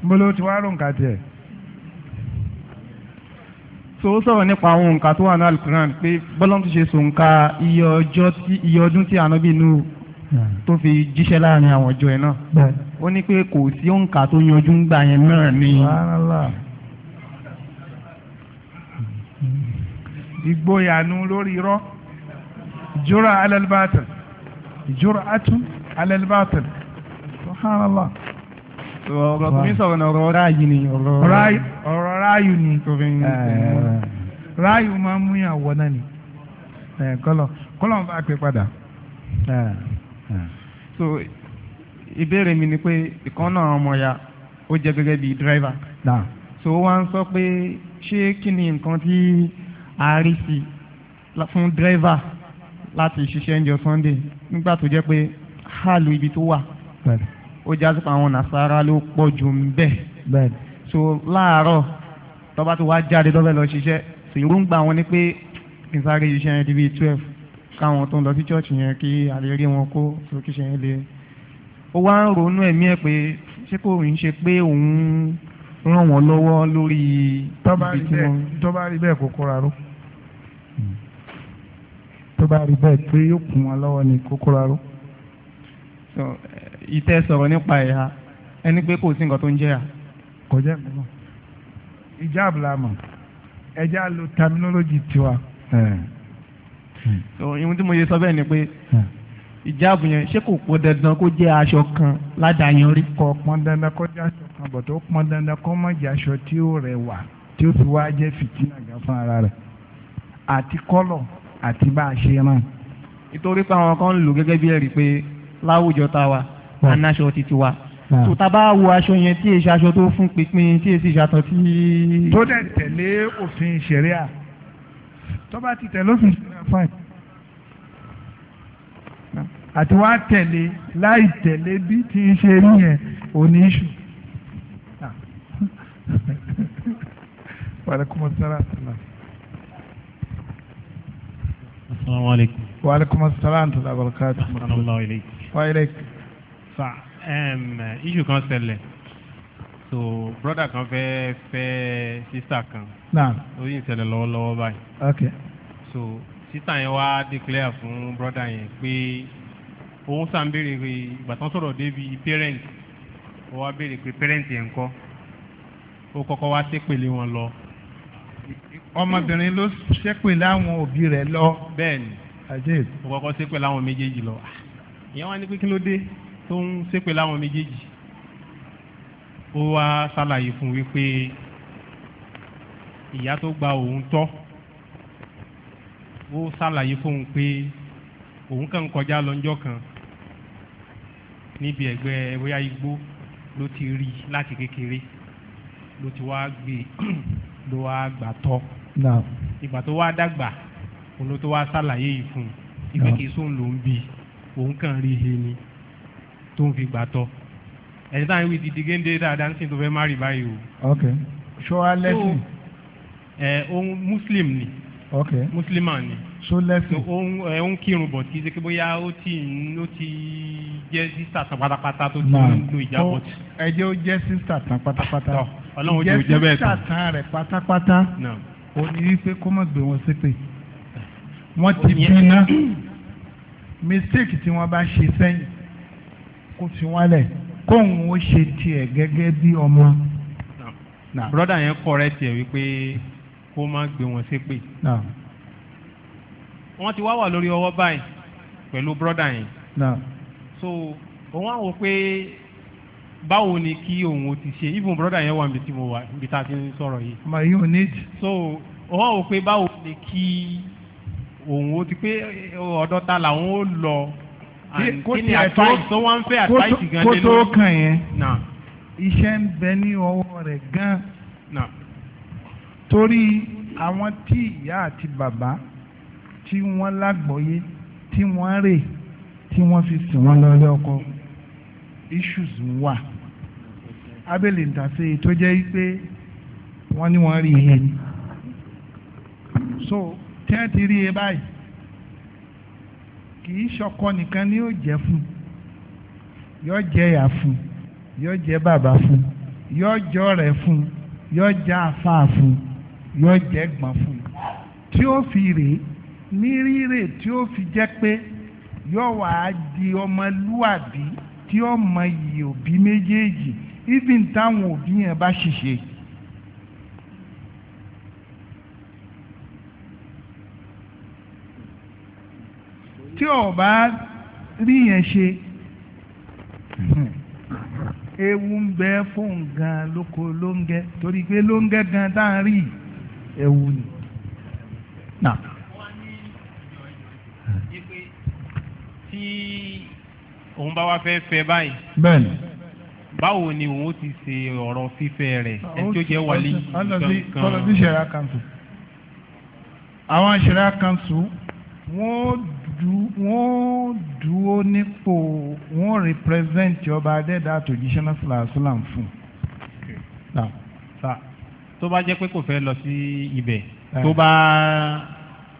mbolo tí wàá ròǹkà tiẹ̀. tó o sọ̀rọ̀ nípa àwọn òǹkà tó wà ní alukoran pé bọ́lá tó ṣe sòǹkà iye ọjọ́ iye ọdún tí ànábì nù Hmm. tó fi jíṣẹ́ láàrin àwọn ọjọ́ ẹ náà ó ní pé kò sí òǹkà tó yanjú ńgbà yẹn náà ni. lórí irọ́ jura jura subhanallah ọ̀rọ̀ ń sọ̀rọ̀ ọ̀rọ̀ ráàyù ni ọ̀rọ̀ ráàyù ni ráàyù eh. máa ń múyàn wọ náà ni eh, ń bá pè padà. Eh. so ìbéèrè mi ni pé ìkan náà ọmọ ya ó jẹ́ gẹ́gẹ́ bíi dírẹ́fà so ó wá ń sọ pé ṣé kí ni nǹkan tí a rí sí fún dírẹ́fà láti ṣiṣẹ́ ńjọ Sunday nígbà tó jẹ́ pé hàlù ibi tó wà ó já sí pé àwọn nàṣàrà ló pọ̀ jù ń bẹ̀ so láàárọ̀ tọ́ba tó wá jáde lọ́fẹ̀ẹ́ lọ ṣiṣẹ́ sì rúǹgbà wọn ni pé kí n sáré ṣiṣẹ́ yẹn bíi twelve káwọn tó ń lọ sí chọ́ọ̀chì yẹn kí a lè rí wọn kó tó kí ṣe yẹn lè ó wá ń ronú ẹ̀mí ẹ̀ pé ṣé kò ń ṣe pé òun ràn wọ́n lọ́wọ́ lórí ibi tí wọ́n. tó bá rí bẹ́ẹ̀ kó kóra ró tó bá rí bẹ́ẹ̀ pé yóò kún wọn lọ́wọ́ ní kó kóra ró. Eh, ìtẹ́ sọ̀rọ̀ nípa ẹ̀ha ẹni pé kò sí nǹkan tó ń jẹ́ à. kò jẹ́ náà ìjáàbù la mọ̀ ẹja lo terminology tiwa ìhun tí mo yẹ sọ bẹ́ẹ̀ ni pé hmm. ìjáàbù yẹn ṣé kò pọn dandan kó jẹ́ aṣọ kan ládàáyanrí. kò pọn dandan kó jẹ́ aṣọ kan bọ̀ tó pọn dandan kó má jẹ́ aṣọ tí ó rẹwà tí ó fi wá jẹ́ fìtínà gan fún ara rẹ̀ àti kọ́lọ̀ àti bá a ṣe rán. nítorí pé àwọn kan ń lò gẹ́gẹ́ bí ẹ̀rí pé láwùjọ ta wa anáṣọ hmm. ti ti wa tó hmm. ta bá wo aṣọ yẹn tí èsì aṣọ tó fún pínpín tí èsì aṣọ tí. tó dẹ̀ tẹ̀lé òfin ṣẹ̀ríà tó bá ti tẹ̀lé òfin ṣẹlẹ̀ fine àti wá tẹ̀lé láì tẹ̀lé bí ti ṣe rí yẹn òní iṣu. wàlẹ́kùmọ̀ sára àtúnlá. asalaamualeykum. wàlẹ́kùmọ̀ sára àtúnlá abalakaatu. asalaamualeykum. wa ilek. sa iṣu kan ṣẹlẹ̀ so brother kan fẹ́ fẹ́ sister kan. naam oyin ṣẹlẹ̀ lọ́wọ́lọ́wọ́ báyìí. ok so sister yẹn wá declare fún brother yẹn pé òun sàn béèrè pé ìgbà tán sọ̀rọ̀ débi parent ó wá béèrè pé parent yẹn kọ́ ó kọ́kọ́ wá ṣépèlé wọn lọ. ọmọbìnrin ló ṣépèlé àwọn òbí rẹ̀ lọ. bẹ́ẹ̀ni ó kọ́kọ́ ṣépèlé àwọn méjèèjì lọ. Ah, ìyẹn wá ní pé kí ló dé tó ń ṣépèlé àwọn méjèèjì ó wá ṣàlàyé fún wípé ìyá tó gba òun tọ́ ó ṣàlàyé fún un pé òun kàn kọjá lọ́jọ́ kan níbi ẹ̀gbẹ́ ẹ̀wẹ́yà igbó ló ti rí i láti kékeré ló ti wá gbé [clears throat] ló wá gbà tọ́ ìgbà tó wá dàgbà òun ló tó wá ṣàlàyé yìí fún un ìgbé kìí sóun ló ń bi òun kàn rí he ni tó ń fi gbà tọ́ ẹni táwọn ìwé ìdìdì géńdé dáadáa ń sìn tó fẹ́ má rí báyìí o. ok ṣó wá lẹ́sìn. ẹ ohun eh, muslim ni. ok muslima ni. ṣó lẹ́sìn. ohun ẹ ń kírun bọ̀ kí ṣe pé bóyá ó ti ó ti jẹ́ sísà tán pátápátá tó ti ń lo ìjábọ̀ tì. ẹ jẹ́ ó jẹ́ sísà tán pátápátá. ọlọ́run ò jẹ́ bẹ́ẹ̀ tán. ìjẹ́ sísà tán rẹ̀ pátápátá. ó ní wípé kó má gbé wọn ṣépè. wọ́n ti bínú mistake tí wọ́n bá ṣe sẹ́yìn kó fi wọ́n lẹ̀ kóun ó ṣe tiẹ̀ gẹ́gẹ́ bí ọmọ. broda yẹn kọrẹ tiẹ̀ wípé kó má gbé wọn ṣépè. wọ́n ti wá wà lórí ọwọ́ báyìí pẹ̀lú broda yẹn. so òun á wò pé báwo ni kí òun ó ti ṣe even broda yẹn wà níbi tí mo wà níbi tá a ti ń sọ̀rọ̀ yìí. ọmọ yìí so òun á wò pé báwo ni kí òun ó ti pé ọ̀dọ́ta làwọn ó lọ kí ni advice tó wọ́n ń fẹ́ advice gan lé lórí. kó tó kàn yẹn iṣẹ́ ń bẹ ní ọwọ́ rẹ̀ gan torí àwọn tí ìyá àti bàbá tí wọ́n lágbọ́yé tí wọ́n rè tí wọ́n fi sìn wọ́n lọ́lé ọkọ issues ń wà abẹ́lẹ̀ ntàsé tó jẹ́ pé wọ́n ní wọ́n rí i yẹn so tí wọ́n ti rí i báyìí kì í ṣọkọ nìkan ni yóò jẹ fún yóò jẹ ìyá fún yóò jẹ bàbá fún yóò jẹ ọ̀rẹ́ fún yóò jẹ àfáà fún yóò jẹ ẹ̀gbọ́n fún tí ó fi rè ní rírè tí ó fi jẹ pé yóò wá di ọmọlúwàbí tí ó mọ òbí méjèèjì even táwọn òbí yẹn bá ṣiṣẹ́. tí ò bá rí yẹn ṣe ewu ń bẹ fóun gan lóko lóńgẹ torí pé lóńgẹ gan tá à ń rí ewu ni. tí òun bá wá fẹ́ fẹ́ báyìí. bẹ́ẹ̀ni. báwo ni òun ti ṣe ọ̀rọ̀ fífẹ́ rẹ̀ ẹni tó jẹ́ wọlé. ọlọ́dún ṣẹ̀rá kanṣu àwọn ṣẹ̀rá wọ́n wọ́n dúó nípò wọ́n represent ọba adẹ́dá àtòjíṣẹ́ náà sàlàsílàm fún. tó bá jẹ́ pé kò fẹ́ lọ sí ibẹ̀ eh. tó bá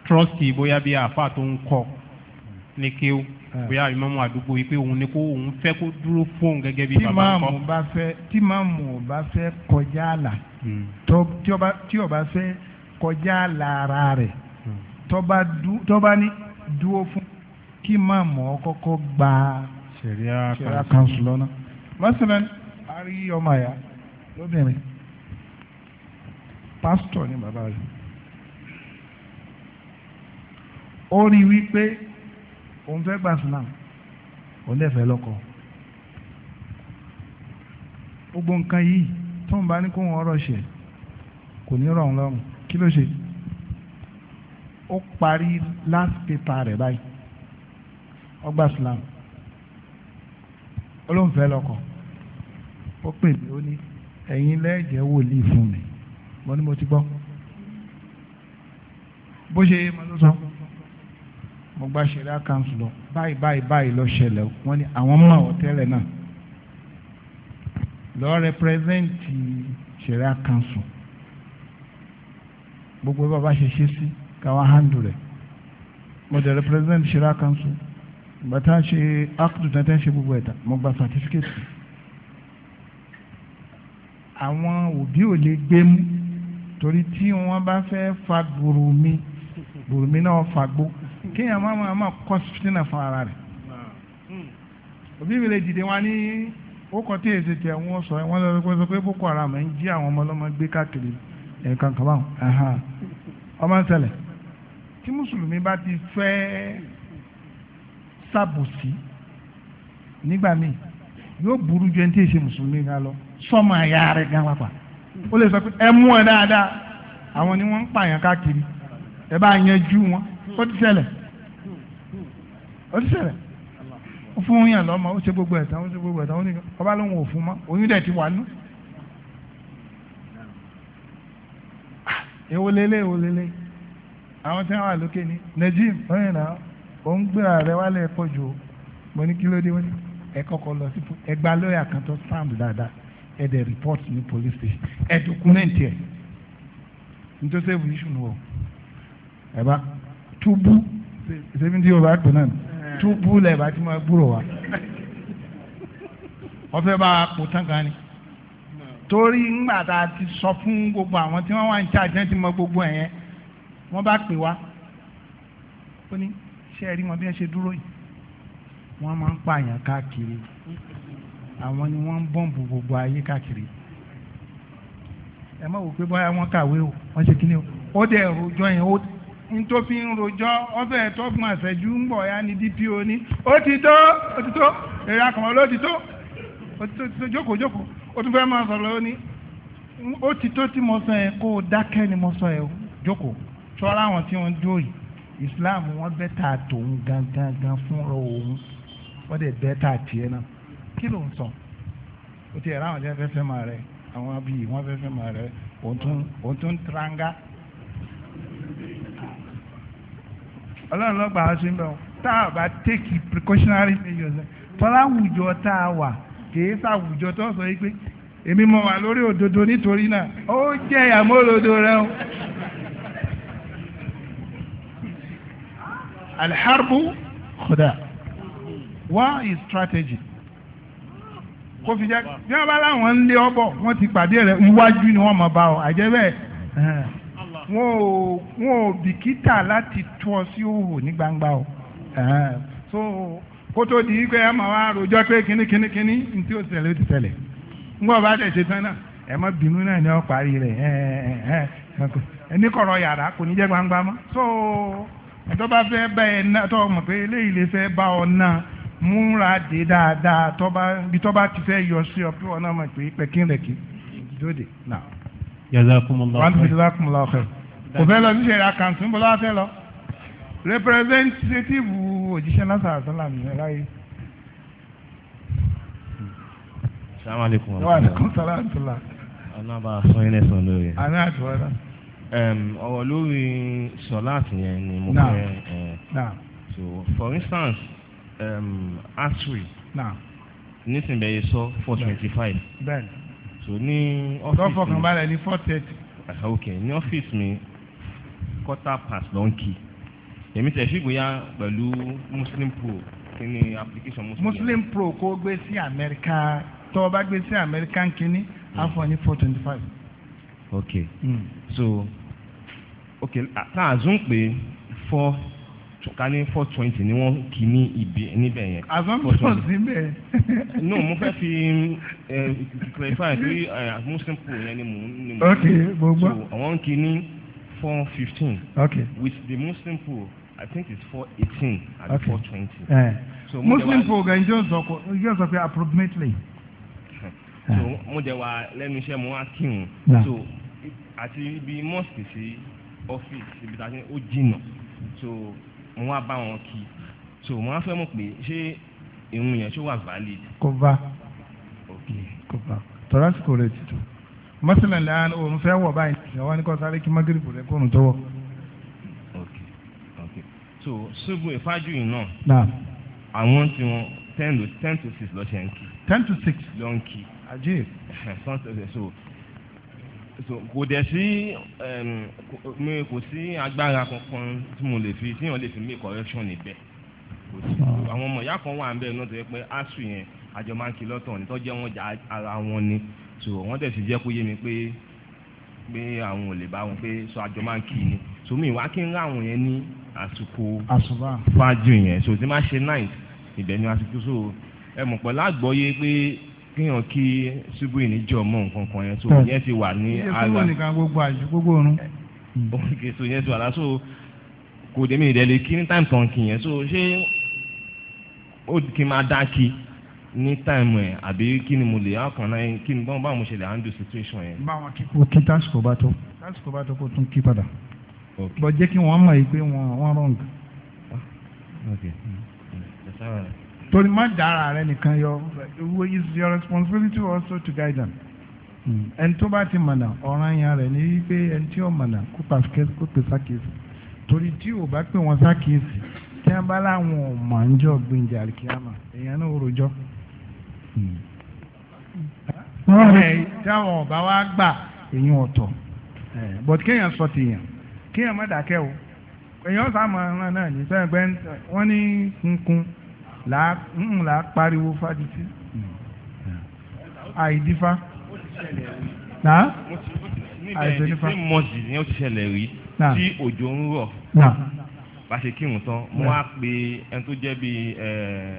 trọ́ọ̀sì bóyá bí àáfàá tó ń kọ́ ní kéwù eh. bóyá ìmáàmù àdúgbò yìí pé òun ni kó òun fẹ́ kó dúró fóun gẹ́gẹ́ bí bàbá kọ́. tí màmù bá fẹ́ kọjá àlà hmm. tí ọba fẹ́ kọjá àlà ara rẹ̀ hmm. tọ́ba ní dúró fún kí máàmù ọkọ́kọ́ gba ṣẹ̀ríà kanṣu lọ́nà mọ́sálẹ̀ a rí ọmọ àyà lóbìnrin pásítọ̀ ni bàbá rẹ̀ ó rí wípé òun fẹ́ gbà sílámù òun dẹ̀ fẹ́ lọ́kọ gbogbo nǹkan yìí tóun bá ní kó wọn ọ̀rọ̀ ṣe kò ní rọ̀ ọ́n lọ́rùn kí ló ṣe ó parí last paper rẹ̀ báyìí ọgbà islam olóńfẹ́ lọ́kọ ó pè mí ó ní ẹ̀yin lẹ́ẹ̀jẹ̀ wòlíì fún mi mo ní mo ti gbọ́ bó ṣe yé mo ló sọ mo gba ṣẹlẹ̀ àkáǹtì lọ báyìí báyìí báyìí lọ ṣẹlẹ̀ wọ́n ní àwọn mọ̀ ọ́ tẹ́lẹ̀ náà lọ rẹpẹrẹsẹ̀ntì ṣẹlẹ̀ àkáǹtì gbogbo bàbá ṣe ṣe sí. Si káwọn handle rẹ̀ represent shira council ìgbà tá à akutu certificate àwọn òbí ò lè gbé mú torí tí fa kéèyàn máa máa máa kọ́ sínú ara rẹ̀ òbí mi lè dìde wá ní ó kọ́ tí èsì sọ wọ́n lọ sọ pé Boko Haram ń jí àwọn ọmọ ọlọ́mọ gbé káàkiri tí mùsùlùmí bá ti fẹ́ ṣàbòsí nígbà míì yóò burú ju ẹni tí èsì mùsùlùmí ga lọ sọmọ àyà rẹ gan wàpà ó lè sọ pé ẹ mú ẹ dáadáa àwọn ni wọ́n ń pààyàn káàkiri ẹ bá yanjú wọn ó ti ṣẹlẹ̀ ó ti ṣẹlẹ̀ ó fún yàn lọ́mọ ó ṣe gbogbo ẹ̀tàn ó ṣe gbogbo ẹ̀tàn ó ní ọba ló ń wò fún mọ́ oyún dẹ̀ ti wà nú. Ah, èwo lélẹ̀ àwọn tí wọ́n wà lókè ní Najib ọ̀rẹ́ náà ò ń gbéra rẹ wálé ẹ̀kọ́ jù mo ní kí ló dé wọ́n ní ẹ kọ́kọ́ lọ sí ẹgbà lọ́ọ̀yà kan tó stand dáadáa ẹ dẹ̀ report ní police station ẹ document ẹ̀ nítorí sẹ́fù yìí ṣùnú wọ̀ ẹ bá túbú sẹ́fù tí yorùbá pè náà eh. túbú lẹ̀ bá ti máa gbúrò wa ọ̀fẹ́ bá a pò tán kan ni torí ńgbà tá a ti sọ fún gbogbo àwọn tí wọ́n wà ń ṣàjẹ́ ti mọ gbogbo ẹ̀yẹn wọ́n bá pè wá ó ní ṣé ẹ rí wọn bí wọ́n ṣe dúró yìí wọ́n máa ń pààyàn káàkiri àwọn ni wọ́n ń bọ́ǹbù gbogbo ayé káàkiri ẹ má wò pé bóyá wọ́n kàwé o wọ́n ṣe kíní o ó dẹ̀ rojọ́ yẹn ó n tó fi ń rojọ́ ọbẹ̀ tọ́gbọ̀n àṣẹjú ń bọ̀ ya ni DPO ní ó ti tó ó ti tó èrè àkànmọ́ ló ti tó ó ti tó jókòó jókòó ó tún fẹ́ máa sọ̀rọ̀ ó ní ó ti tó tí mo sọ yẹn kó o dákẹ́ ni mo sọ yẹn o jókòó tọ́lá àwọn tí wọ́n dúró yìí islam wọ́n bẹ́tà tòun gangan gan fúnra òun wọ́n dẹ̀ bẹ́tà tiẹ̀ náà kí ló ń sọ o ti ẹ̀rọ àwọn tí wọ́n fẹ́ fẹ́ máa rẹ̀ àwọn bíi wọ́n fẹ́ fẹ́ máa rẹ̀ òun tún tiranga ọlọ́run lọ́gbà á sí mbẹ́ o tá a bá take precautionary measures tọ́lá àwùjọ tá a wà kìí sàwùjọ tó sọ yìí pé èmi mo wà lórí òdodo nítorí náà ó jẹ́ ìyàmó òdodo rẹ o. alharbu khuda wá is strategy kò fi jẹ bí wọn bá láwọn wọn ti pàdé rẹ iwájú ni wọn ọ àjẹ wọn ò wọn ò bìkítà láti tú ọ sí o so kó di ẹ máa wá pé kíní kíní kíní ní tí ó ti bá ṣe tán náà ni ọ parí ẹ ẹ tó bá fẹ́ bá ẹ ná tó mọ̀ pé eléyìí lè fẹ́ bá ọ ná múra dé dáadáa tó bí tó ti fẹ́ yọ sí ọ pé ọ náà mọ̀ pé pẹ̀kínrẹ̀kí lóde náà. jazakumullahu khair. wọ́n ti jazakumullahu khair. kò fẹ́ lọ sí ṣẹ̀dá kan tún bọ́lá fẹ́ lọ. representative òjíṣẹ́ náà sàrásánlá mi láyé. salamaleykum. wa aleykum salaam tula. ọlọ́ba sọ yín lẹ́sàn-án lórí. àmì ọ̀rọ̀ lórí sọ̀láàtì yẹn ni mo fẹ́ so for instance um, asri nísìnyí sọ four twenty five so ní ọ́fíìsì mi lọ́fọ̀ kan balẹ̀ ní four thirty. ok ní ọ́fíìsì mi quarter past ló ń kí èmi tẹ̀ sí ìgbéyà pẹ̀lú muslim pro kí application muslim. muslim pro kó gbé sí america tó o bá gbé sí american kínní àfọ̀ hmm. ní four twenty five ok mm. so ok láàzún pé four ká ní four twenty ni wọ́n kì í ní ibi níbẹ̀ yẹn. assumption síbẹ̀. no mo fẹ́ fi clarify pé muslim pool yẹn ni mo ni ok mo gbọ́. so àwọn kì í ní four fifteen. ok with the muslim pool i think it's four eighteen and okay. four twenty. Eh. so muslim pool gan yóò sọ pé yóò approximately. so mo jẹ wa lẹ́nu iṣẹ́ mo wá kírun. so àti ibi mosque sí ọ́fíìsì ibi tàbí ó jìnnà so mo wá bá wọn kí so mo wá fẹ́ mọ̀ pé ṣé ìrun yẹn ṣó wà valid. kò bá kò bá tọ́lá sí kò rẹ̀ ti tó mọ́sálà lẹ́yìn òun fẹ́ wọ̀ báyìí ìyàwó ni kò sáré kí mọ́gìrìbù rẹ̀ kò rùn tó so ṣubú ìfájú yìí náà. àwọn tí wọn ten to six lọ ń kí. ten to six. lọ kí. ajé kò dẹ̀ sí mi kò sí agbára kankan tí mo lè fi tí yàn lè fi make correction níbẹ̀ kò sí ah. àwọn ọmọ ìyá kan wà ń bẹ̀ náà tó yẹ pé asu yẹn àjọ máa ń kí lọ́tọ̀ ní tọ́jú wọn jà ara wọn ni so wọ́n dẹ̀ sì jẹ́ kó yé mi pé pé àwọn ò lè bá wọn pé so àjọ máa ń kí ni so mi ìwà kí n rá yẹn ní àsìkò fájú yẹn so tí má ṣe night ìbẹ̀ ni àsìkò so ẹ mọ̀ pẹ̀lú àgbọ́yé pé kíyàn kí ṣubú ìníjọ mọ nǹkan kan yẹn so hmm. yẹn ti wà ní ara. ìṣòwò nìkan gbogbo àjò gbogbo oorun. òkè hmm. [laughs] so yẹn ti wà láṣọ kò dèmí ìdẹ́lẹ̀ kí ní táìmù kan kì yẹn so ṣé ó kí máa dá kí ní táìmù ẹ̀ àbí kí ni mo lè ọkàn náà kí ni báwọn báwọn mo ṣe lè handle situation yẹn. báwọn kí kò kí tásìkò bá tó tásìkò bá tó kò tún kí padà. bọ̀ jẹ́ kí wọ́n mọ̀ yìí pé wọ́n wọ́n wrong. Ah, okay. Mm. Mm torí má dára rẹ nìkan yọ it's your responsibility also to guide them hmm. ẹni tó bá ti mọ̀nà ọ̀ràn yẹn rẹ̀ ní wípé ẹni tí ó mọ̀nà kó pè sákìsì torí tí ò bá pè wọ́n sákìsì tí wọ́n bá láwọn ọ̀mọ̀ ń jọ gbìyànjú àríkíyàmà èèyàn náà rojọ́. Hmm. táwọn ọba wa gbà èèyàn ọ̀tọ̀ but kéèyàn sọ tèèyàn kéèyàn má dákẹ́ o èèyàn sá mọ̀ ọ́n náà ní sẹ́yìn pé wọ́n ní kunkun là á mm, pariwo fadisi àìdífá náà àìdífá. ní mọ́ọ̀sì ni ó ti ṣẹlẹ̀ rí tí òjò ń rọ̀ pàṣẹ kírun tán mo wá pe ẹni tó jẹ́ bíi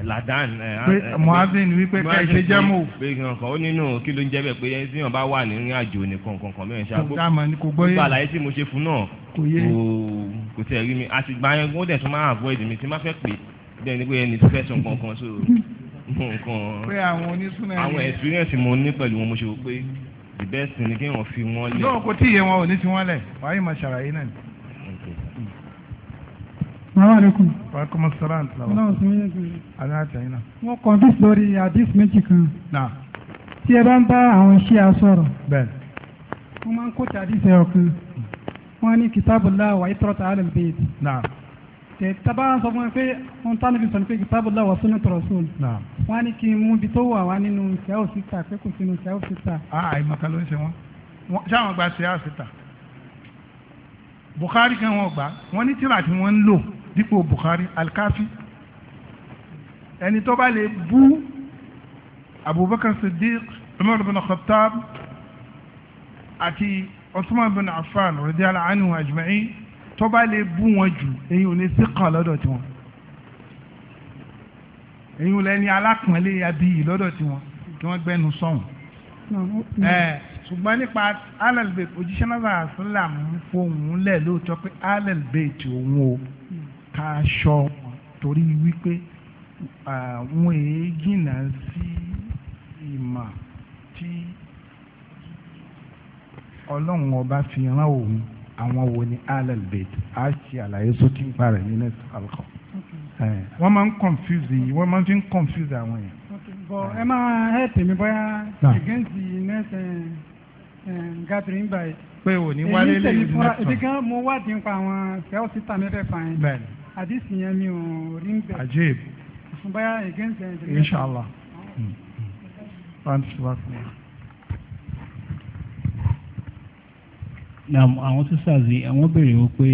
ladan. pé muhammed wípé ká ìṣe jẹ́ mò. pé nǹkan ó nínú kí ló ń jẹ́ bẹ́ẹ̀ pé ẹni tí yàn bá wà ní ìrìn àjò nìkan kankan mẹ́rin ṣáà. kò dáàmọ̀ ni kò gbọ́ yé. àlàyé tí mo ṣe fún náà kò tẹ̀ rí mi àtìgbà yẹn ó dẹ̀ tún máa avoid mi tí má fẹ́ pè é bẹ́ẹ̀ ni pé ẹni tó kankan so nǹkan pé àwọn onísúná yẹn àwọn experience mo ní pẹ̀lú wọn mo ṣe wò pé the best thing ni kí wọ́n fi wọ́n lẹ̀. lóòkó tí iye wọn ò ní ti wọ́n lẹ̀ wàá yìí máa ṣàlàyé náà. Màmá àlékún. Wàkùnmọ̀ sọ́lá àti làwọn. Ọlọ́run sọ yẹn gbèrè. Àlẹ́ àtẹ̀yìn náà. Wọ́n kọ́ bí sórí àdìs méjì kan. Nà. Tí ẹ bá ń bá àwọn iṣẹ́ asọ̀rọ̀. Bẹ́ẹ̀. Wọ́n máa ń kó tàdísẹ̀ ọ̀kan. Wọ́n ní kìtàbùlá wà ìtọ́ta àlẹ́ Nà tàbá sọ fún mi pé wọn tán níbi sọ̀rọ̀ pé kitabullahi wa sunnatu rasul. wọ́n á ní kí n mú ibi tó wà wá nínú ṣẹ́wó síta pé kò sínú ṣẹ́wó síta. àà ìmọ̀ká ló ń ṣe wọ́n ṣáwọn gba ṣẹ́wó síta Bukhari kan wọ́n gbà wọ́n ní tíra tí wọ́n ń lò dípò Bukhari alkafi ẹni tó bá lè bú Abubakar Siddiq Umar bin Khattab àti Usman bin Affan radiyallahu anhu ajma'in tó bá lè bú wọn jù ẹ̀yin ò ní síkàn lọ́dọ̀ tiwọn ẹ̀yin ò lẹ́ni alápọ̀nlé abiyì lọ́dọ̀ tiwọn kí wọ́n gbẹ́nu sọ̀hún. ṣùgbọ́n nípa alẹ́lẹ́bẹ̀ òjíṣẹ́ náà sàásùlà ń fohùn lẹ̀ lóòótọ́ pé alẹ́lẹ́bẹ̀ tí òun o ká aṣọ torí wípé àwọn èèyàn sí ìmọ̀ tí ọlọ́run ọba fi rán òun àwọn wo ni alal bait a ṣe àlàyé sókè ń parẹ ní next alkọ wọ́n máa ń confuse yìí wọ́n máa fi ń confuse àwọn yẹn. bọ ẹ máa ẹ tèmi bóyá against the next eh, eh, gathering by. pé o ní wálé lè ní next one. èmi gan mo wádìí nípa àwọn fẹ́ọ́ síta mẹ́fẹ́ fà yẹn. bẹ́ẹ̀ni. àdìsí yẹn mi ò rí ń bẹ̀. ajib. bóyá against eh, the. inshallah. Mm. Mm. Naam, àwọn sisters yìí àwọn eh, béèrè wípé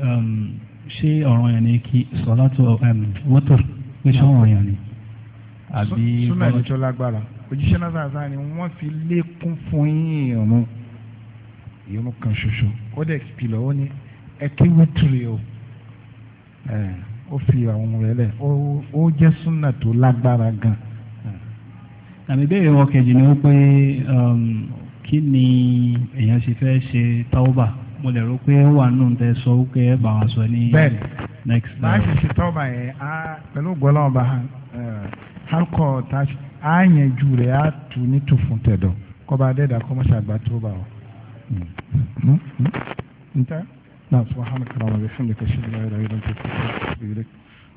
um, ṣé ọ̀ràn yẹn ni kí sọlá tó um, wọ́tò pé ṣé ọ̀ràn yẹn ni. àbí súnmọ́ ẹni tó lágbára òjíṣẹ́ náà sàásà ni wọ́n fi lékún fún yín ìrún ìrún kan ṣoṣo ó dẹ̀ kìlọ̀ ó ní ẹ wítìrì o eh, ó fi àwọn ọmọ rẹ̀ lẹ̀ ó jẹ́ súnà tó lágbára gan. àmì ìbéèrè wọn kejì ni wọ́n pé um, kí ni èèyàn ṣe fẹ́ ṣe tauba mo lè rò pé wà nù tẹ sọ pé ẹ bá wa sọ ní. bẹ́ẹ̀ni next time. bá a ṣe ṣe tauba yẹn a pẹ̀lú gbọ́láwọn bá halkọ ta a yẹn ju rẹ̀ a tu ní tòfun tẹ̀dọ̀ kọba adẹ́dà a àgbà tauba o. Hmm. Hmm. Hmm. nta náà subhanaka allahumma wa bihamdika ashhadu an la ilaha illa anta astaghfiruka wa atubu ilaik.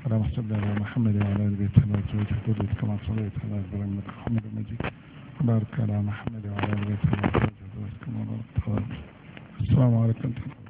اللهم صل على محمد وعلى ال بيت الله وزوجه وذريته كما صليت على ابراهيم انك حميد مجيد بارك على محمد وعلى آله وصحبه وسلم السلام عليكم